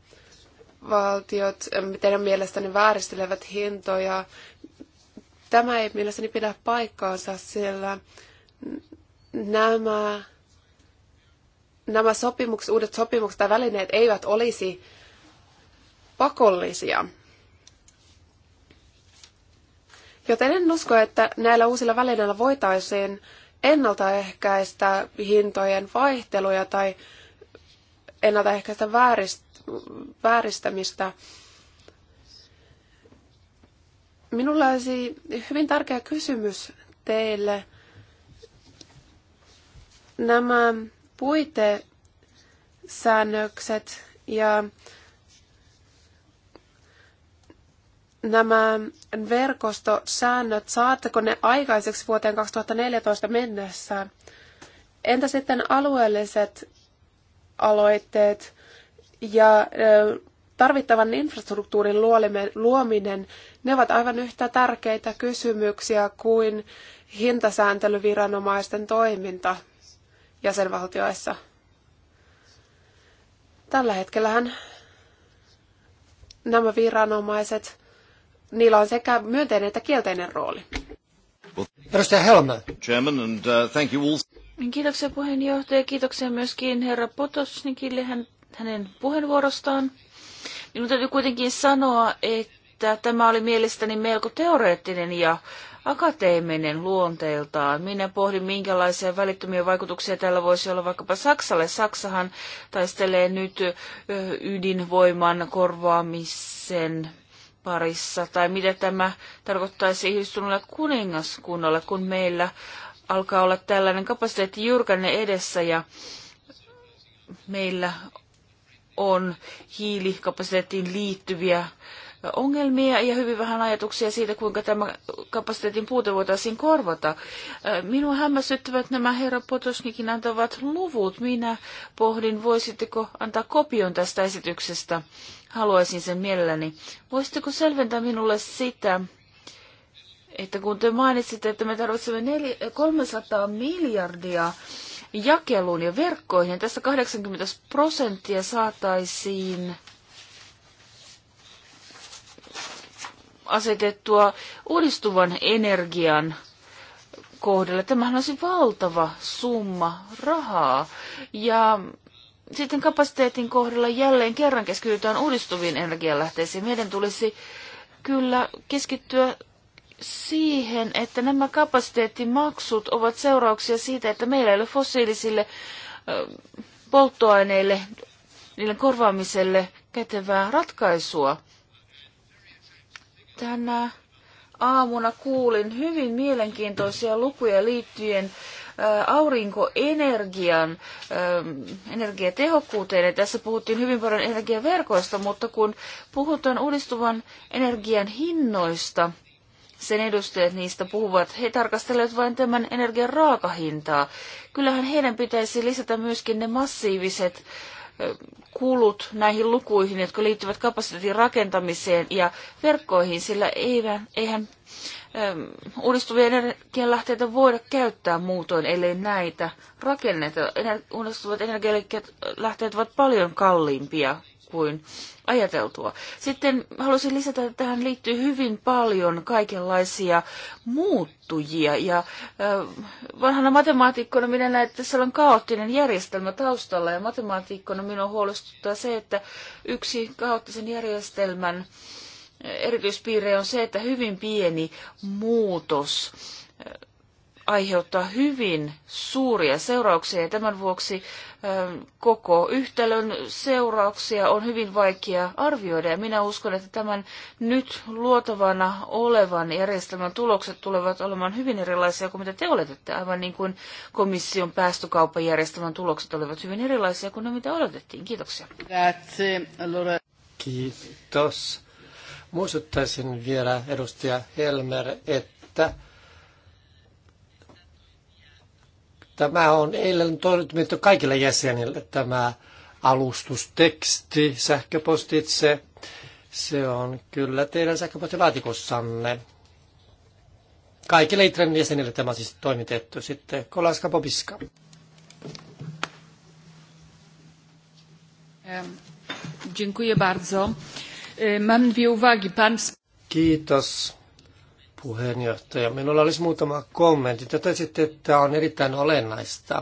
valtiot teidän mielestänne vääristelevät hintoja Tämä ei mielestäni pidä paikkaansa, sillä nämä, nämä sopimukset, uudet sopimukset tai välineet eivät olisi pakollisia. Joten en usko, että näillä uusilla välineillä voitaisiin ennaltaehkäistä hintojen vaihteluja tai ennaltaehkäistä väärist, vääristämistä. Minulla olisi hyvin tärkeä kysymys teille. Nämä puitesäännökset ja nämä verkostosäännöt, saatteko ne aikaiseksi vuoteen 2014 mennessä? Entä sitten alueelliset aloitteet ja tarvittavan infrastruktuurin luominen, ne ovat aivan yhtä tärkeitä kysymyksiä kuin hintasääntelyviranomaisten toiminta jäsenvaltioissa. Tällä hetkellähän nämä viranomaiset, niillä on sekä myönteinen että kielteinen rooli. Uh, Kiitoksia puheenjohtaja. Kiitoksia myöskin herra Potosnikille hänen puheenvuorostaan. Minun niin täytyy kuitenkin sanoa, että tämä oli mielestäni melko teoreettinen ja akateeminen luonteeltaan. Minä pohdin, minkälaisia välittömiä vaikutuksia tällä voisi olla vaikkapa Saksalle. Saksahan taistelee nyt ydinvoiman korvaamisen parissa, tai mitä tämä tarkoittaisi yhdistyneelle kuningaskunnalle, kun meillä alkaa olla tällainen kapasiteetti jyrkänne edessä ja meillä on hiilikapasiteettiin liittyviä ongelmia ja hyvin vähän ajatuksia siitä, kuinka tämä kapasiteetin puute voitaisiin korvata. Minua hämmästyttävät nämä herra Potosnikin antavat luvut. Minä pohdin, voisitteko antaa kopion tästä esityksestä. Haluaisin sen mielelläni. Voisitteko selventää minulle sitä, että kun te mainitsitte, että me tarvitsemme 300 miljardia jakeluun ja verkkoihin. Tästä 80 prosenttia saataisiin asetettua uudistuvan energian kohdalle. Tämähän olisi valtava summa rahaa. Ja sitten kapasiteetin kohdalla jälleen kerran keskitytään uudistuviin energialähteisiin. Meidän tulisi kyllä keskittyä siihen, että nämä kapasiteettimaksut ovat seurauksia siitä, että meillä ei ole fossiilisille polttoaineille, niille korvaamiselle kätevää ratkaisua. Tänä aamuna kuulin hyvin mielenkiintoisia lukuja liittyen aurinkoenergian energiatehokkuuteen. Ja tässä puhuttiin hyvin paljon energiaverkoista, mutta kun puhutaan uudistuvan energian hinnoista, sen edustajat niistä puhuvat, he tarkastelevat vain tämän energian raakahintaa. Kyllähän heidän pitäisi lisätä myöskin ne massiiviset kulut näihin lukuihin, jotka liittyvät kapasiteetin rakentamiseen ja verkkoihin, sillä eihän, eihän äm, uudistuvia energianlähteitä voida käyttää muutoin, ellei näitä rakenneta. uudistuvat energialähteet ovat paljon kalliimpia kuin ajateltua. Sitten haluaisin lisätä, että tähän liittyy hyvin paljon kaikenlaisia muuttujia. Ja äh, vanhana matemaatikkona minä näen, että siellä on kaoottinen järjestelmä taustalla. Ja matemaatikkona minua huolestuttaa se, että yksi kaoottisen järjestelmän äh, erityispiirre on se, että hyvin pieni muutos äh, aiheuttaa hyvin suuria seurauksia ja tämän vuoksi koko yhtälön seurauksia on hyvin vaikea arvioida ja minä uskon, että tämän nyt luotavana olevan järjestelmän tulokset tulevat olemaan hyvin erilaisia kuin mitä te oletette, aivan niin kuin komission päästökauppajärjestelmän tulokset olivat hyvin erilaisia kuin ne mitä oletettiin. Kiitoksia. Kiitos. Muistuttaisin vielä edustaja Helmer, että Tämä on eilen toimittu kaikille jäsenille tämä alustusteksti sähköpostitse. Se on kyllä teidän sähköpostilaatikossanne. Kaikille ITREN jäsenille tämä on siis toimitettu. Sitten Kolaska Bobiska. Dziękuję bardzo. Mam dwie uwagi. Pan... Kiitos puheenjohtaja. Minulla olisi muutama kommentti. Totesitte, että tämä on erittäin olennaista,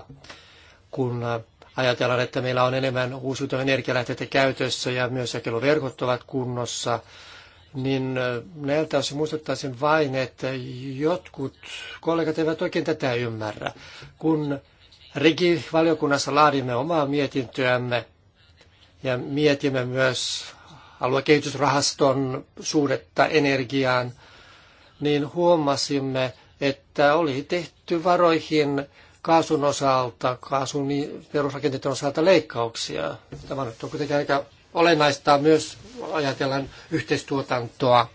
kun ajatellaan, että meillä on enemmän uusiutuvia energialähteitä käytössä ja myös jakeluverkot ovat kunnossa, niin näiltä osin muistuttaisin vain, että jotkut kollegat eivät oikein tätä ymmärrä. Kun rigi valiokunnassa laadimme omaa mietintöämme ja mietimme myös aluekehitysrahaston suhdetta energiaan – niin huomasimme, että oli tehty varoihin kaasun osalta, kaasun perusrakenteiden osalta leikkauksia. Tämä nyt on kuitenkin aika olennaista myös ajatellaan yhteistuotantoa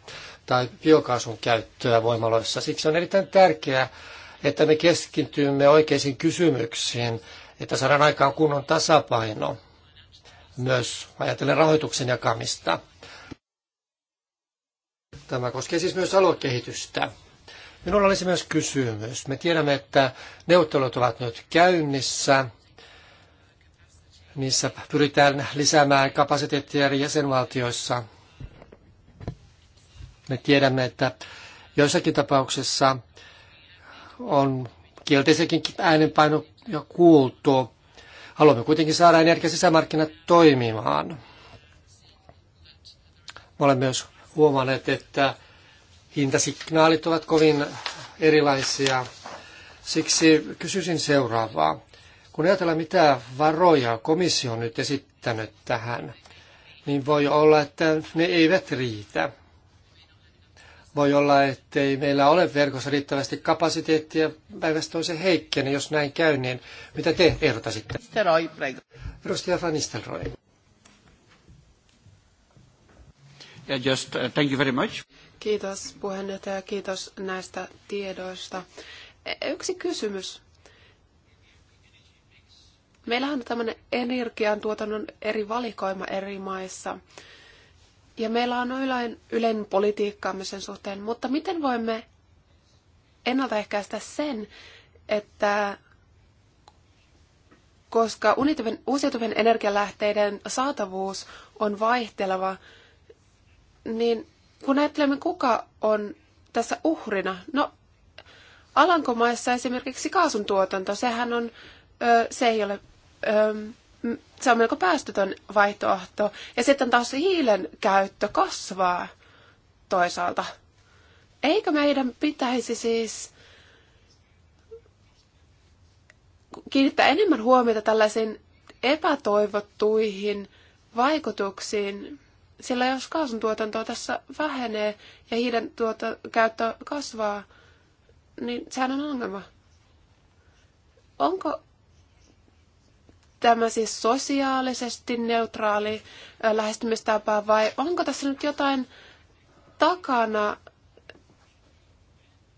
tai biokaasun käyttöä voimaloissa. Siksi on erittäin tärkeää, että me keskitymme oikeisiin kysymyksiin, että saadaan aikaan kunnon tasapaino myös ajatellen rahoituksen jakamista. Tämä koskee siis myös aluekehitystä. Minulla olisi myös kysymys. Me tiedämme, että neuvottelut ovat nyt käynnissä. Niissä pyritään lisäämään kapasiteettia jäsenvaltioissa. Me tiedämme, että joissakin tapauksissa on kielteisenkin äänenpaino jo kuultu. Haluamme kuitenkin saada energiasisämarkkinat toimimaan. Me olemme myös huomanneet, että hintasignaalit ovat kovin erilaisia. Siksi kysyisin seuraavaa. Kun ajatellaan, mitä varoja komissio on nyt esittänyt tähän, niin voi olla, että ne eivät riitä. Voi olla, että ei meillä ole verkossa riittävästi kapasiteettia, päivästä se heikkeni. Jos näin käy, niin mitä te ehdotasitte? Rostia Van Just, uh, thank you very much. Kiitos puheenjohtaja, kiitos näistä tiedoista. E, yksi kysymys. Meillähän on tämmöinen energiantuotannon eri valikoima eri maissa. Ja meillä on yleinen, ylein politiikkaamme sen suhteen, mutta miten voimme ennaltaehkäistä sen, että koska uusiutuvien energialähteiden saatavuus on vaihteleva, niin kun ajattelemme, kuka on tässä uhrina, no Alankomaissa esimerkiksi kaasun tuotanto, sehän on, se ei ole, se on melko päästötön vaihtoehto. Ja sitten taas hiilen käyttö kasvaa toisaalta. Eikö meidän pitäisi siis kiinnittää enemmän huomiota tällaisiin epätoivottuihin vaikutuksiin, sillä jos kaasun tuotanto tässä vähenee ja hiilen tuota, käyttö kasvaa, niin sehän on ongelma. Onko tämä siis sosiaalisesti neutraali lähestymistapa vai onko tässä nyt jotain takana?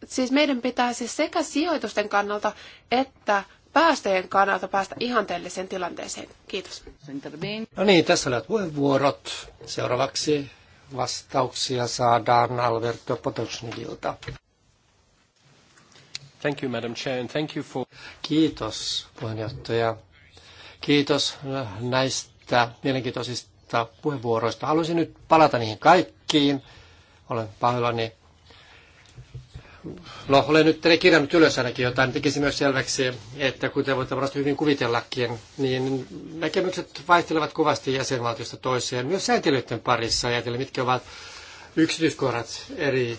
Siis meidän pitää siis sekä sijoitusten kannalta että päästöjen kannalta päästä ihanteelliseen tilanteeseen. Kiitos. No niin, tässä olivat puheenvuorot. Seuraavaksi vastauksia saadaan Alberto Potosnidilta. Thank you, Madam Chair, and thank you for... Kiitos, puheenjohtaja. Kiitos näistä mielenkiintoisista puheenvuoroista. Haluaisin nyt palata niihin kaikkiin. Olen pahoillani no olen nyt tänne kirjannut ylös ainakin jotain, tekisi myös selväksi, että kuten voitte varmasti hyvin kuvitellakin, niin näkemykset vaihtelevat kovasti jäsenvaltiosta toiseen, myös sääntelyiden parissa ajatellen, mitkä ovat yksityiskohdat eri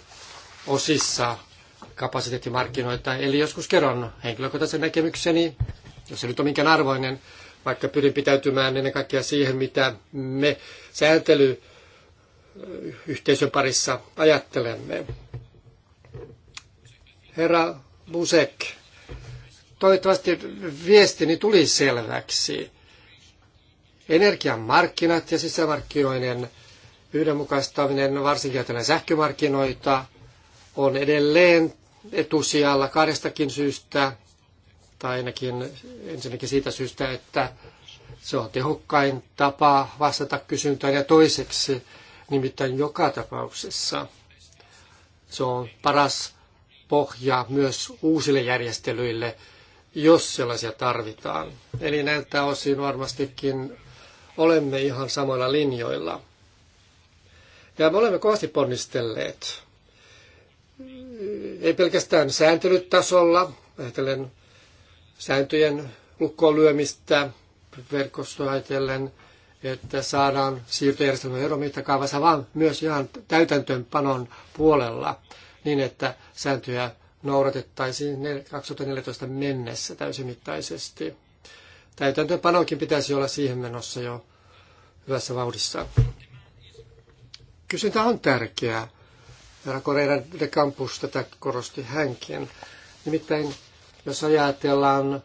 osissa kapasiteettimarkkinoita. Eli joskus kerron henkilökohtaisen näkemykseni, jos se nyt on minkään arvoinen, vaikka pyrin pitäytymään ennen kaikkea siihen, mitä me yhteisön parissa ajattelemme. Herra Busek, toivottavasti viestini tuli selväksi. Energian markkinat ja sisämarkkinoiden yhdenmukaistaminen, varsinkin ajatellen sähkömarkkinoita, on edelleen etusijalla kahdestakin syystä, tai ainakin ensinnäkin siitä syystä, että se on tehokkain tapa vastata kysyntään ja toiseksi nimittäin joka tapauksessa. Se on paras pohjaa myös uusille järjestelyille, jos sellaisia tarvitaan. Eli näiltä osin varmastikin olemme ihan samoilla linjoilla. Ja me olemme kovasti ponnistelleet, ei pelkästään sääntelytasolla, ajatellen sääntöjen lukkoon lyömistä verkostoa ajatellen, että saadaan siirtojärjestelmän eromittakaavassa, vaan myös ihan täytäntöönpanon puolella niin, että sääntöjä noudatettaisiin 2014 mennessä täysimittaisesti. Täytäntöönpanokin pitäisi olla siihen menossa jo hyvässä vauhdissa. Kysyntä on tärkeää. Herra Koreira de Campus tätä korosti hänkin. Nimittäin, jos ajatellaan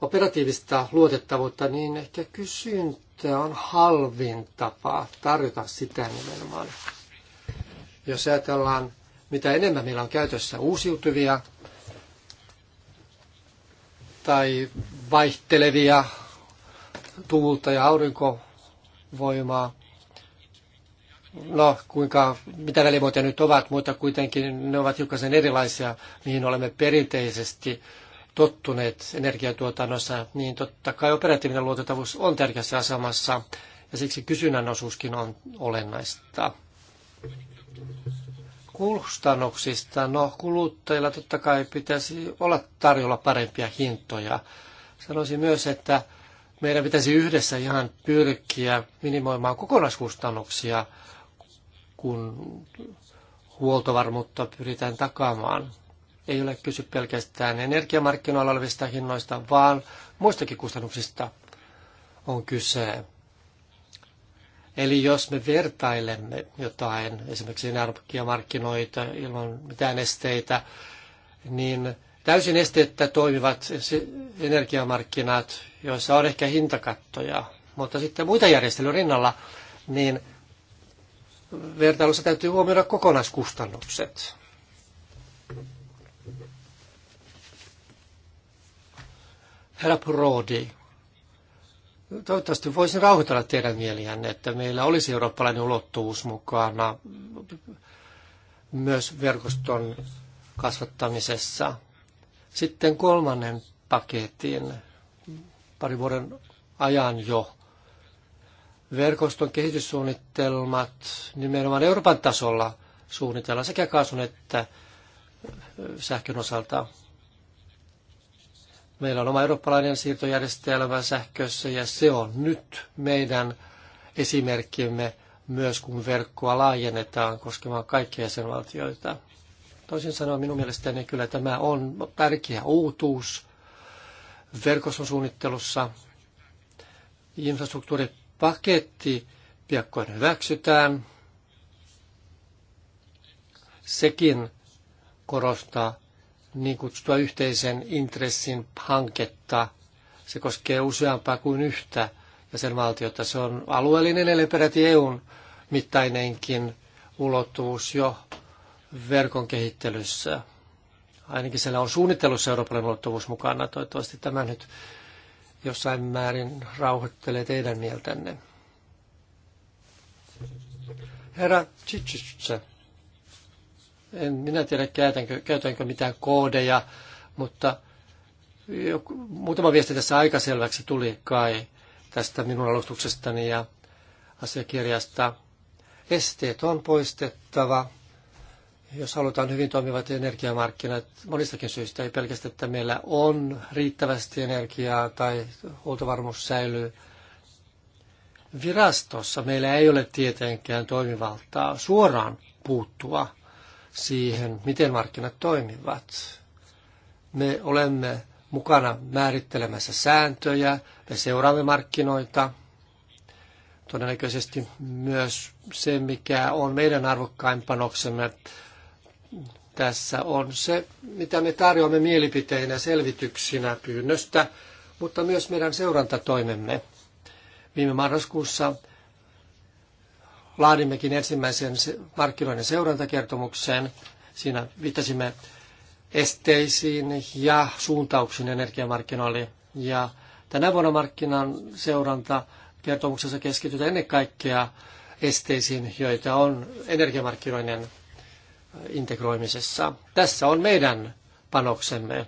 operatiivista luotettavuutta, niin ehkä kysyntä on halvin tapa tarjota sitä nimenomaan. Jos ajatellaan mitä enemmän meillä on käytössä uusiutuvia tai vaihtelevia tuulta ja aurinkovoimaa, no kuinka, mitä välimuotoja nyt ovat, mutta kuitenkin ne ovat hiukan erilaisia, mihin olemme perinteisesti tottuneet energiatuotannossa, niin totta kai operatiivinen luotettavuus on tärkeässä asemassa ja siksi kysynnän osuuskin on olennaista kustannuksista. No kuluttajilla totta kai pitäisi olla tarjolla parempia hintoja. Sanoisin myös, että meidän pitäisi yhdessä ihan pyrkiä minimoimaan kokonaiskustannuksia, kun huoltovarmuutta pyritään takaamaan. Ei ole kyse pelkästään energiamarkkinoilla olevista hinnoista, vaan muistakin kustannuksista on kyse. Eli jos me vertailemme jotain, esimerkiksi energiamarkkinoita markkinoita ilman mitään esteitä, niin täysin esteettä toimivat energiamarkkinat, joissa on ehkä hintakattoja, mutta sitten muita järjestelyä rinnalla, niin vertailussa täytyy huomioida kokonaiskustannukset. Herra Prodi Toivottavasti voisin rauhoitella teidän mieliänne, että meillä olisi eurooppalainen ulottuvuus mukana myös verkoston kasvattamisessa. Sitten kolmannen paketin pari vuoden ajan jo verkoston kehityssuunnitelmat nimenomaan Euroopan tasolla suunnitellaan sekä kaasun että sähkön osalta. Meillä on oma eurooppalainen siirtojärjestelmä sähkössä ja se on nyt meidän esimerkkimme myös, kun verkkoa laajennetaan koskemaan kaikkia jäsenvaltioita. Toisin sanoen minun mielestäni kyllä tämä on tärkeä uutuus verkoston suunnittelussa. Infrastruktuuripaketti piakkoin hyväksytään. Sekin korostaa niin kutsutua yhteisen intressin hanketta. Se koskee useampaa kuin yhtä jäsenvaltiota. Se on alueellinen, eli peräti EUn mittainenkin ulottuvuus jo verkon kehittelyssä. Ainakin siellä on suunnittelussa Euroopan ulottuvuus mukana. Toivottavasti tämä nyt jossain määrin rauhoittelee teidän mieltänne. Herra Tsitsitsä, en minä tiedä, käytänkö, käytänkö mitään koodeja, mutta joku, muutama viesti tässä aika selväksi tuli kai tästä minun alustuksestani ja asiakirjasta. Esteet on poistettava, jos halutaan hyvin toimivat energiamarkkinat monistakin syistä, ei pelkästään, että meillä on riittävästi energiaa tai huoltovarmuus säilyy. Virastossa meillä ei ole tietenkään toimivaltaa suoraan puuttua siihen, miten markkinat toimivat. Me olemme mukana määrittelemässä sääntöjä, me seuraamme markkinoita, todennäköisesti myös se, mikä on meidän arvokkain panoksemme tässä, on se, mitä me tarjoamme mielipiteinä, selvityksinä, pyynnöstä, mutta myös meidän seurantatoimemme. Viime marraskuussa laadimmekin ensimmäisen markkinoiden seurantakertomuksen. Siinä viittasimme esteisiin ja suuntauksiin energiamarkkinoille. Ja tänä vuonna markkinan seuranta kertomuksessa keskitytään ennen kaikkea esteisiin, joita on energiamarkkinoiden äh, integroimisessa. Tässä on meidän panoksemme.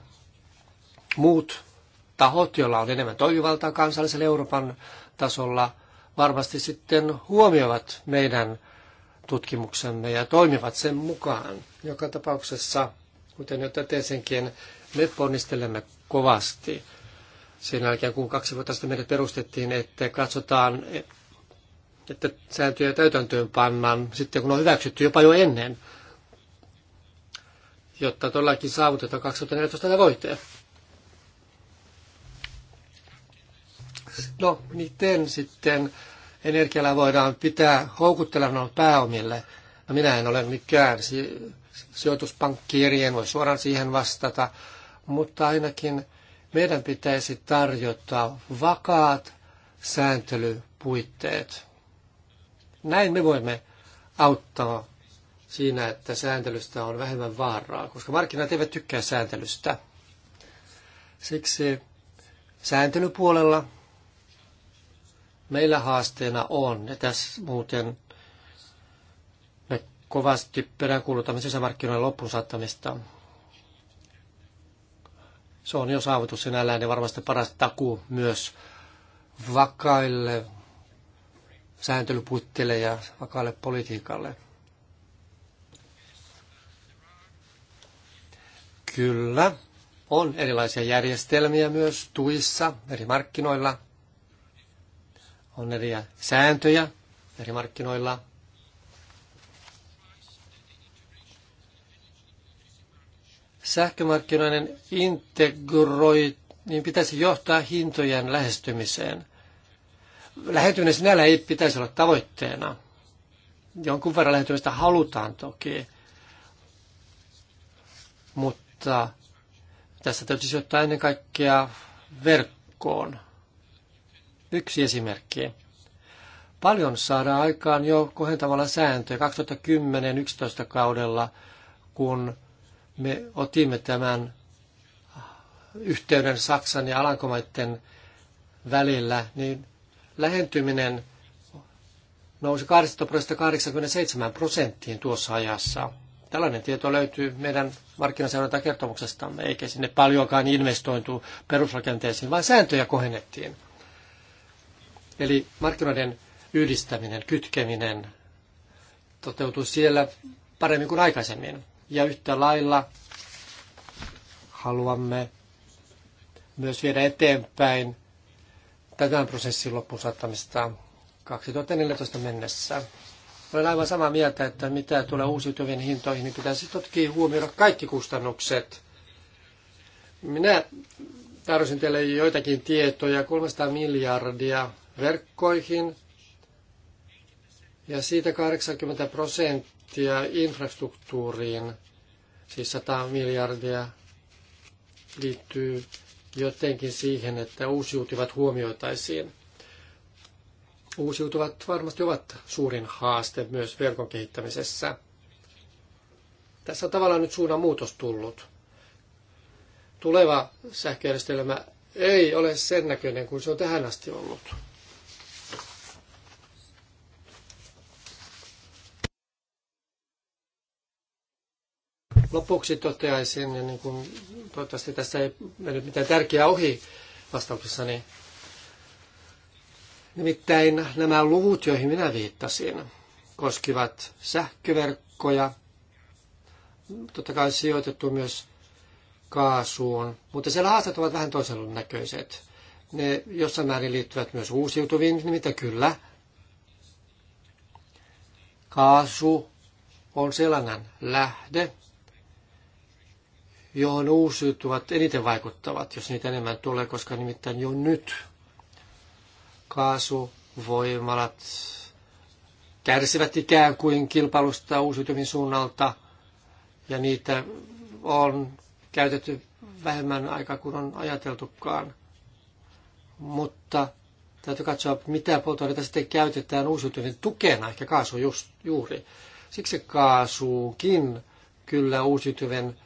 Muut tahot, joilla on enemmän toimivaltaa kansallisella Euroopan tasolla – varmasti sitten huomioivat meidän tutkimuksemme ja toimivat sen mukaan. Joka tapauksessa, kuten jo totesinkin, me ponnistelemme kovasti sen jälkeen, kun kaksi vuotta sitten meidät perustettiin, että katsotaan, että sääntöjä täytäntöön pannaan sitten, kun on hyväksytty jopa jo ennen, jotta todellakin saavutetaan 2014 tavoitteet. No, miten sitten energialla voidaan pitää houkuttelevana pääomille? No, minä en ole mikään si- sijoituspankkiiri, en voi suoraan siihen vastata, mutta ainakin meidän pitäisi tarjota vakaat sääntelypuitteet. Näin me voimme auttaa siinä, että sääntelystä on vähemmän vaaraa, koska markkinat eivät tykkää sääntelystä. Siksi sääntelypuolella meillä haasteena on, ja tässä muuten me kovasti peräänkuulutamme sisämarkkinoiden loppuun saattamista. Se on jo saavutus sinällään ja varmasti paras takuu myös vakaille sääntelypuitteille ja vakaille politiikalle. Kyllä, on erilaisia järjestelmiä myös tuissa eri markkinoilla – on eri sääntöjä eri markkinoilla. Sähkömarkkinoiden integroi, niin pitäisi johtaa hintojen lähestymiseen. Lähentyminen sinällä ei pitäisi olla tavoitteena. Jonkun verran lähentymistä halutaan toki, mutta tässä täytyisi ottaa ennen kaikkea verkkoon. Yksi esimerkki. Paljon saadaan aikaan jo kohentamalla sääntöjä 2010-2011 kaudella, kun me otimme tämän yhteyden Saksan ja Alankomaiden välillä, niin lähentyminen nousi 87 prosenttiin tuossa ajassa. Tällainen tieto löytyy meidän markkinaseurantakertomuksestamme, eikä sinne paljonkaan investointu perusrakenteisiin, vaan sääntöjä kohennettiin. Eli markkinoiden yhdistäminen, kytkeminen toteutuu siellä paremmin kuin aikaisemmin. Ja yhtä lailla haluamme myös viedä eteenpäin tämän prosessin loppuun saattamista 2014 mennessä. Olen aivan samaa mieltä, että mitä tulee uusiutuvien hintoihin, niin pitäisi toki huomioida kaikki kustannukset. Minä tarjosin teille joitakin tietoja, 300 miljardia verkkoihin ja siitä 80 prosenttia infrastruktuuriin, siis 100 miljardia, liittyy jotenkin siihen, että uusiutuvat huomioitaisiin. Uusiutuvat varmasti ovat suurin haaste myös verkon kehittämisessä. Tässä on tavallaan nyt suunnan muutos tullut. Tuleva sähköjärjestelmä ei ole sen näköinen kuin se on tähän asti ollut. Lopuksi toteaisin, ja niin kuin toivottavasti tässä ei mennyt mitään tärkeää ohi niin nimittäin nämä luvut, joihin minä viittasin, koskivat sähköverkkoja, totta kai sijoitettu myös kaasuun, mutta siellä haastat ovat vähän toisella näköiset. Ne jossain määrin liittyvät myös uusiutuviin, nimittäin kyllä. Kaasu on sellainen lähde, johon uusiutuvat eniten vaikuttavat, jos niitä enemmän tulee, koska nimittäin jo nyt kaasuvoimalat kärsivät ikään kuin kilpailusta uusiutuvin suunnalta, ja niitä on käytetty vähemmän aikaa kuin on ajateltukaan. Mutta täytyy katsoa, mitä polttoaineita sitten käytetään uusiutuvien tukena, ehkä kaasu just, juuri. Siksi kaasuukin kyllä uusiutuvien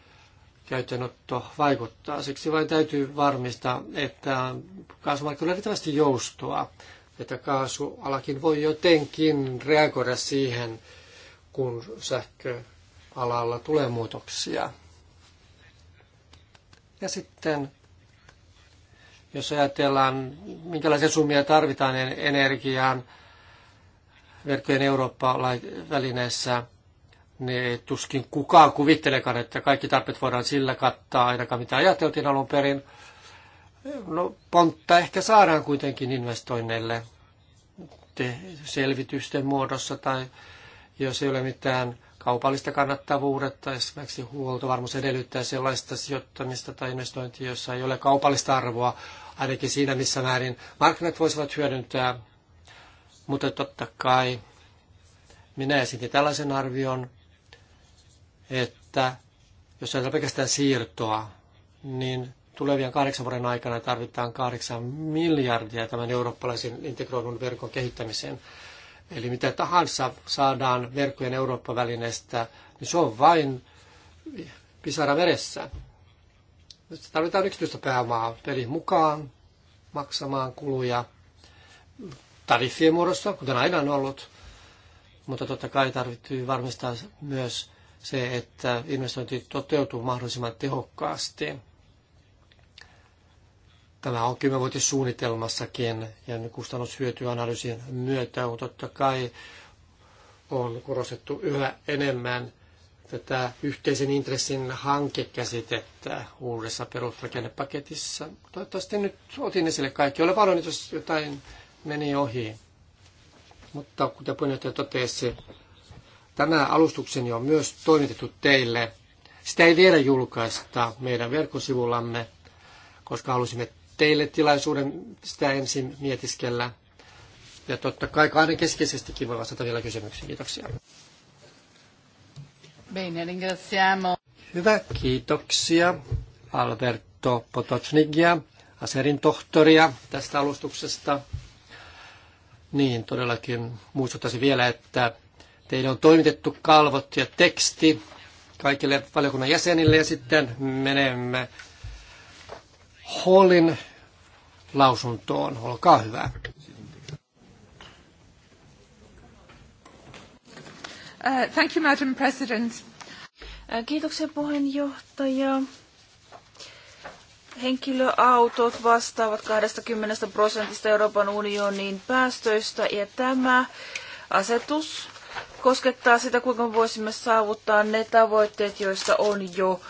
käyttöönotto vaikuttaa. Siksi vain täytyy varmistaa, että kaasumarkkinoilla on riittävästi joustoa, että kaasualakin voi jotenkin reagoida siihen, kun sähköalalla tulee muutoksia. Ja sitten, jos ajatellaan, minkälaisia summia tarvitaan energiaan verkkojen Eurooppa-välineessä, ne tuskin kukaan kuvittelekaan, että kaikki tarpeet voidaan sillä kattaa, ainakaan mitä ajateltiin alun perin. No, pontta ehkä saadaan kuitenkin investoinneille te- selvitysten muodossa tai jos ei ole mitään kaupallista kannattavuutta, esimerkiksi huoltovarmuus edellyttää sellaista sijoittamista tai investointia, jossa ei ole kaupallista arvoa, ainakin siinä missä määrin markkinat voisivat hyödyntää, mutta totta kai minä esitin tällaisen arvion, että jos ajatellaan pelkästään siirtoa, niin tulevien kahdeksan vuoden aikana tarvitaan kahdeksan miljardia tämän eurooppalaisen integroidun verkon kehittämiseen. Eli mitä tahansa saadaan verkkojen Eurooppa-välineestä, niin se on vain pisara veressä. Tarvitaan yksityistä pääomaa pelin mukaan maksamaan kuluja tariffien muodossa, kuten aina on ollut. Mutta totta kai tarvittiin varmistaa myös se, että investointi toteutuu mahdollisimman tehokkaasti. Tämä on kymmenvuotissuunnitelmassakin ja kustannushyötyanalyysin myötä on totta kai on korostettu yhä enemmän tätä yhteisen intressin hankekäsitettä uudessa perusrakennepaketissa. Toivottavasti nyt otin esille kaikki. Ole varoinen, jos jotain meni ohi. Mutta kuten puheenjohtaja totesi, Tämä alustukseni on myös toimitettu teille. Sitä ei vielä julkaista meidän verkkosivullamme, koska halusimme teille tilaisuuden sitä ensin mietiskellä. Ja totta kai kahden keskeisestikin voi vastata vielä kysymyksiin. Kiitoksia. Bene, ringraziamo. Hyvä, kiitoksia Alberto Potocnigia, Aserin tohtoria tästä alustuksesta. Niin, todellakin muistuttaisin vielä, että Teille on toimitettu kalvot ja teksti kaikille valiokunnan jäsenille ja sitten menemme Hallin lausuntoon. Olkaa hyvä. Uh, thank you, Madam President. Äh, kiitoksia puheenjohtaja. Henkilöautot vastaavat 20 prosentista Euroopan unionin päästöistä ja tämä asetus koskettaa sitä, kuinka voisimme saavuttaa ne tavoitteet, joista on jo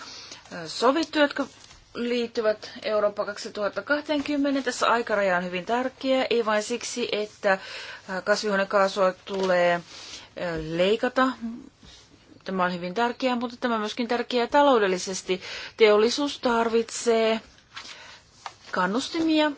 sovittu, jotka liittyvät Eurooppa 2020. Tässä aikaraja on hyvin tärkeä, ei vain siksi, että kasvihuonekaasua tulee leikata. Tämä on hyvin tärkeää, mutta tämä on myöskin tärkeää taloudellisesti. Teollisuus tarvitsee kannustimia,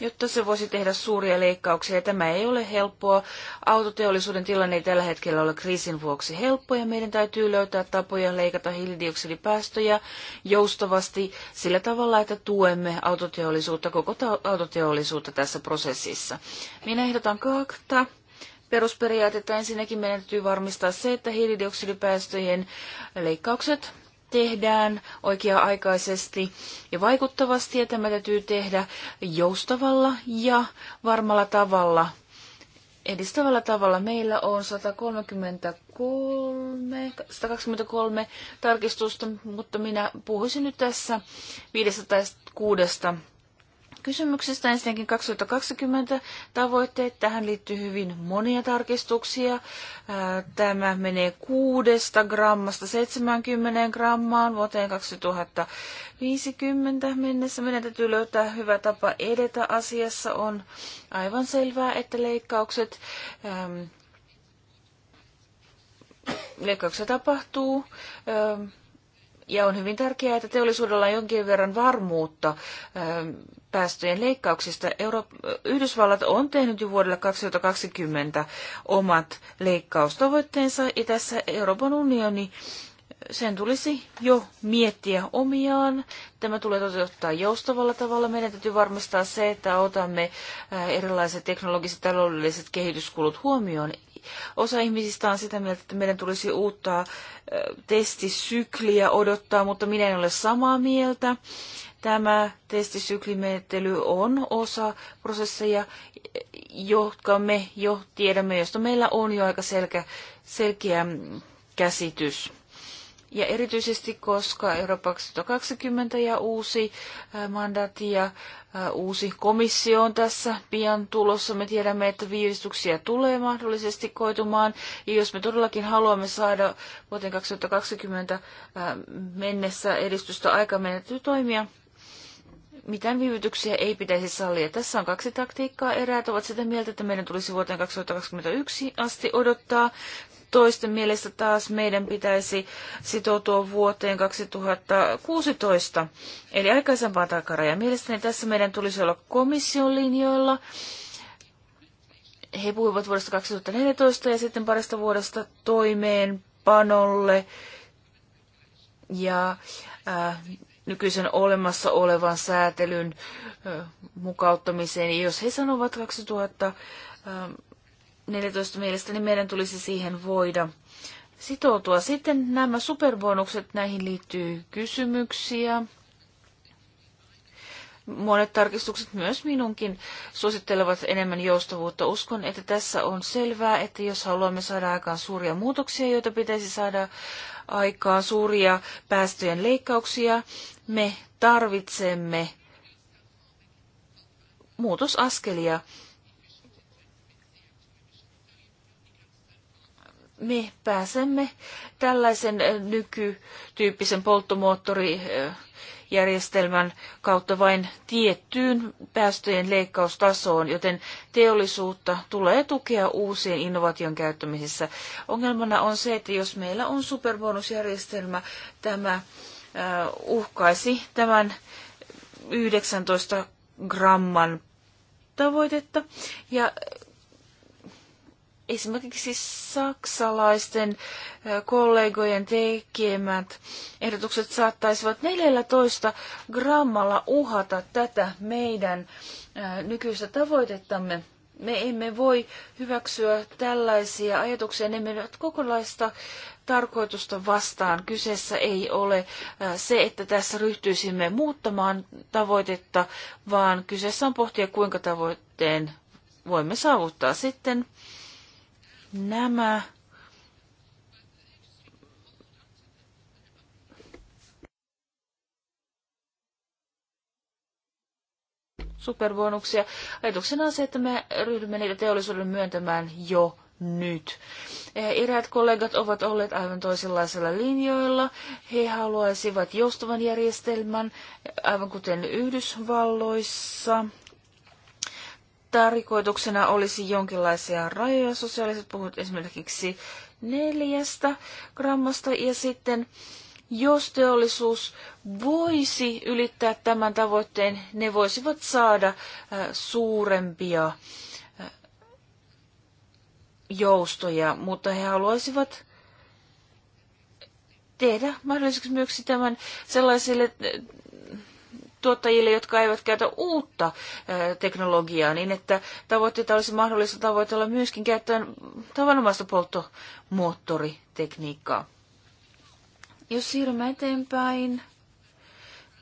jotta se voisi tehdä suuria leikkauksia. Ja tämä ei ole helppoa. Autoteollisuuden tilanne ei tällä hetkellä ole kriisin vuoksi helppo ja meidän täytyy löytää tapoja leikata hiilidioksidipäästöjä joustavasti sillä tavalla, että tuemme autoteollisuutta, koko autoteollisuutta tässä prosessissa. Minä ehdotan kahta perusperiaatetta. Ensinnäkin meidän täytyy varmistaa se, että hiilidioksidipäästöjen leikkaukset tehdään oikea-aikaisesti ja vaikuttavasti, ja tämä täytyy tehdä joustavalla ja varmalla tavalla. Edistävällä tavalla meillä on 133, 123 tarkistusta, mutta minä puhuisin nyt tässä 506 kysymyksestä. Ensinnäkin 2020 tavoitteet. Tähän liittyy hyvin monia tarkistuksia. Tämä menee 6 grammasta 70 grammaan vuoteen 2050 mennessä. Meidän täytyy löytää hyvä tapa edetä asiassa. On aivan selvää, että leikkaukset leikkauksia tapahtuu. Ja on hyvin tärkeää, että teollisuudella on jonkin verran varmuutta päästöjen leikkauksista. Euro- Yhdysvallat on tehnyt jo vuodelle 2020 omat leikkaustavoitteensa, ja tässä Euroopan unioni sen tulisi jo miettiä omiaan. Tämä tulee toteuttaa joustavalla tavalla. Meidän täytyy varmistaa se, että otamme erilaiset teknologiset taloudelliset kehityskulut huomioon Osa ihmisistä on sitä mieltä, että meidän tulisi uutta testisykliä odottaa, mutta minä en ole samaa mieltä. Tämä testisyklimenettely on osa prosesseja, jotka me jo tiedämme, josta meillä on jo aika selkeä, selkeä käsitys. Ja erityisesti, koska Eurooppa 2020 ja uusi mandaatti ja uusi komissio on tässä pian tulossa. Me tiedämme, että viivistyksiä tulee mahdollisesti koitumaan. Ja jos me todellakin haluamme saada vuoteen 2020 mennessä edistystä aika, meidän täytyy toimia mitään viivytyksiä ei pitäisi sallia. Tässä on kaksi taktiikkaa. Eräät ovat sitä mieltä, että meidän tulisi vuoteen 2021 asti odottaa toisten mielestä taas meidän pitäisi sitoutua vuoteen 2016, eli aikaisempaa takarajaa. Mielestäni tässä meidän tulisi olla komission linjoilla. He puhuivat vuodesta 2014 ja sitten parista vuodesta toimeenpanolle ja äh, nykyisen olemassa olevan säätelyn äh, mukauttamiseen. jos he sanovat 2000 äh, 14 niin meidän tulisi siihen voida sitoutua. Sitten nämä superbonukset, näihin liittyy kysymyksiä. Monet tarkistukset, myös minunkin, suosittelevat enemmän joustavuutta. Uskon, että tässä on selvää, että jos haluamme saada aikaan suuria muutoksia, joita pitäisi saada aikaan, suuria päästöjen leikkauksia, me tarvitsemme muutosaskelia me pääsemme tällaisen eh, nykytyyppisen polttomoottorijärjestelmän kautta vain tiettyyn päästöjen leikkaustasoon, joten teollisuutta tulee tukea uusien innovaation käyttämisessä. Ongelmana on se, että jos meillä on superbonusjärjestelmä, tämä eh, uhkaisi tämän 19 gramman tavoitetta. Ja esimerkiksi saksalaisten kollegojen tekemät ehdotukset saattaisivat 14 grammalla uhata tätä meidän nykyistä tavoitettamme. Me emme voi hyväksyä tällaisia ajatuksia, ne menevät kokonaista tarkoitusta vastaan. Kyseessä ei ole se, että tässä ryhtyisimme muuttamaan tavoitetta, vaan kyseessä on pohtia, kuinka tavoitteen voimme saavuttaa sitten Nämä superbonuksia. Ajatuksena on se, että me ryhdymme niitä teollisuuden myöntämään jo nyt. Eh, eräät kollegat ovat olleet aivan toisenlaisilla linjoilla. He haluaisivat joustavan järjestelmän, eh, aivan kuten Yhdysvalloissa – tarkoituksena olisi jonkinlaisia rajoja. Sosiaaliset puhut esimerkiksi neljästä grammasta ja sitten jos teollisuus voisi ylittää tämän tavoitteen, ne voisivat saada äh, suurempia äh, joustoja, mutta he haluaisivat tehdä mahdolliseksi myöskin tämän sellaisille äh, tuottajille, jotka eivät käytä uutta teknologiaa, niin että tavoitteita olisi mahdollista tavoitella myöskin käyttäen tavanomaista polttomoottoritekniikkaa. Jos siirrymme eteenpäin,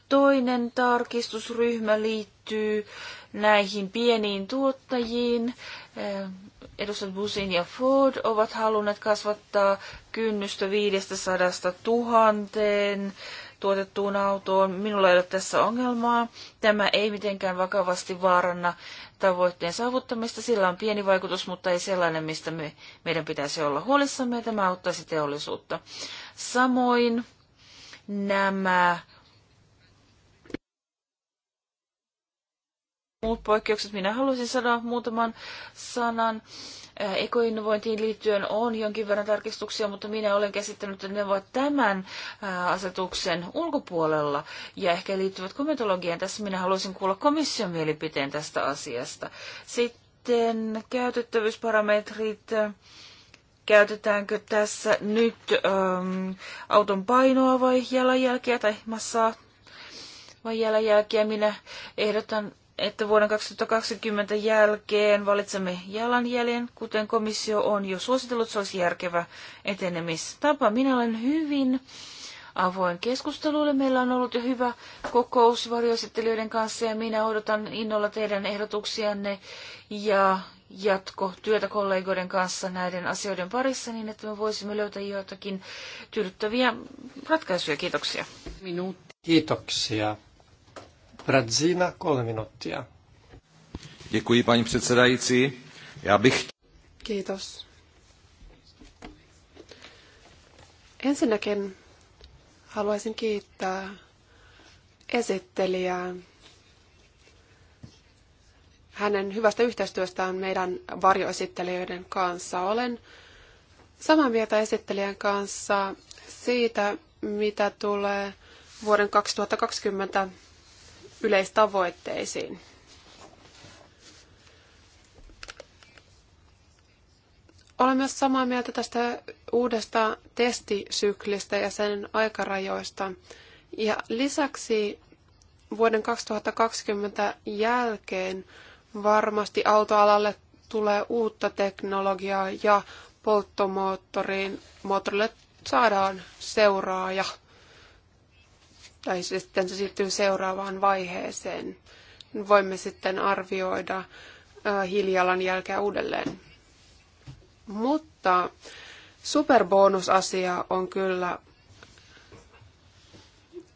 toinen tarkistusryhmä liittyy näihin pieniin tuottajiin. Edustajat Busin ja Ford ovat halunneet kasvattaa kynnystä 500 000 tuotettuun autoon. Minulla ei ole tässä ongelmaa. Tämä ei mitenkään vakavasti vaaranna tavoitteen saavuttamista. Sillä on pieni vaikutus, mutta ei sellainen, mistä me, meidän pitäisi olla huolissamme. tämä auttaisi teollisuutta. Samoin nämä muut poikkeukset. Minä haluaisin sanoa muutaman sanan Äh, ekoinnovointiin liittyen on jonkin verran tarkistuksia, mutta minä olen käsittänyt, että ne ovat tämän äh, asetuksen ulkopuolella ja ehkä liittyvät komitologiaan. Tässä minä haluaisin kuulla komission mielipiteen tästä asiasta. Sitten käytettävyysparametrit käytetäänkö tässä nyt äm, auton painoa vai jalanjälkeä tai massaa vai jalanjälkeä. Minä ehdotan että vuoden 2020 jälkeen valitsemme jalanjäljen, kuten komissio on jo suositellut, se olisi järkevä etenemistapa. Minä olen hyvin avoin keskusteluille. Meillä on ollut jo hyvä kokous varjoesittelijöiden kanssa ja minä odotan innolla teidän ehdotuksianne ja jatko työtä kollegoiden kanssa näiden asioiden parissa niin, että me voisimme löytää joitakin tyydyttäviä ratkaisuja. Kiitoksia. Minuutti. Kiitoksia. Bradzina, kolme minuuttia. Děkuji, paní předsedající. Já bych... Kiitos. Ensinnäkin haluaisin kiittää esittelijää hänen hyvästä yhteistyöstään meidän varjoesittelijöiden kanssa. Olen samaa mieltä esittelijän kanssa siitä, mitä tulee vuoden 2020 yleistavoitteisiin. Olen myös samaa mieltä tästä uudesta testisyklistä ja sen aikarajoista. Ja lisäksi vuoden 2020 jälkeen varmasti autoalalle tulee uutta teknologiaa ja polttomoottoriin moottorille saadaan seuraaja tai sitten se siirtyy seuraavaan vaiheeseen. Voimme sitten arvioida hiilijalanjälkeä uudelleen. Mutta superbonusasia on kyllä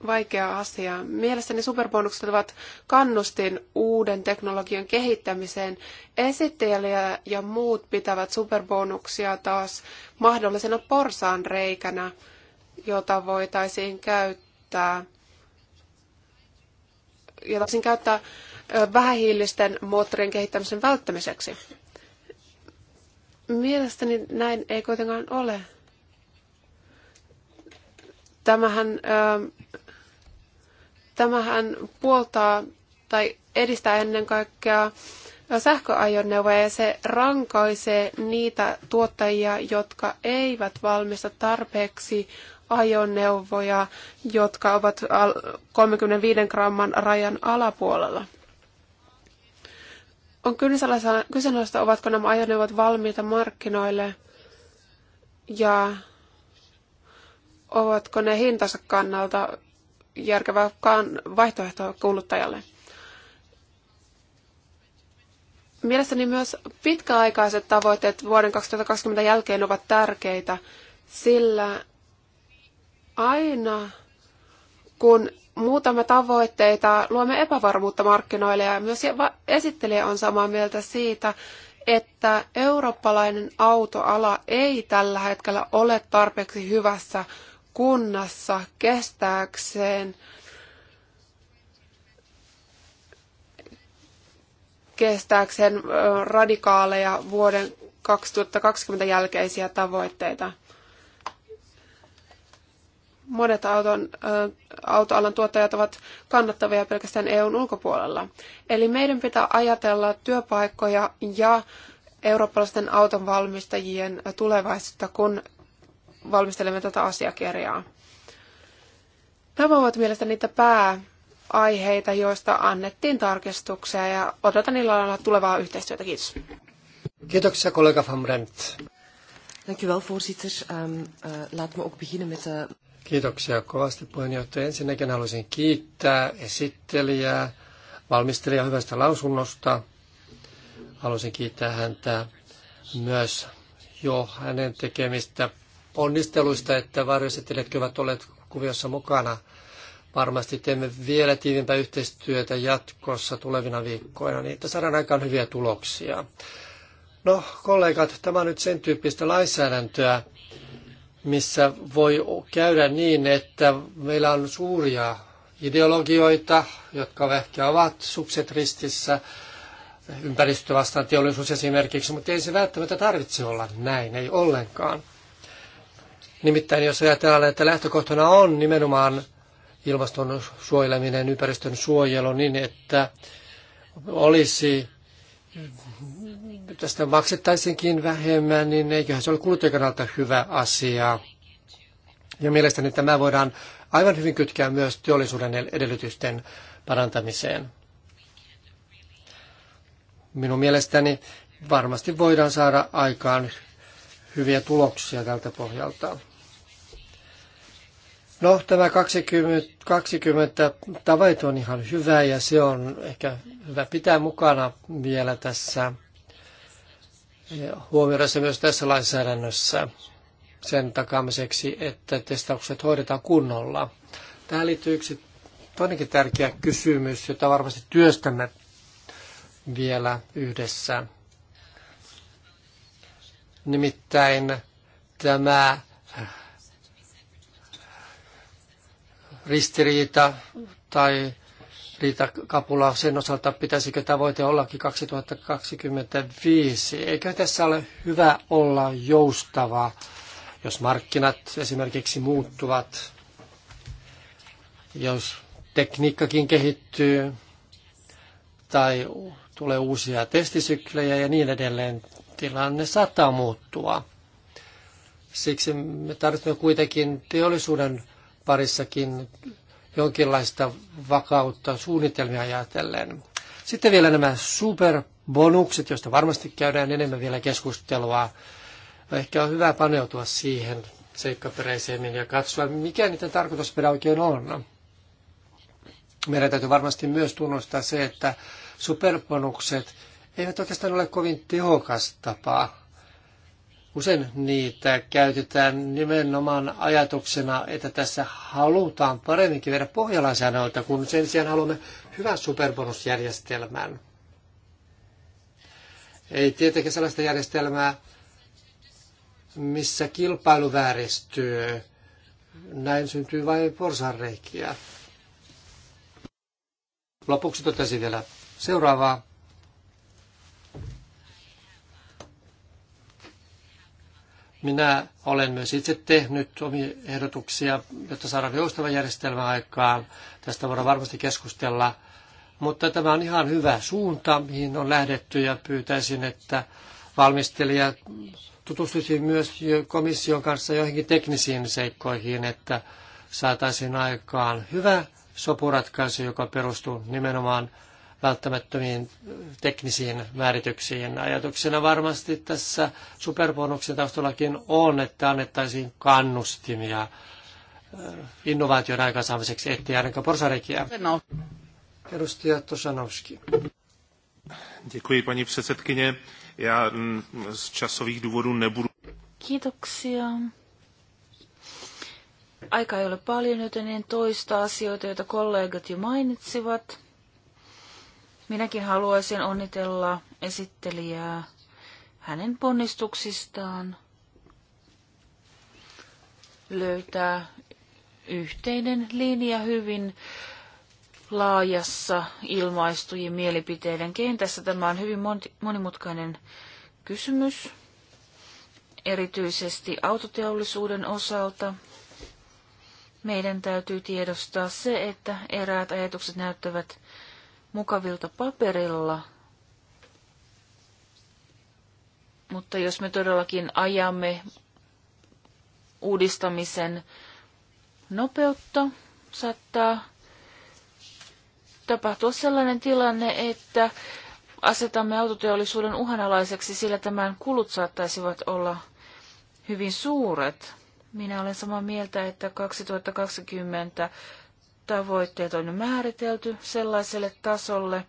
vaikea asia. Mielestäni superbonukset ovat kannustin uuden teknologian kehittämiseen. Esittelijä ja muut pitävät superbonuksia taas mahdollisena porsaan reikänä, jota voitaisiin käyttää jota voisin käyttää vähähiilisten moottorien kehittämisen välttämiseksi. Mielestäni näin ei kuitenkaan ole. Tämähän, tämähän puoltaa tai edistää ennen kaikkea sähköajoneuvoja ja se rankaisee niitä tuottajia, jotka eivät valmista tarpeeksi ajoneuvoja, jotka ovat 35 gramman rajan alapuolella. On kyseenalaista, ovatko nämä ajoneuvot valmiita markkinoille ja ovatko ne hintansa kannalta järkevä vaihtoehto kuluttajalle. Mielestäni myös pitkäaikaiset tavoitteet vuoden 2020 jälkeen ovat tärkeitä, sillä aina, kun muutamme tavoitteita, luomme epävarmuutta markkinoille ja myös esittelijä on samaa mieltä siitä, että eurooppalainen autoala ei tällä hetkellä ole tarpeeksi hyvässä kunnassa kestääkseen kestääkseen radikaaleja vuoden 2020 jälkeisiä tavoitteita monet auton, autoalan tuottajat ovat kannattavia pelkästään EUn ulkopuolella. Eli meidän pitää ajatella työpaikkoja ja eurooppalaisten valmistajien tulevaisuutta, kun valmistelemme tätä asiakirjaa. Nämä ovat mielestäni niitä pääaiheita, joista annettiin tarkistuksia ja odotan lailla tulevaa yhteistyötä. Kiitos. Kiitoksia kollega Van Brent. Dank u wel, voorzitter. Um, ehm, uh, eh, laat me ook beginnen met de... Eh, Kiitoksia kovasti puheenjohtaja. Ensinnäkin haluaisin kiittää esittelijää, valmistelijaa hyvästä lausunnosta. Haluaisin kiittää häntä myös jo hänen tekemistä onnisteluista, että varjoesittelijät ovat olleet kuviossa mukana. Varmasti teemme vielä tiivimpää yhteistyötä jatkossa tulevina viikkoina, niin että saadaan aikaan hyviä tuloksia. No, kollegat, tämä on nyt sen tyyppistä lainsäädäntöä, missä voi käydä niin, että meillä on suuria ideologioita, jotka ehkä ovat sukset ristissä, ympäristövastaan teollisuus esimerkiksi, mutta ei se välttämättä tarvitse olla näin, ei ollenkaan. Nimittäin jos ajatellaan, että lähtökohtana on nimenomaan ilmaston suojeleminen, ympäristön suojelu niin, että olisi tästä maksettaisinkin vähemmän, niin eiköhän se ole kuluttajan kannalta hyvä asia. Ja mielestäni tämä voidaan aivan hyvin kytkeä myös teollisuuden edellytysten parantamiseen. Minun mielestäni varmasti voidaan saada aikaan hyviä tuloksia tältä pohjalta. No, tämä 20, 20 tavoite on ihan hyvä ja se on ehkä hyvä pitää mukana vielä tässä huomioida se myös tässä lainsäädännössä sen takaamiseksi, että testaukset hoidetaan kunnolla. Tähän liittyy yksi toinenkin tärkeä kysymys, jota varmasti työstämme vielä yhdessä. Nimittäin tämä ristiriita tai Liita Kapula sen osalta, pitäisikö tavoite ollakin 2025. Eikö tässä ole hyvä olla joustava, jos markkinat esimerkiksi muuttuvat, jos tekniikkakin kehittyy tai tulee uusia testisyklejä ja niin edelleen. Tilanne saattaa muuttua. Siksi me tarvitsemme kuitenkin teollisuuden parissakin jonkinlaista vakautta suunnitelmia ajatellen. Sitten vielä nämä superbonukset, joista varmasti käydään enemmän vielä keskustelua. Ehkä on hyvä paneutua siihen seikkaperäisemmin ja katsoa, mikä niiden tarkoitusperä oikein on. Meidän täytyy varmasti myös tunnustaa se, että superbonukset eivät oikeastaan ole kovin tehokas tapa Usein niitä käytetään nimenomaan ajatuksena, että tässä halutaan paremminkin viedä pohjalaisäännöltä, kun sen sijaan haluamme hyvän superbonusjärjestelmän. Ei tietenkään sellaista järjestelmää, missä kilpailu vääristyy. Näin syntyy vain porsanreikiä. Lopuksi totesin vielä seuraavaa. Minä olen myös itse tehnyt omia ehdotuksia, jotta saadaan joustava järjestelmä aikaan. Tästä voidaan varmasti keskustella. Mutta tämä on ihan hyvä suunta, mihin on lähdetty ja pyytäisin, että valmistelija tutustuisi myös komission kanssa joihinkin teknisiin seikkoihin, että saataisiin aikaan hyvä sopuratkaisu, joka perustuu nimenomaan välttämättömiin teknisiin määrityksiin. Ajatuksena varmasti tässä superbonuksen taustallakin on, että annettaisiin kannustimia äh, innovaation aikaansaamiseksi, ettei ainakaan porsarekiä. No. Edustaja Tosanowski. Děkuji, paní předsedkyně. Já mm, z časových důvodů nebudu... Kiitoksia. Aika ei ole paljon, joten en toista asioita, joita kollegat jo mainitsivat. Minäkin haluaisin onnitella esittelijää hänen ponnistuksistaan löytää yhteinen linja hyvin laajassa ilmaistujen mielipiteiden kentässä. Tämä on hyvin monimutkainen kysymys, erityisesti autoteollisuuden osalta. Meidän täytyy tiedostaa se, että eräät ajatukset näyttävät mukavilta paperilla. Mutta jos me todellakin ajamme uudistamisen nopeutta, saattaa tapahtua sellainen tilanne, että asetamme autoteollisuuden uhanalaiseksi, sillä tämän kulut saattaisivat olla hyvin suuret. Minä olen samaa mieltä, että 2020 tavoitteet on määritelty sellaiselle tasolle,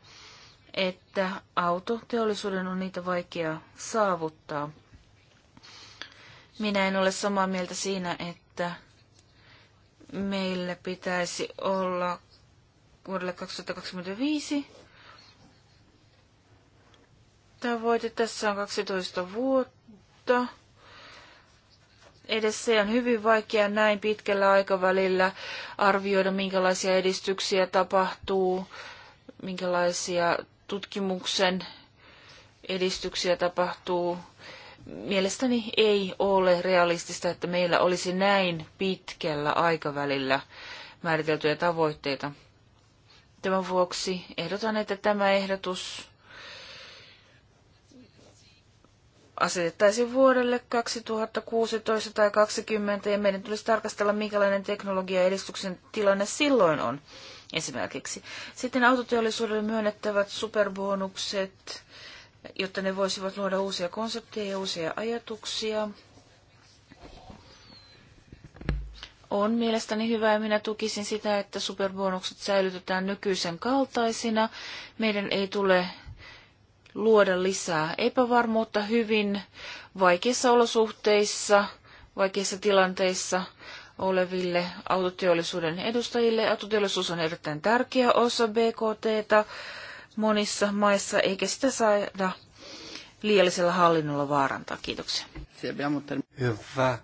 että autoteollisuuden on niitä vaikea saavuttaa. Minä en ole samaa mieltä siinä, että meillä pitäisi olla vuodelle 2025 tavoite. Tässä on 12 vuotta edessä ja on hyvin vaikea näin pitkällä aikavälillä arvioida, minkälaisia edistyksiä tapahtuu, minkälaisia tutkimuksen edistyksiä tapahtuu. Mielestäni ei ole realistista, että meillä olisi näin pitkällä aikavälillä määriteltyjä tavoitteita. Tämän vuoksi ehdotan, että tämä ehdotus asetettaisiin vuodelle 2016 tai 2020 ja meidän tulisi tarkastella, minkälainen teknologia edistyksen tilanne silloin on esimerkiksi. Sitten autoteollisuudelle myönnettävät superbonukset, jotta ne voisivat luoda uusia konsepteja ja uusia ajatuksia. On mielestäni hyvä ja minä tukisin sitä, että superbonukset säilytetään nykyisen kaltaisina. Meidän ei tule luoda lisää epävarmuutta hyvin vaikeissa olosuhteissa, vaikeissa tilanteissa oleville autoteollisuuden edustajille. Autoteollisuus on erittäin tärkeä osa BKTtä monissa maissa, eikä sitä saada liiallisella hallinnolla vaarantaa. Kiitoksia. Hyvä.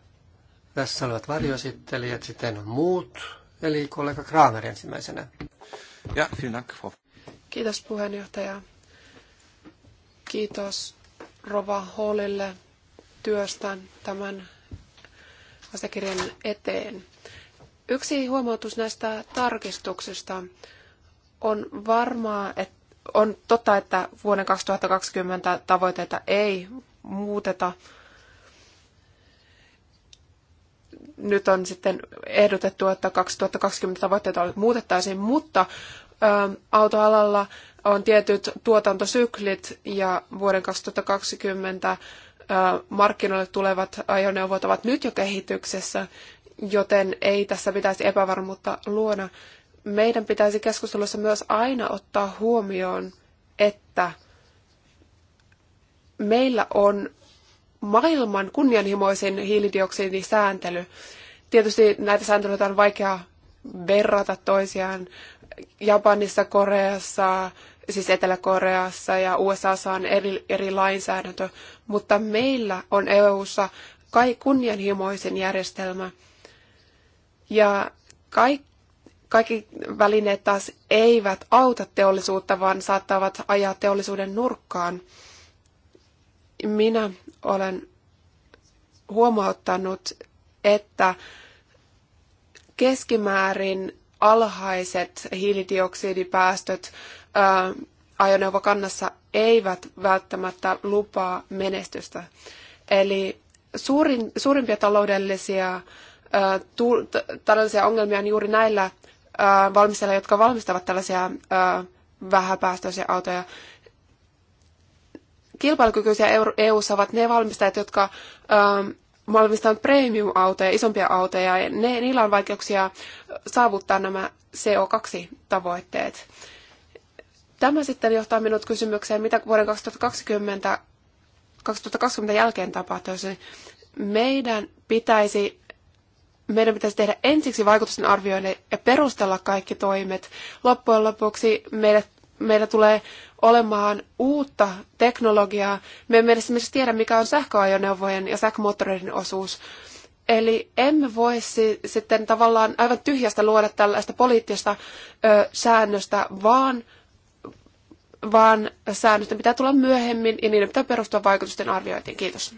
Tässä olivat varjoesittelijät, sitten muut, eli kollega Kramer ensimmäisenä. Ja, Kiitos puheenjohtaja. Kiitos Rova Hallille työstä tämän asiakirjan eteen. Yksi huomautus näistä tarkistuksista on varmaa, että on totta, että vuoden 2020 tavoitteita ei muuteta. Nyt on sitten ehdotettu, että 2020 tavoitteita muutettaisiin, mutta autoalalla on tietyt tuotantosyklit ja vuoden 2020 markkinoille tulevat ajoneuvot ovat nyt jo kehityksessä, joten ei tässä pitäisi epävarmuutta luoda. Meidän pitäisi keskustelussa myös aina ottaa huomioon, että meillä on maailman kunnianhimoisin hiilidioksidisääntely. Tietysti näitä sääntelyitä on vaikea verrata toisiaan, Japanissa, Koreassa, siis Etelä-Koreassa ja USAssa on eri, eri lainsäädäntö, mutta meillä on EUssa kai kunnianhimoisin järjestelmä. Ja kaikki kaikki välineet taas eivät auta teollisuutta, vaan saattavat ajaa teollisuuden nurkkaan. Minä olen huomauttanut, että keskimäärin alhaiset hiilidioksidipäästöt ajoneuvokannassa eivät välttämättä lupaa menestystä. Eli suurin, suurimpia taloudellisia, tu, taloudellisia ongelmia on juuri näillä valmistajilla, jotka valmistavat tällaisia vähäpäästöisiä autoja. Kilpailukykyisiä EU-ssa e ovat ne valmistajat, jotka valmistavat premium-autoja, isompia autoja, ja ne, niillä on vaikeuksia saavuttaa nämä CO2-tavoitteet. Tämä sitten johtaa minut kysymykseen, mitä vuoden 2020, 2020 jälkeen tapahtuisi. Meidän pitäisi meidän pitäisi tehdä ensiksi vaikutusten arvioinnin ja perustella kaikki toimet. Loppujen lopuksi meidät meillä tulee olemaan uutta teknologiaa. Me emme esimerkiksi tiedä, mikä on sähköajoneuvojen ja sähkömoottoreiden osuus. Eli emme voi si- sitten tavallaan aivan tyhjästä luoda tällaista poliittista ö, säännöstä, vaan, vaan säännöstä pitää tulla myöhemmin ja niiden pitää perustua vaikutusten arviointiin. Kiitos.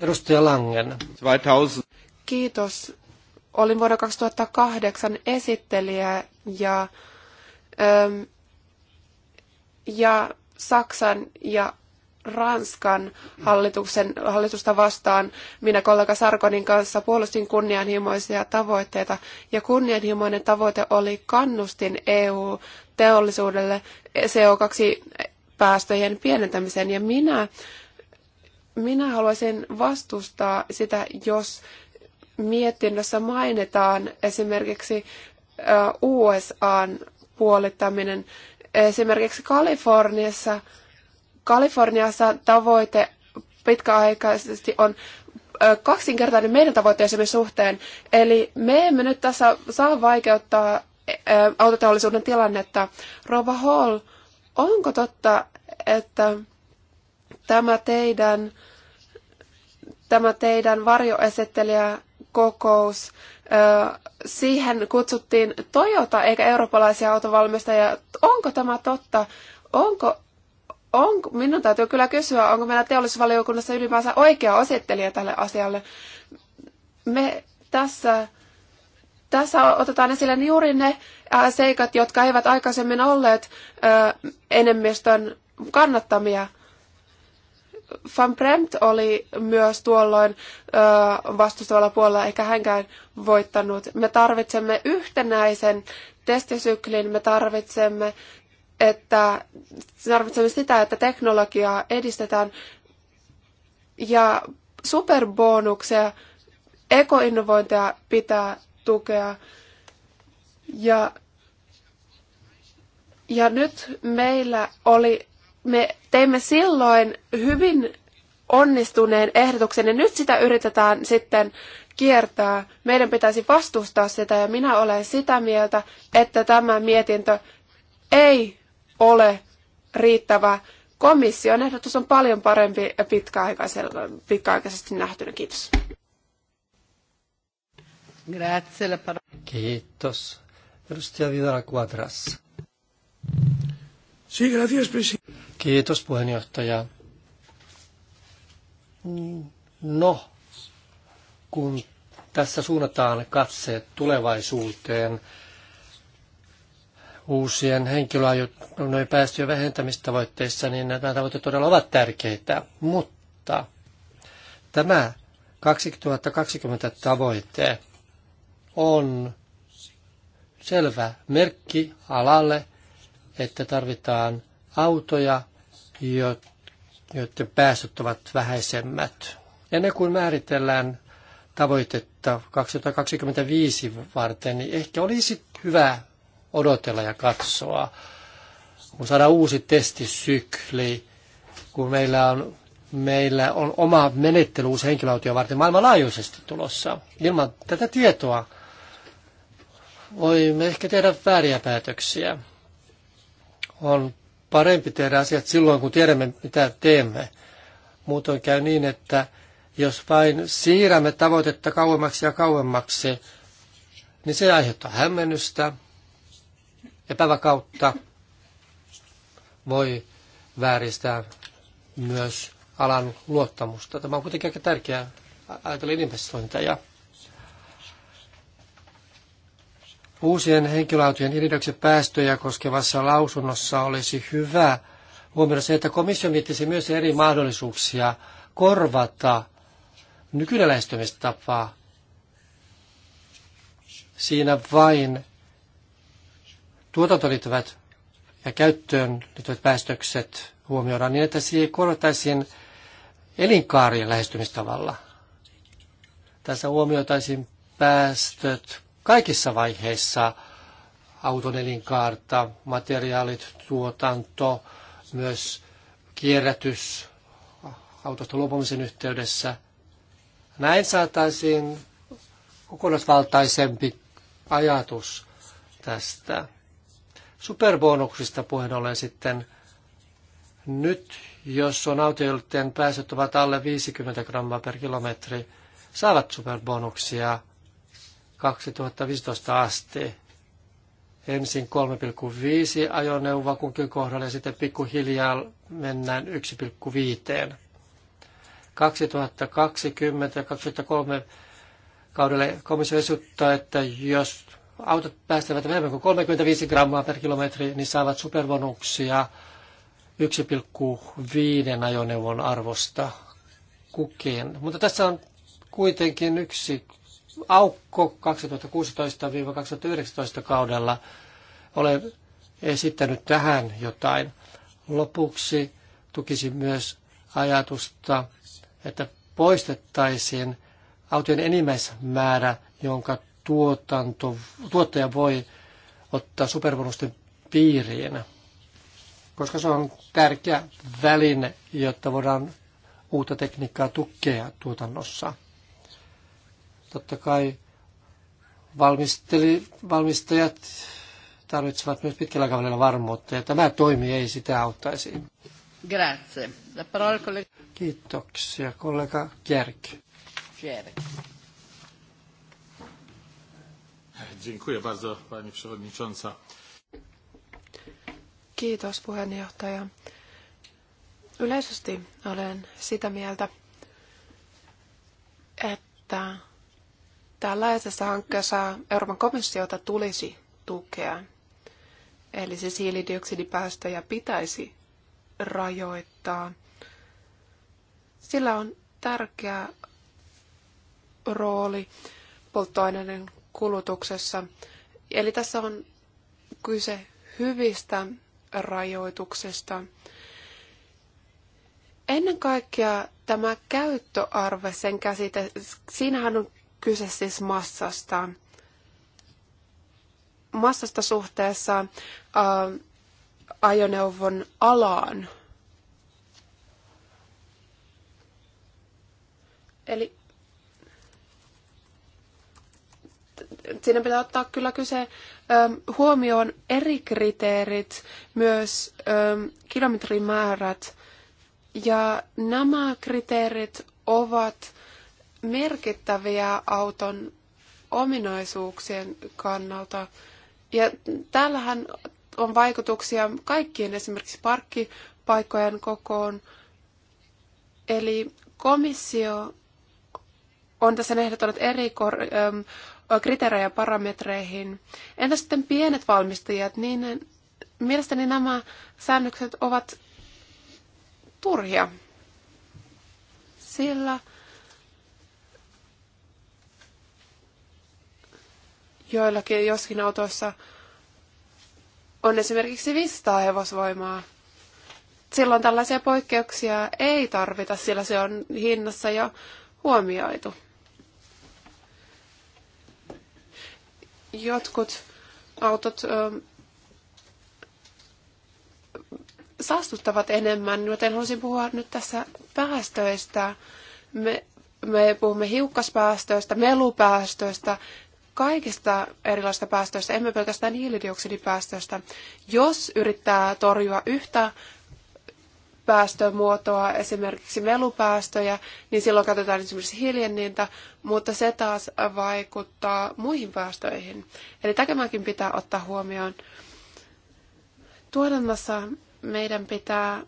Edustaja Langen. 2000. Kiitos. Olin vuonna 2008 esittelijä ja ja Saksan ja Ranskan hallituksen, hallitusta vastaan minä kollega Sarkonin kanssa puolustin kunnianhimoisia tavoitteita, ja kunnianhimoinen tavoite oli kannustin EU-teollisuudelle CO2-päästöjen pienentämiseen, ja minä, minä haluaisin vastustaa sitä, jos mietinnössä mainitaan esimerkiksi USAn puolittaminen. Esimerkiksi Kaliforniassa, Kaliforniassa tavoite pitkäaikaisesti on kaksinkertainen meidän tavoitteemme suhteen. Eli me emme nyt tässä saa vaikeuttaa autoteollisuuden tilannetta. Rova Hall, onko totta, että tämä teidän, tämä teidän varjoesittelijäkokous siihen kutsuttiin Toyota eikä eurooppalaisia autovalmistajia. Onko tämä totta? Onko, onko, minun täytyy kyllä kysyä, onko meillä teollisuusvaliokunnassa ylipäänsä oikea osittelija tälle asialle. Me tässä, tässä otetaan esille juuri ne seikat, jotka eivät aikaisemmin olleet enemmistön kannattamia – Van Bremt oli myös tuolloin ö, vastustavalla puolella, eikä hänkään voittanut. Me tarvitsemme yhtenäisen testisyklin, me tarvitsemme, että, tarvitsemme sitä, että teknologiaa edistetään ja superbonuksia, ekoinnovointia pitää tukea. Ja, ja nyt meillä oli me teimme silloin hyvin onnistuneen ehdotuksen ja nyt sitä yritetään sitten kiertää. Meidän pitäisi vastustaa sitä ja minä olen sitä mieltä, että tämä mietintö ei ole riittävä. Komission ehdotus on paljon parempi pitkäaikaisesti nähtynä. Kiitos. Kiitos. Edustaja Quadras. Sí, gracias, presidente. Kiitos puheenjohtaja. No, kun tässä suunnataan katseet tulevaisuuteen, uusien henkilöajoneuvojen päästöjen vähentämistavoitteissa, niin nämä tavoitteet todella ovat tärkeitä. Mutta tämä 2020 tavoite on selvä merkki alalle, että tarvitaan autoja, joiden päästöt ovat vähäisemmät. Ennen kuin määritellään tavoitetta 2025 varten, niin ehkä olisi hyvä odotella ja katsoa, kun saadaan uusi testisykli, kun meillä on, meillä on oma menettely uusi henkilöautio varten maailmanlaajuisesti tulossa. Ilman tätä tietoa voimme ehkä tehdä vääriä päätöksiä. On parempi tehdä asiat silloin, kun tiedämme, mitä teemme. Muutoin käy niin, että jos vain siirrämme tavoitetta kauemmaksi ja kauemmaksi, niin se aiheuttaa hämmennystä, epävakautta, voi vääristää myös alan luottamusta. Tämä on kuitenkin aika tärkeää ajatella investointeja. Uusien henkilöautojen hiilidioksidipäästöjä koskevassa lausunnossa olisi hyvä huomioida se, että komissio miettisi myös eri mahdollisuuksia korvata nykyinen lähestymistapa siinä vain tuotantoon liittyvät ja käyttöön liittyvät päästökset huomioidaan niin, että siihen korvattaisiin elinkaarien lähestymistavalla. Tässä huomioitaisiin päästöt kaikissa vaiheissa auton elinkaarta, materiaalit, tuotanto, myös kierrätys autosta luopumisen yhteydessä. Näin saataisiin kokonaisvaltaisempi ajatus tästä. Superbonuksista puheen ollen sitten nyt, jos on autoilijoiden päästöt ovat alle 50 grammaa per kilometri, saavat superbonuksia – 2015 asti. Ensin 3,5 ajoneuvoa kunkin kohdalla ja sitten pikkuhiljaa mennään 1,5. 2020 2003 kaudelle komissio esittää, että jos autot päästävät vähemmän kuin 35 grammaa per kilometri, niin saavat supervonuksia 1,5 ajoneuvon arvosta kukin. Mutta tässä on kuitenkin yksi aukko 2016-2019 kaudella. Olen esittänyt tähän jotain. Lopuksi tukisi myös ajatusta, että poistettaisiin autojen enimmäismäärä, jonka tuotanto, tuottaja voi ottaa superbonusten piiriin, koska se on tärkeä väline, jotta voidaan uutta tekniikkaa tukea tuotannossa. Totta kai valmistajat tarvitsevat myös pitkällä aikavälillä varmuutta, ja tämä toimi ei sitä auttaisi. Grazie. La parola collega... Kiitoksia, kollega Kjerk. Kjerk. Dziękuję bardzo, pani przewodnicząca. Kiitos, puheenjohtaja. Yleisesti olen sitä mieltä, että Tällaisessa hankkeessa Euroopan komissiota tulisi tukea. Eli siis hiilidioksidipäästöjä pitäisi rajoittaa. Sillä on tärkeä rooli polttoaineiden kulutuksessa. Eli tässä on kyse hyvistä rajoituksista. Ennen kaikkea tämä käyttöarve, sen käsite, siinähän on kyse siis massasta. Massasta suhteessa äh, ajoneuvon alaan. Eli siinä pitää ottaa kyllä kyse ähm, huomioon eri kriteerit, myös ähm, kilometrimäärät. Ja nämä kriteerit ovat merkittäviä auton ominaisuuksien kannalta. Ja tällähän on vaikutuksia kaikkien esimerkiksi parkkipaikkojen kokoon. Eli komissio on tässä ehdottanut eri kor- kriteerejä parametreihin. Entä sitten pienet valmistajat? Niin äh, mielestäni nämä säännökset ovat turhia, sillä – joillakin joskin autoissa on esimerkiksi 500 hevosvoimaa. Silloin tällaisia poikkeuksia ei tarvita, sillä se on hinnassa jo huomioitu. Jotkut autot ö, saastuttavat enemmän, joten haluaisin puhua nyt tässä päästöistä. Me, me puhumme hiukkaspäästöistä, melupäästöistä kaikista erilaisista päästöistä, emme pelkästään hiilidioksidipäästöistä. Jos yrittää torjua yhtä päästömuotoa, esimerkiksi melupäästöjä, niin silloin katsotaan esimerkiksi hiljennintä, mutta se taas vaikuttaa muihin päästöihin. Eli tämäkin pitää ottaa huomioon. Tuotannossa meidän pitää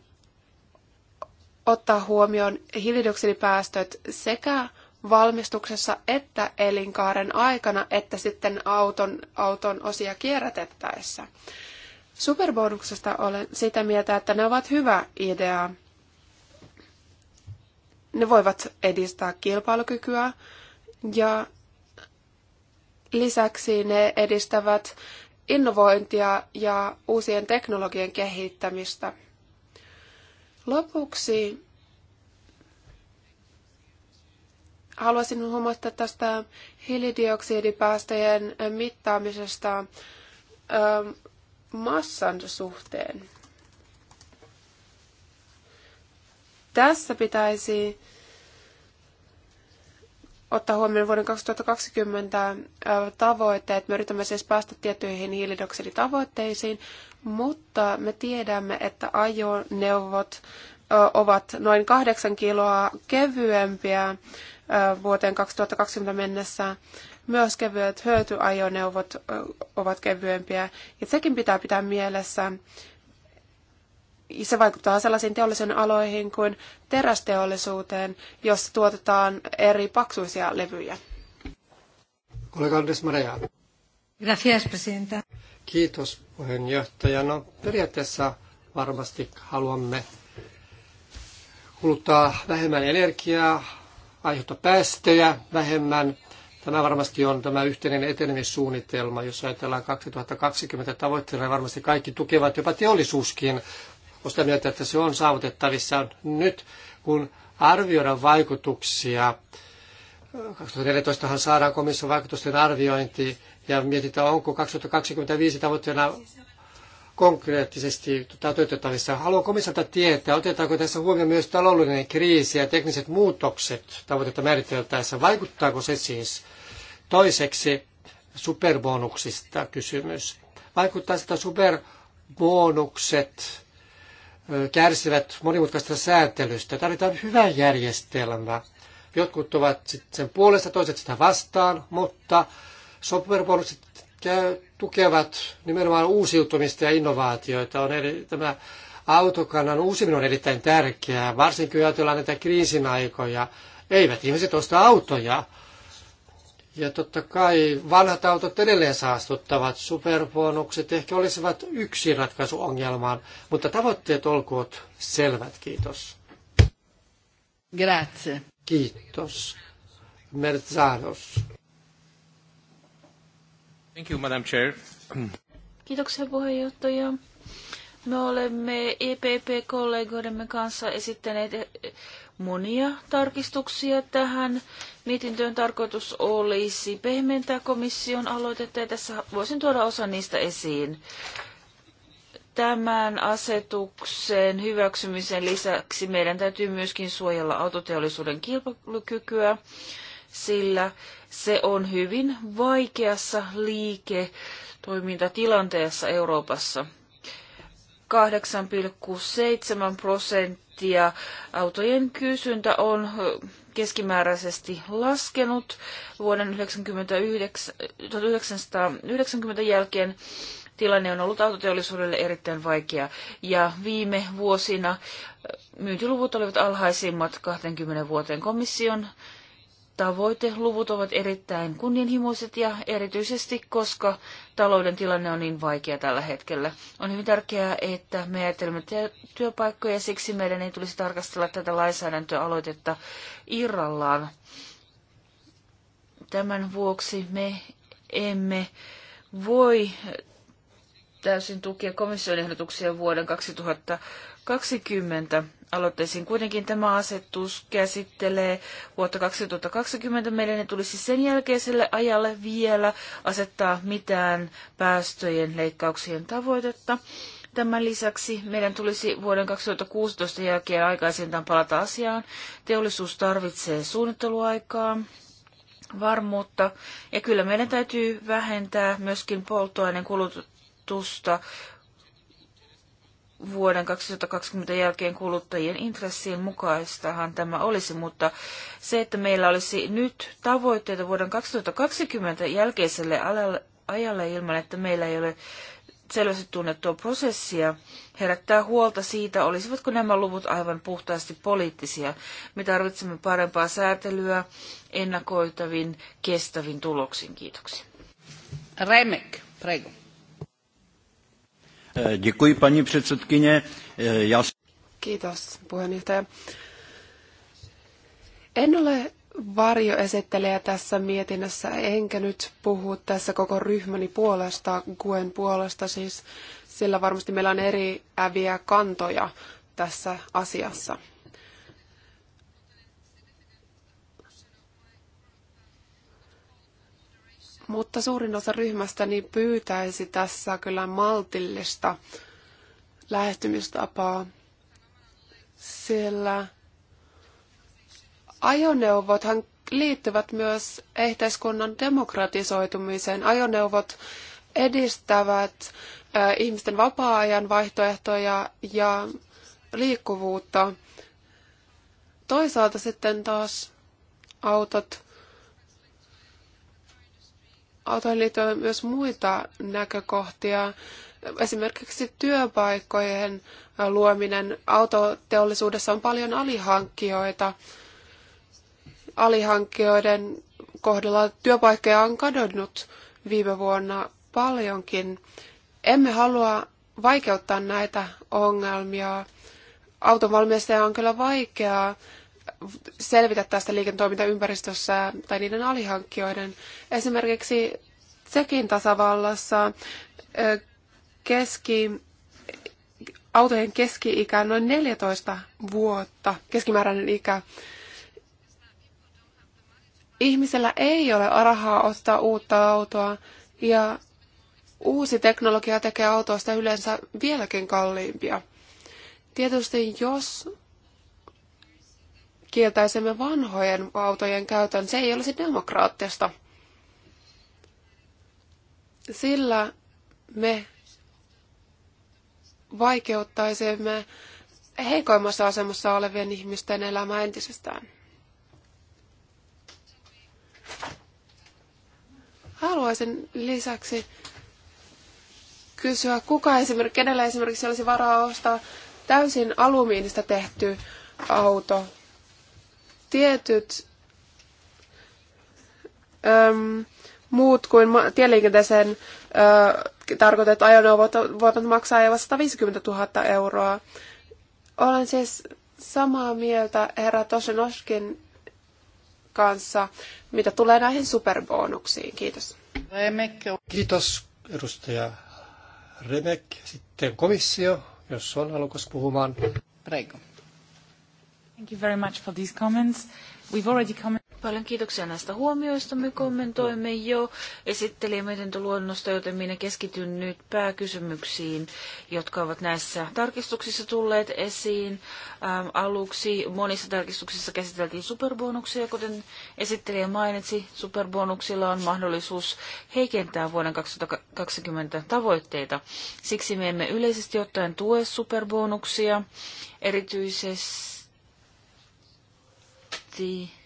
ottaa huomioon hiilidioksidipäästöt sekä valmistuksessa että elinkaaren aikana, että sitten auton, auton osia kierrätettäessä. Superbonuksesta olen sitä mieltä, että ne ovat hyvä idea. Ne voivat edistää kilpailukykyä ja lisäksi ne edistävät innovointia ja uusien teknologien kehittämistä. Lopuksi Haluaisin huomata tästä hiilidioksidipäästöjen mittaamisesta ähm, massan suhteen. Tässä pitäisi ottaa huomioon vuoden 2020 äh, tavoitteet. että me yritämme siis päästä tiettyihin hiilidioksiditavoitteisiin, mutta me tiedämme, että ajoneuvot äh, ovat noin kahdeksan kiloa kevyempiä vuoteen 2020 mennessä. Myös kevyet hyötyajoneuvot ovat kevyempiä, ja sekin pitää pitää mielessä. Se vaikuttaa sellaisiin teollisiin aloihin kuin terästeollisuuteen, jossa tuotetaan eri paksuisia levyjä. Kollega Andres Maria. Gracias, presidenta. Kiitos puheenjohtaja. No, periaatteessa varmasti haluamme kuluttaa vähemmän energiaa, aiheuttaa päästöjä vähemmän. Tämä varmasti on tämä yhteinen etenemissuunnitelma, jos ajatellaan 2020 tavoitteena, varmasti kaikki tukevat, jopa teollisuuskin, on sitä mieltä, että se on saavutettavissa nyt, kun arvioidaan vaikutuksia. 2014 saadaan komission vaikutusten arviointi ja mietitään, onko 2025 tavoitteena konkreettisesti toteutettavissa. Haluan komissiolta tietää, otetaanko tässä huomioon myös taloudellinen kriisi ja tekniset muutokset tavoitetta määriteltäessä. Vaikuttaako se siis? Toiseksi superbonuksista kysymys. Vaikuttaa sitä superbonukset kärsivät monimutkaista säätelystä. Tarvitaan hyvä järjestelmä. Jotkut ovat sen puolesta, toiset sitä vastaan, mutta superbonukset tukevat nimenomaan uusiutumista ja innovaatioita. On eri, tämä autokannan uusiminen on erittäin tärkeää, varsinkin kun ajatellaan näitä kriisin aikoja. Eivät ihmiset osta autoja. Ja totta kai vanhat autot edelleen saastuttavat. Superbonukset ehkä olisivat yksi ratkaisu ongelmaan, mutta tavoitteet olkoot selvät. Kiitos. Grazie. Kiitos. Merzanos. Thank you, Madam Chair. Kiitoksia puheenjohtaja. Me olemme EPP-kollegoidemme kanssa esittäneet monia tarkistuksia tähän. Mietintöön tarkoitus olisi pehmentää komission aloitetta ja tässä voisin tuoda osa niistä esiin. Tämän asetuksen hyväksymisen lisäksi meidän täytyy myöskin suojella autoteollisuuden kilpailukykyä sillä se on hyvin vaikeassa liiketoimintatilanteessa Euroopassa. 8,7 prosenttia autojen kysyntä on keskimääräisesti laskenut vuoden 1990 jälkeen. Tilanne on ollut autoteollisuudelle erittäin vaikea ja viime vuosina myyntiluvut olivat alhaisimmat 20 vuoteen komission tavoiteluvut ovat erittäin kunnianhimoiset ja erityisesti, koska talouden tilanne on niin vaikea tällä hetkellä. On hyvin tärkeää, että me ajattelemme työpaikkoja ja siksi meidän ei tulisi tarkastella tätä lainsäädäntöaloitetta irrallaan. Tämän vuoksi me emme voi täysin tukea komission ehdotuksia vuoden 2020 aloitteisiin. Kuitenkin tämä asetus käsittelee vuotta 2020. Meidän ei tulisi sen jälkeiselle ajalle vielä asettaa mitään päästöjen leikkauksien tavoitetta. Tämän lisäksi meidän tulisi vuoden 2016 jälkeen aikaisintaan palata asiaan. Teollisuus tarvitsee suunnitteluaikaa, varmuutta ja kyllä meidän täytyy vähentää myöskin polttoaineen kulutusta vuoden 2020 jälkeen kuluttajien intressien mukaistahan tämä olisi, mutta se, että meillä olisi nyt tavoitteita vuoden 2020 jälkeiselle ajalle ilman, että meillä ei ole selvästi tunnettua prosessia, herättää huolta siitä, olisivatko nämä luvut aivan puhtaasti poliittisia. Me tarvitsemme parempaa säätelyä ennakoitavin, kestävin tuloksin. Kiitoksia. Remek, prego. Děkuji, paní předsedkyně. Já... Kiitos, puheenjohtaja. En ole varjoesittelijä tässä mietinnössä, enkä nyt puhu tässä koko ryhmäni puolesta, Guen puolesta siis, sillä varmasti meillä on eri äviä kantoja tässä asiassa. mutta suurin osa ryhmästäni pyytäisi tässä kyllä maltillista lähestymistapaa, sillä ajoneuvothan liittyvät myös yhteiskunnan demokratisoitumiseen. Ajoneuvot edistävät ihmisten vapaa-ajan vaihtoehtoja ja liikkuvuutta. Toisaalta sitten taas autot autoihin liittyy myös muita näkökohtia, esimerkiksi työpaikkojen luominen. Autoteollisuudessa on paljon alihankkijoita. Alihankkijoiden kohdalla työpaikkoja on kadonnut viime vuonna paljonkin. Emme halua vaikeuttaa näitä ongelmia. Autonvalmistaja on kyllä vaikeaa selvitä tästä liiketoimintaympäristössä tai niiden alihankkijoiden. Esimerkiksi Tsekin tasavallassa keski, autojen keski-ikä on noin 14 vuotta, keskimääräinen ikä. Ihmisellä ei ole rahaa ostaa uutta autoa ja uusi teknologia tekee autoista yleensä vieläkin kalliimpia. Tietysti jos kieltäisimme vanhojen autojen käytön, se ei olisi demokraattista. Sillä me vaikeuttaisimme heikoimmassa asemassa olevien ihmisten elämää entisestään. Haluaisin lisäksi kysyä, kuka esimerkiksi, kenellä esimerkiksi olisi varaa ostaa täysin alumiinista tehty auto tietyt äm, muut kuin tieliikenteeseen ö, tarkoitetut ajoneuvot voivat maksaa jopa 150 000 euroa. Olen siis samaa mieltä herra Tosinoskin kanssa, mitä tulee näihin superbonuksiin. Kiitos. Kiitos edustaja Remek. Sitten komissio, jos on halukas puhumaan. Prego. Thank you very much for these comments. We've already Paljon kiitoksia näistä huomioista. Me kommentoimme jo esittelijä mietintöluonnosta, joten minä keskityn nyt pääkysymyksiin, jotka ovat näissä tarkistuksissa tulleet esiin. Ähm, aluksi monissa tarkistuksissa käsiteltiin superbonuksia, kuten esittelijä mainitsi. Superbonuksilla on mahdollisuus heikentää vuoden 2020 tavoitteita. Siksi me emme yleisesti ottaen tue superbonuksia, erityisesti erityisesti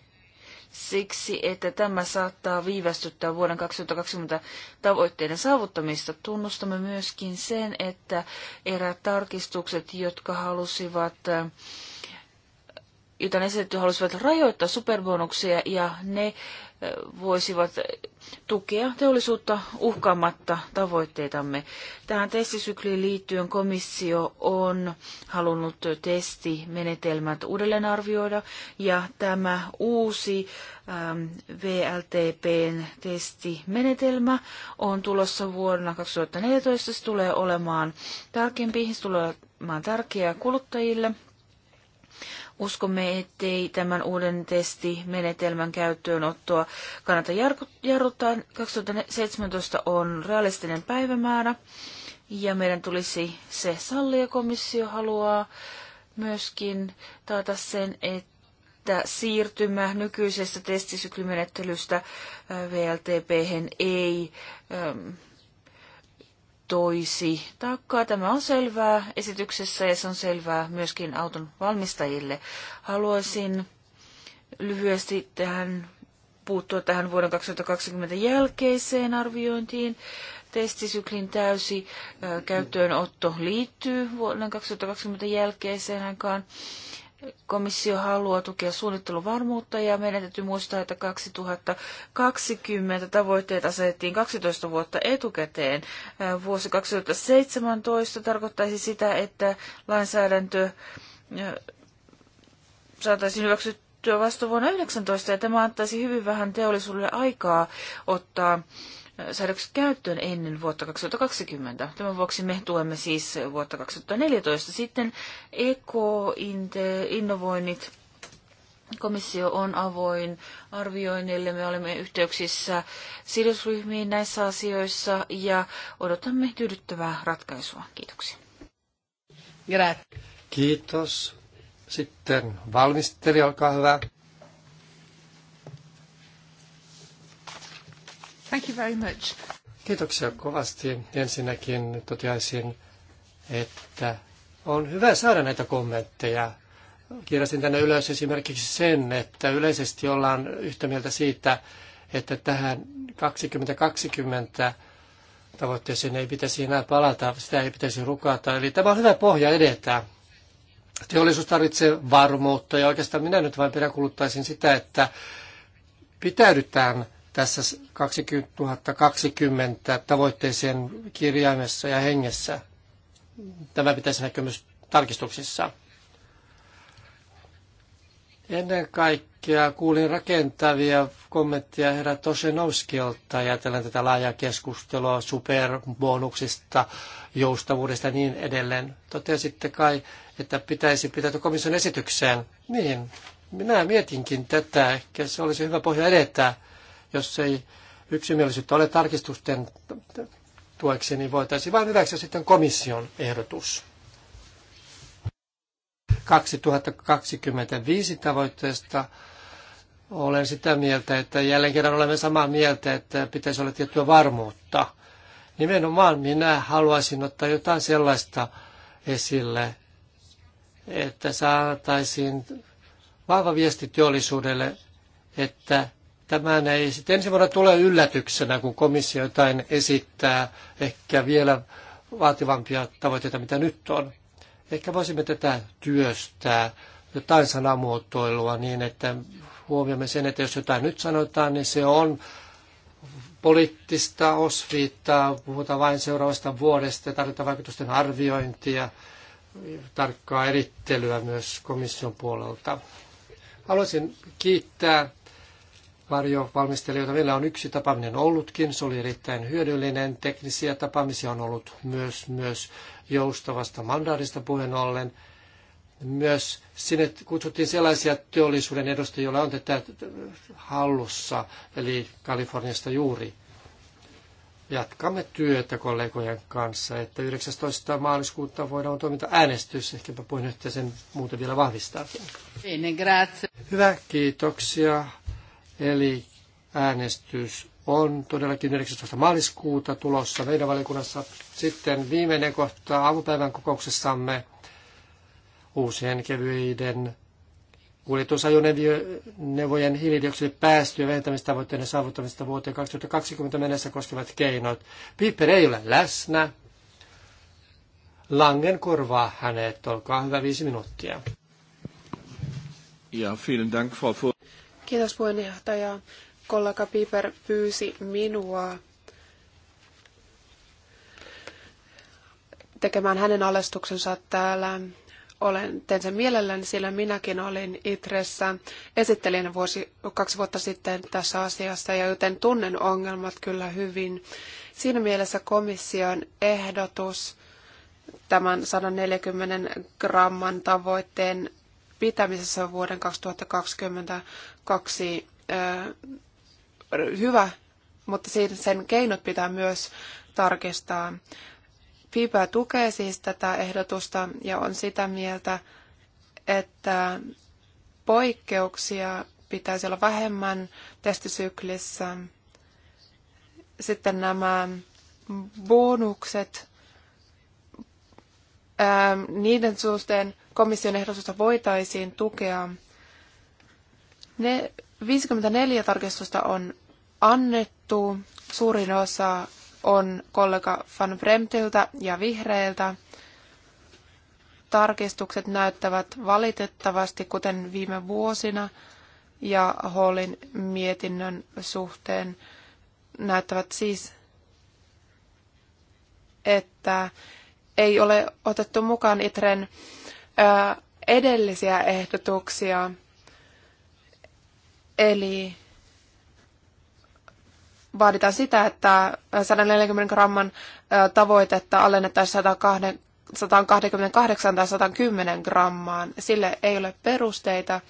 siksi, että tämä saattaa viivästyttää vuoden 2020 tavoitteiden saavuttamista. Tunnustamme myöskin sen, että eräät tarkistukset, jotka halusivat joita on esitetty, halusivat rajoittaa superbonuksia ja ne voisivat tukea teollisuutta uhkaamatta tavoitteitamme. Tähän testisykliin liittyen komissio on halunnut testimenetelmät uudelleen arvioida ja tämä uusi VLTPn testimenetelmä on tulossa vuonna 2014. Se tulee olemaan tarkempi, se tulee olemaan tärkeää kuluttajille – Uskomme, ettei tämän uuden testimenetelmän käyttöönottoa kannata jarruttaa. 2017 on realistinen päivämäärä ja meidän tulisi se sallia. Komissio haluaa myöskin taata sen, että että siirtymä nykyisestä testisyklimenettelystä äh, VLTP ei ähm, toisi taakkaa. Tämä on selvää esityksessä ja se on selvää myöskin auton valmistajille. Haluaisin lyhyesti tähän puuttua tähän vuoden 2020 jälkeiseen arviointiin. Testisyklin täysi käyttöönotto liittyy vuoden 2020 jälkeiseen aikaan komissio haluaa tukea suunnitteluvarmuutta ja meidän täytyy muistaa, että 2020 tavoitteet asetettiin 12 vuotta etukäteen. Vuosi 2017 tarkoittaisi sitä, että lainsäädäntö saataisiin hyväksyttyä vasta vuonna 19 ja tämä antaisi hyvin vähän teollisuudelle aikaa ottaa säädökset käyttöön ennen vuotta 2020. Tämän vuoksi me tuemme siis vuotta 2014. Sitten eko-innovoinnit. Komissio on avoin arvioinnille. Me olemme yhteyksissä sidosryhmiin näissä asioissa ja odotamme tyydyttävää ratkaisua. Kiitoksia. Kiitos. Sitten valmistelija, olkaa hyvä. Thank you very much. Kiitoksia kovasti. Ensinnäkin toteaisin, että on hyvä saada näitä kommentteja. Kirjasin tänne ylös esimerkiksi sen, että yleisesti ollaan yhtä mieltä siitä, että tähän 2020 tavoitteeseen ei pitäisi enää palata, sitä ei pitäisi rukata. Eli tämä on hyvä pohja edetä. Teollisuus tarvitsee varmuutta ja oikeastaan minä nyt vain peräkuluttaisin sitä, että pitäydytään tässä 2020 tavoitteeseen kirjaimessa ja hengessä. Tämä pitäisi näkyä myös tarkistuksissa. Ennen kaikkea kuulin rakentavia kommentteja herra Tosenovskilta ajatellen tätä laajaa keskustelua superbonuksista, joustavuudesta ja niin edelleen. Totesitte kai, että pitäisi pitää komission esitykseen. Niin, minä mietinkin tätä. Ehkä se olisi hyvä pohja edetä jos ei yksimielisyyttä ole tarkistusten tueksi, niin voitaisiin vain hyväksyä sitten komission ehdotus. 2025 tavoitteesta olen sitä mieltä, että jälleen kerran olemme samaa mieltä, että pitäisi olla tiettyä varmuutta. Nimenomaan minä haluaisin ottaa jotain sellaista esille, että saataisiin vahva viesti teollisuudelle, että Tämän ei sitten ensi vuonna tule yllätyksenä, kun komissio jotain esittää ehkä vielä vaativampia tavoitteita, mitä nyt on. Ehkä voisimme tätä työstää, jotain sanamuotoilua niin, että huomioimme sen, että jos jotain nyt sanotaan, niin se on poliittista osviittaa, puhutaan vain seuraavasta vuodesta ja tarvitaan vaikutusten arviointia, tarkkaa erittelyä myös komission puolelta. Haluaisin kiittää varjovalmistelijoita. Meillä on yksi tapaaminen ollutkin, se oli erittäin hyödyllinen. Teknisiä tapaamisia on ollut myös, myös joustavasta mandaarista puheen ollen. Myös sinne kutsuttiin sellaisia teollisuuden edustajia, joilla on tätä hallussa, eli Kaliforniasta juuri. Jatkamme työtä kollegojen kanssa, että 19. maaliskuuta voidaan toimita äänestys. Ehkäpä puheenjohtaja sen muuten vielä vahvistaa. Hyvä, kiitoksia. Eli äänestys on todellakin 19. maaliskuuta tulossa meidän valiokunnassa. Sitten viimeinen kohta aamupäivän kokouksessamme uusien kevyiden kuljetusajoneuvojen hiilidioksidipäästöjen vähentämistavoitteiden saavuttamista vuoteen 2020 mennessä koskevat keinot. Piper ei ole läsnä. Langen korvaa hänet. Olkaa hyvä viisi minuuttia. Ja, vielen Dank, Frau Kiitos puheenjohtaja. Kollega Piper pyysi minua tekemään hänen alestuksensa täällä. Olen, teen sen mielelläni, sillä minäkin olin Itressä esittelijänä vuosi, kaksi vuotta sitten tässä asiassa, ja joten tunnen ongelmat kyllä hyvin. Siinä mielessä komission ehdotus tämän 140 gramman tavoitteen pitämisessä vuoden 2022 hyvä, mutta sen keinot pitää myös tarkistaa. FIBA tukee siis tätä ehdotusta ja on sitä mieltä, että poikkeuksia pitäisi olla vähemmän testisyklissä. Sitten nämä bonukset, niiden suhteen komission ehdotusta voitaisiin tukea. Ne 54 tarkistusta on annettu. Suurin osa on kollega Van Bremtiltä ja Vihreiltä. Tarkistukset näyttävät valitettavasti, kuten viime vuosina, ja Hallin mietinnön suhteen näyttävät siis, että ei ole otettu mukaan Itren edellisiä ehdotuksia. Eli vaaditaan sitä, että 140 gramman tavoitetta alennettaisiin 128 tai 110 grammaan. Sille ei ole perusteita.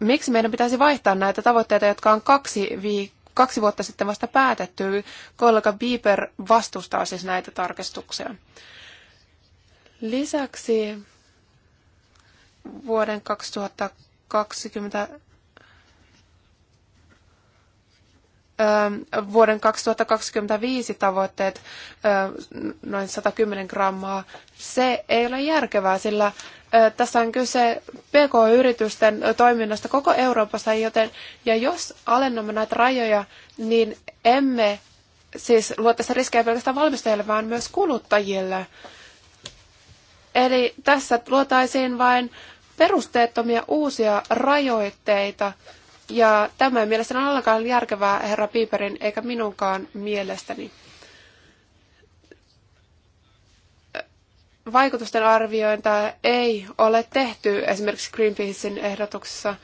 Miksi meidän pitäisi vaihtaa näitä tavoitteita, jotka on kaksi, viik- kaksi vuotta sitten vasta päätetty? Kollega Bieber vastustaa siis näitä tarkistuksia. Lisäksi vuoden 2020 vuoden 2025 tavoitteet noin 110 grammaa, se ei ole järkevää, sillä tässä on kyse PK-yritysten toiminnasta koko Euroopassa, joten ja jos alennamme näitä rajoja, niin emme siis luo tässä riskejä pelkästään valmistajille, vaan myös kuluttajille. Eli tässä luotaisiin vain perusteettomia uusia rajoitteita, ja tämä ei mielestäni ole ollenkaan järkevää herra Piiperin eikä minunkaan mielestäni. Vaikutusten arviointia ei ole tehty esimerkiksi Greenpeacein ehdotuksessa.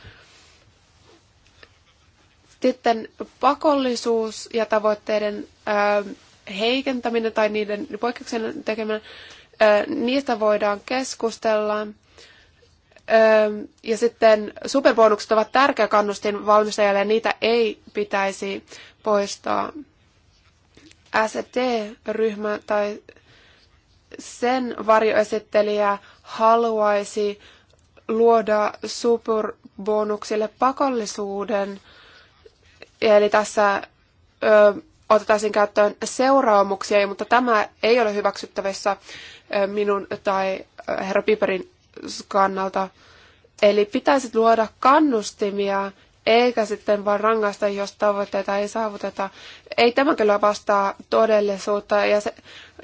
Sitten pakollisuus ja tavoitteiden ähm, heikentäminen tai niiden poikkeuksen tekeminen, äh, niistä voidaan keskustella – ja sitten superbonukset ovat tärkeä kannustin valmistajalle ja niitä ei pitäisi poistaa. ST-ryhmä tai sen varjoesittelijä haluaisi luoda superbonuksille pakollisuuden. Eli tässä ö, otettaisiin käyttöön seuraamuksia, mutta tämä ei ole hyväksyttävissä minun tai herra Piperin kannalta. Eli pitäisi luoda kannustimia, eikä sitten vaan rangaista, jos tavoitteita ei saavuteta. Ei tämä kyllä vastaa todellisuutta ja se,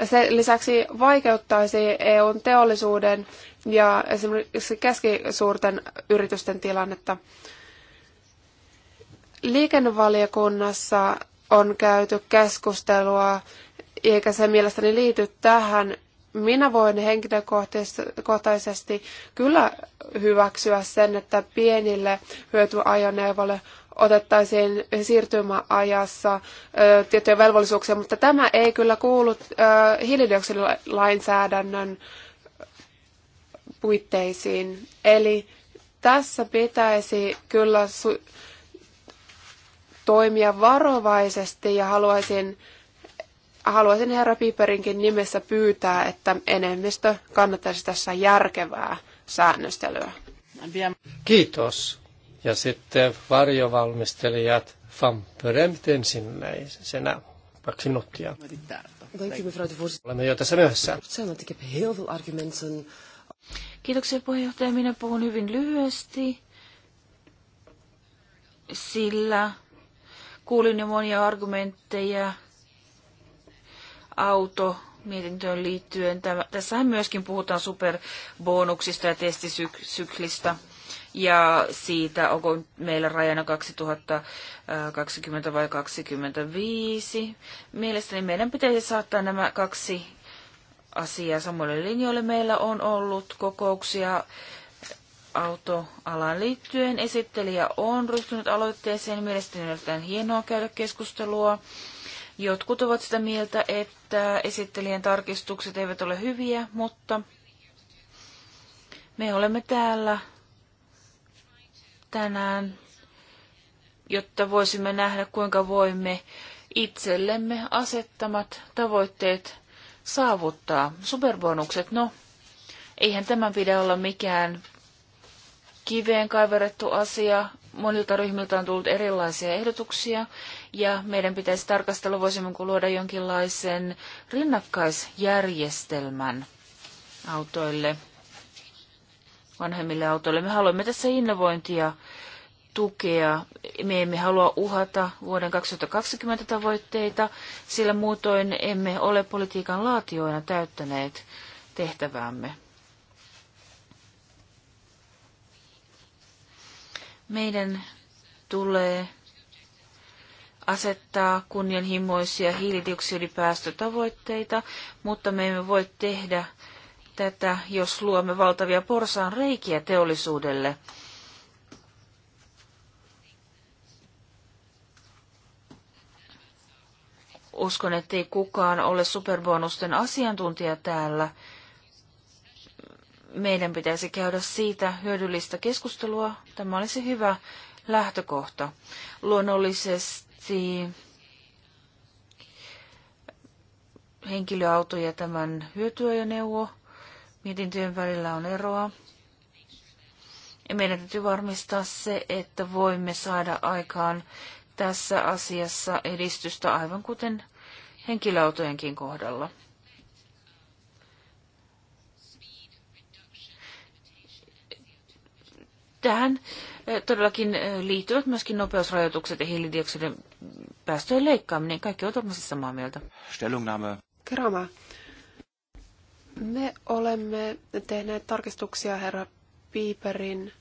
se lisäksi vaikeuttaisi EUn teollisuuden ja esimerkiksi keskisuurten yritysten tilannetta. Liikennevaliokunnassa on käyty keskustelua, eikä se mielestäni liity tähän minä voin henkilökohtaisesti kyllä hyväksyä sen, että pienille hyötyajoneuvoille otettaisiin siirtymäajassa tiettyjä velvollisuuksia, mutta tämä ei kyllä kuulu hiilidioksidilainsäädännön puitteisiin. Eli tässä pitäisi kyllä toimia varovaisesti ja haluaisin haluaisin herra Piperinkin nimessä pyytää, että enemmistö kannattaisi tässä järkevää säännöstelyä. Kiitos. Ja sitten varjovalmistelijat Van Bremt ensimmäisenä. Kaksi minuuttia. Olemme jo tässä myöhässä. Kiitoksia puheenjohtaja. Minä puhun hyvin lyhyesti, sillä kuulin jo monia argumentteja auto mietintöön liittyen. Tämä, tässähän myöskin puhutaan superbonuksista ja testisyklistä ja siitä, onko meillä rajana 2020 vai 2025. Mielestäni meidän pitäisi saattaa nämä kaksi asiaa samoille linjoille. Meillä on ollut kokouksia autoalan liittyen. Esittelijä on ryhtynyt aloitteeseen. Mielestäni on hienoa käydä keskustelua Jotkut ovat sitä mieltä, että esittelijän tarkistukset eivät ole hyviä, mutta me olemme täällä tänään, jotta voisimme nähdä, kuinka voimme itsellemme asettamat tavoitteet saavuttaa. Superbonukset, no, eihän tämän pidä olla mikään kiveen kaiverettu asia monilta ryhmiltä on tullut erilaisia ehdotuksia ja meidän pitäisi tarkastella, voisimmeko luoda jonkinlaisen rinnakkaisjärjestelmän autoille, vanhemmille autoille. Me haluamme tässä innovointia tukea. Me emme halua uhata vuoden 2020 tavoitteita, sillä muutoin emme ole politiikan laatioina täyttäneet tehtäväämme. Meidän tulee asettaa kunnianhimoisia hiilidioksidipäästötavoitteita, mutta me emme voi tehdä tätä, jos luomme valtavia porsaan reikiä teollisuudelle. Uskon, ettei kukaan ole superbonusten asiantuntija täällä meidän pitäisi käydä siitä hyödyllistä keskustelua. Tämä olisi hyvä lähtökohta. Luonnollisesti henkilöauto ja tämän hyötyajoneuvo mietintöjen välillä on eroa. Ja meidän täytyy varmistaa se, että voimme saada aikaan tässä asiassa edistystä aivan kuten henkilöautojenkin kohdalla. tähän eh, todellakin eh, liittyvät myöskin nopeusrajoitukset ja hiilidioksidin päästöjen leikkaaminen. Kaikki ovat varmasti samaa mieltä. Stellungnahme. Kerama. Me olemme tehneet tarkistuksia herra Piiperin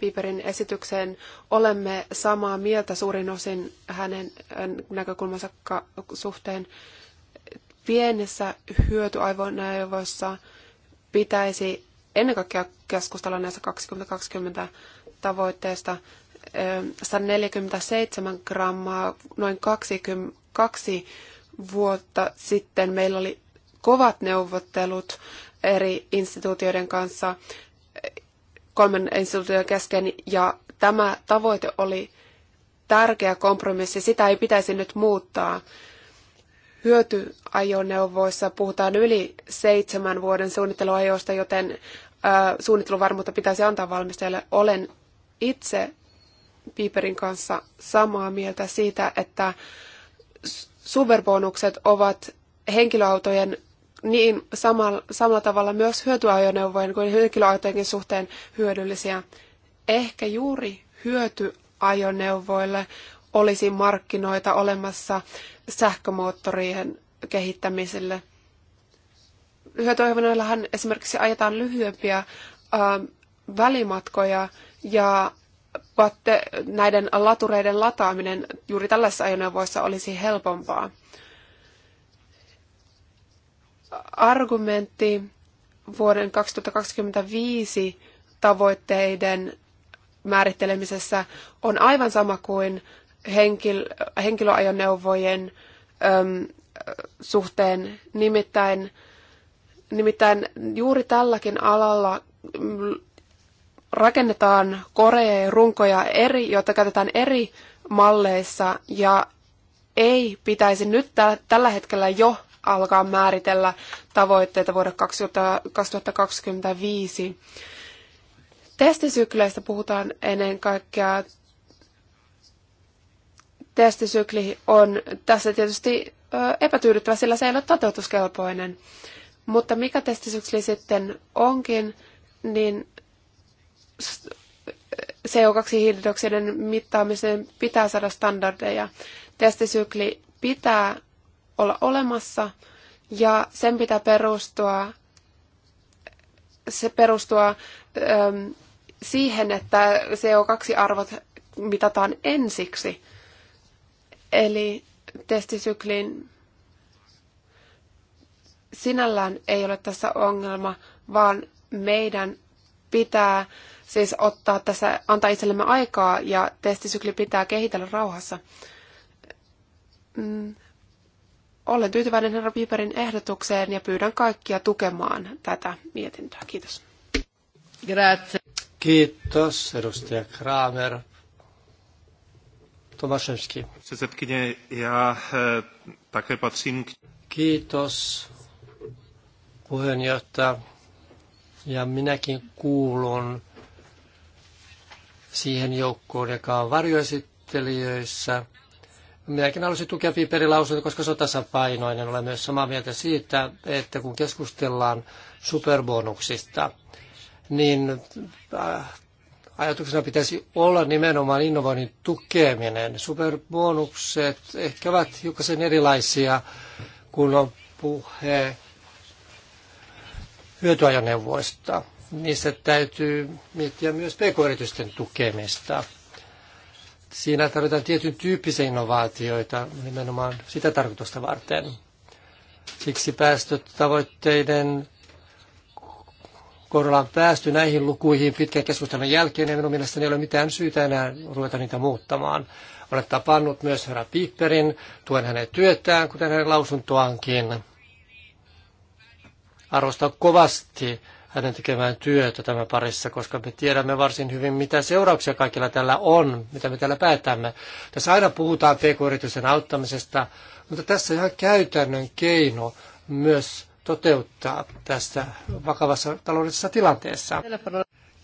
Piperin esitykseen olemme samaa mieltä suurin osin hänen näkökulmansa suhteen. Pienessä hyötyajoneuvoissa pitäisi ennen kaikkea keskustella näistä 2020 tavoitteista. 147 grammaa noin 22 vuotta sitten meillä oli kovat neuvottelut eri instituutioiden kanssa kolmen instituution kesken ja tämä tavoite oli tärkeä kompromissi. Sitä ei pitäisi nyt muuttaa. Hyötyajoneuvoissa puhutaan yli seitsemän vuoden suunnitteluajoista, joten suunnitteluvarmuutta pitäisi antaa valmistajalle. Olen itse Piperin kanssa samaa mieltä siitä, että superbonukset ovat henkilöautojen niin samalla, samalla tavalla myös hyötyajoneuvojen kuin henkilöautojenkin suhteen hyödyllisiä. Ehkä juuri hyötyajoneuvoille olisi markkinoita olemassa sähkömoottorien kehittämiselle hyötyohjelmillahan esimerkiksi ajetaan lyhyempiä välimatkoja ja patte, näiden latureiden lataaminen juuri tällaisissa ajoneuvoissa olisi helpompaa. Argumentti vuoden 2025 tavoitteiden määrittelemisessä on aivan sama kuin henkil- henkilöajoneuvojen äm, suhteen, nimittäin Nimittäin juuri tälläkin alalla rakennetaan koreja ja runkoja eri, joita käytetään eri malleissa ja ei pitäisi nyt tällä hetkellä jo alkaa määritellä tavoitteita vuoden 2025. Testisykleistä puhutaan ennen kaikkea. Testisykli on tässä tietysti epätyydyttävä, sillä se ei ole toteutuskelpoinen. Mutta mikä testisykli sitten onkin, niin CO2-hiilidioksidin mittaamiseen pitää saada standardeja. Testisykli pitää olla olemassa ja sen pitää perustua, se perustua äm, siihen, että CO2-arvot mitataan ensiksi. Eli testisyklin sinällään ei ole tässä ongelma, vaan meidän pitää siis ottaa tässä, antaa itsellemme aikaa ja testisykli pitää kehitellä rauhassa. Mm. Olen tyytyväinen herra Piperin ehdotukseen ja pyydän kaikkia tukemaan tätä mietintöä. Kiitos. Grazie. Kiitos, edustaja Kramer. Tomaszewski. Předsedkyně, já eh, také Kiitos, puheenjohtaja. Ja minäkin kuulun siihen joukkoon, joka on varjoesittelijöissä. Minäkin haluaisin tukea Piperin koska se on tasapainoinen. Olen myös samaa mieltä siitä, että kun keskustellaan superbonuksista, niin äh, ajatuksena pitäisi olla nimenomaan innovoinnin tukeminen. Superbonukset ehkä ovat hiukan erilaisia, kun on puhe hyötyajoneuvoista. Niissä täytyy miettiä myös pk-yritysten tukemista. Siinä tarvitaan tietyn tyyppisiä innovaatioita nimenomaan sitä tarkoitusta varten. Siksi päästötavoitteiden on päästy näihin lukuihin pitkän keskustelun jälkeen, ja minun mielestäni ei ole mitään syytä enää ruveta niitä muuttamaan. Olen tapannut myös herra Piperin, tuen hänen työtään, kuten hänen lausuntoankin arvostan kovasti hänen tekemään työtä tämän parissa, koska me tiedämme varsin hyvin, mitä seurauksia kaikilla tällä on, mitä me täällä päätämme. Tässä aina puhutaan pk-yritysten auttamisesta, mutta tässä ihan käytännön keino myös toteuttaa tässä vakavassa taloudellisessa tilanteessa.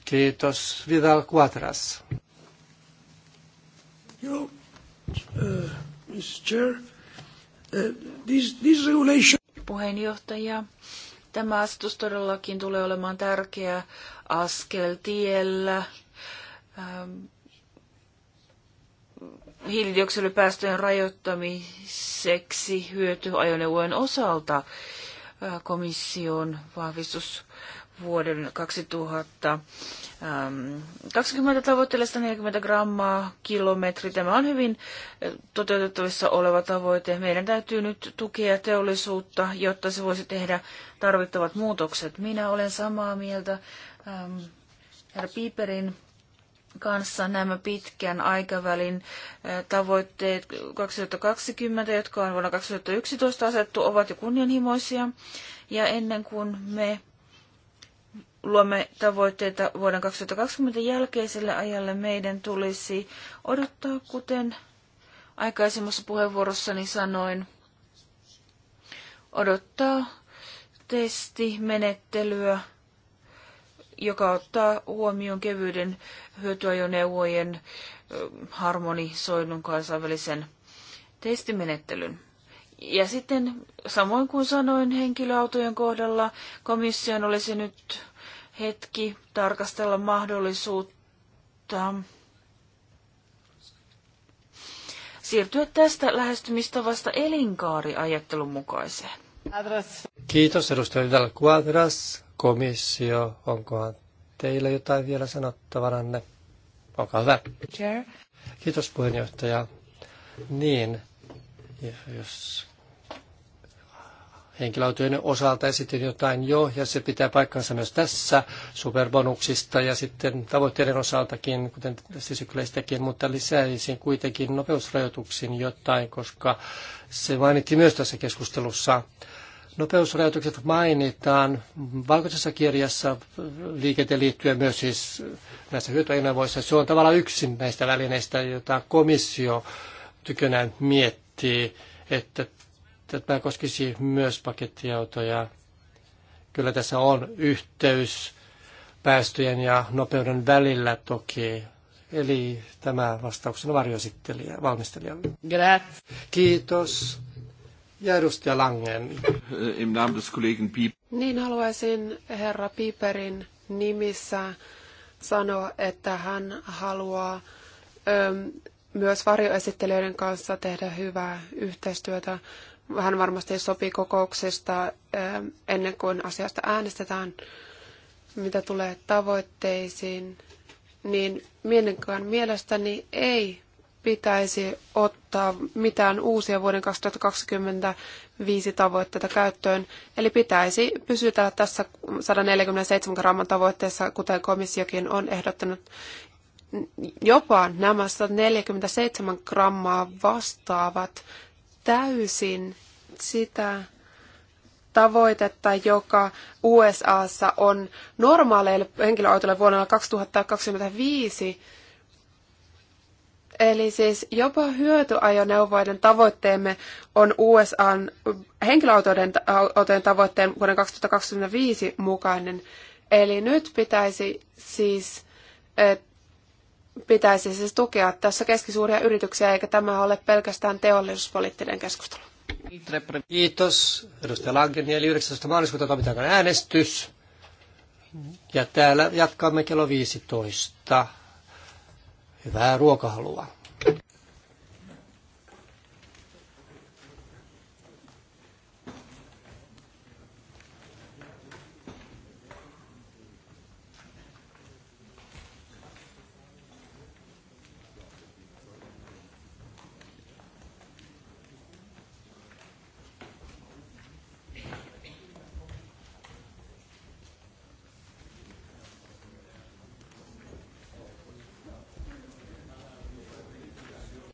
Kiitos. Vidal Quadras. uh, äh, Mr. Chair, uh, this, this regulation... Puheenjohtaja, Tämä astus todellakin tulee olemaan tärkeä askel tiellä ähm, hiilidioksidipäästöjen rajoittamiseksi hyötyajoneuvojen osalta äh, komission vahvistus vuoden 2000 20 tavoitteella 40 grammaa kilometri. Tämä on hyvin äh, toteutettavissa oleva tavoite. Meidän täytyy nyt tukea teollisuutta, jotta se voisi tehdä tarvittavat muutokset. Minä olen samaa mieltä ähm, herra Piperin kanssa nämä pitkän aikavälin äh, tavoitteet 2020, jotka on vuonna 2011 asettu, ovat jo kunnianhimoisia. Ja ennen kuin me luomme tavoitteita vuoden 2020 jälkeiselle ajalle, meidän tulisi odottaa, kuten aikaisemmassa puheenvuorossani sanoin, odottaa testimenettelyä, joka ottaa huomioon kevyyden hyötyajoneuvojen harmonisoidun kansainvälisen testimenettelyn. Ja sitten, samoin kuin sanoin henkilöautojen kohdalla, komission olisi nyt hetki tarkastella mahdollisuutta siirtyä tästä lähestymistavasta elinkaariajattelun mukaiseen. Kiitos edustaja Vidal Quadras. Komissio, onkohan teillä jotain vielä sanottavaranne? Olkaa hyvä. Chair. Kiitos puheenjohtaja. Niin, ja jos henkilöautojen osalta esitin jotain jo, ja se pitää paikkansa myös tässä superbonuksista ja sitten tavoitteiden osaltakin, kuten tästä mutta lisäisin kuitenkin nopeusrajoituksiin jotain, koska se mainittiin myös tässä keskustelussa. Nopeusrajoitukset mainitaan valkoisessa kirjassa liikenteen liittyen myös siis näissä hyötyajoneuvoissa. Se on tavallaan yksi näistä välineistä, jota komissio tykönään miettii, että tämä koskisi myös pakettiautoja. Kyllä tässä on yhteys päästöjen ja nopeuden välillä toki. Eli tämä vastauksena varjoesittelijä, valmistelijalle. Grazie. Kiitos. Ja edustaja Langen. Im Namen des Kollegen Niin haluaisin herra Piperin nimissä sanoa, että hän haluaa myös varjoesittelijöiden kanssa tehdä hyvää yhteistyötä. Hän varmasti sopii kokouksesta ähm, ennen kuin asiasta äänestetään, mitä tulee tavoitteisiin, niin mielenkään mielestäni ei pitäisi ottaa mitään uusia vuoden 2025 tavoitteita käyttöön. Eli pitäisi pysytellä tässä 147 gramman tavoitteessa, kuten komissiokin on ehdottanut. Jopa nämä 147 grammaa vastaavat täysin sitä tavoitetta, joka USAssa on normaaleille henkilöautoille vuonna 2025. Eli siis jopa hyötyajoneuvoiden tavoitteemme on USAn henkilöautojen tavoitteen vuoden 2025 mukainen. Eli nyt pitäisi siis pitäisi siis tukea tässä keskisuuria yrityksiä, eikä tämä ole pelkästään teollisuuspoliittinen keskustelu. Kiitos. Edustaja Lankin, eli 19. maaliskuuta toimitaan äänestys. Ja täällä jatkamme kello 15. Hyvää ruokahalua.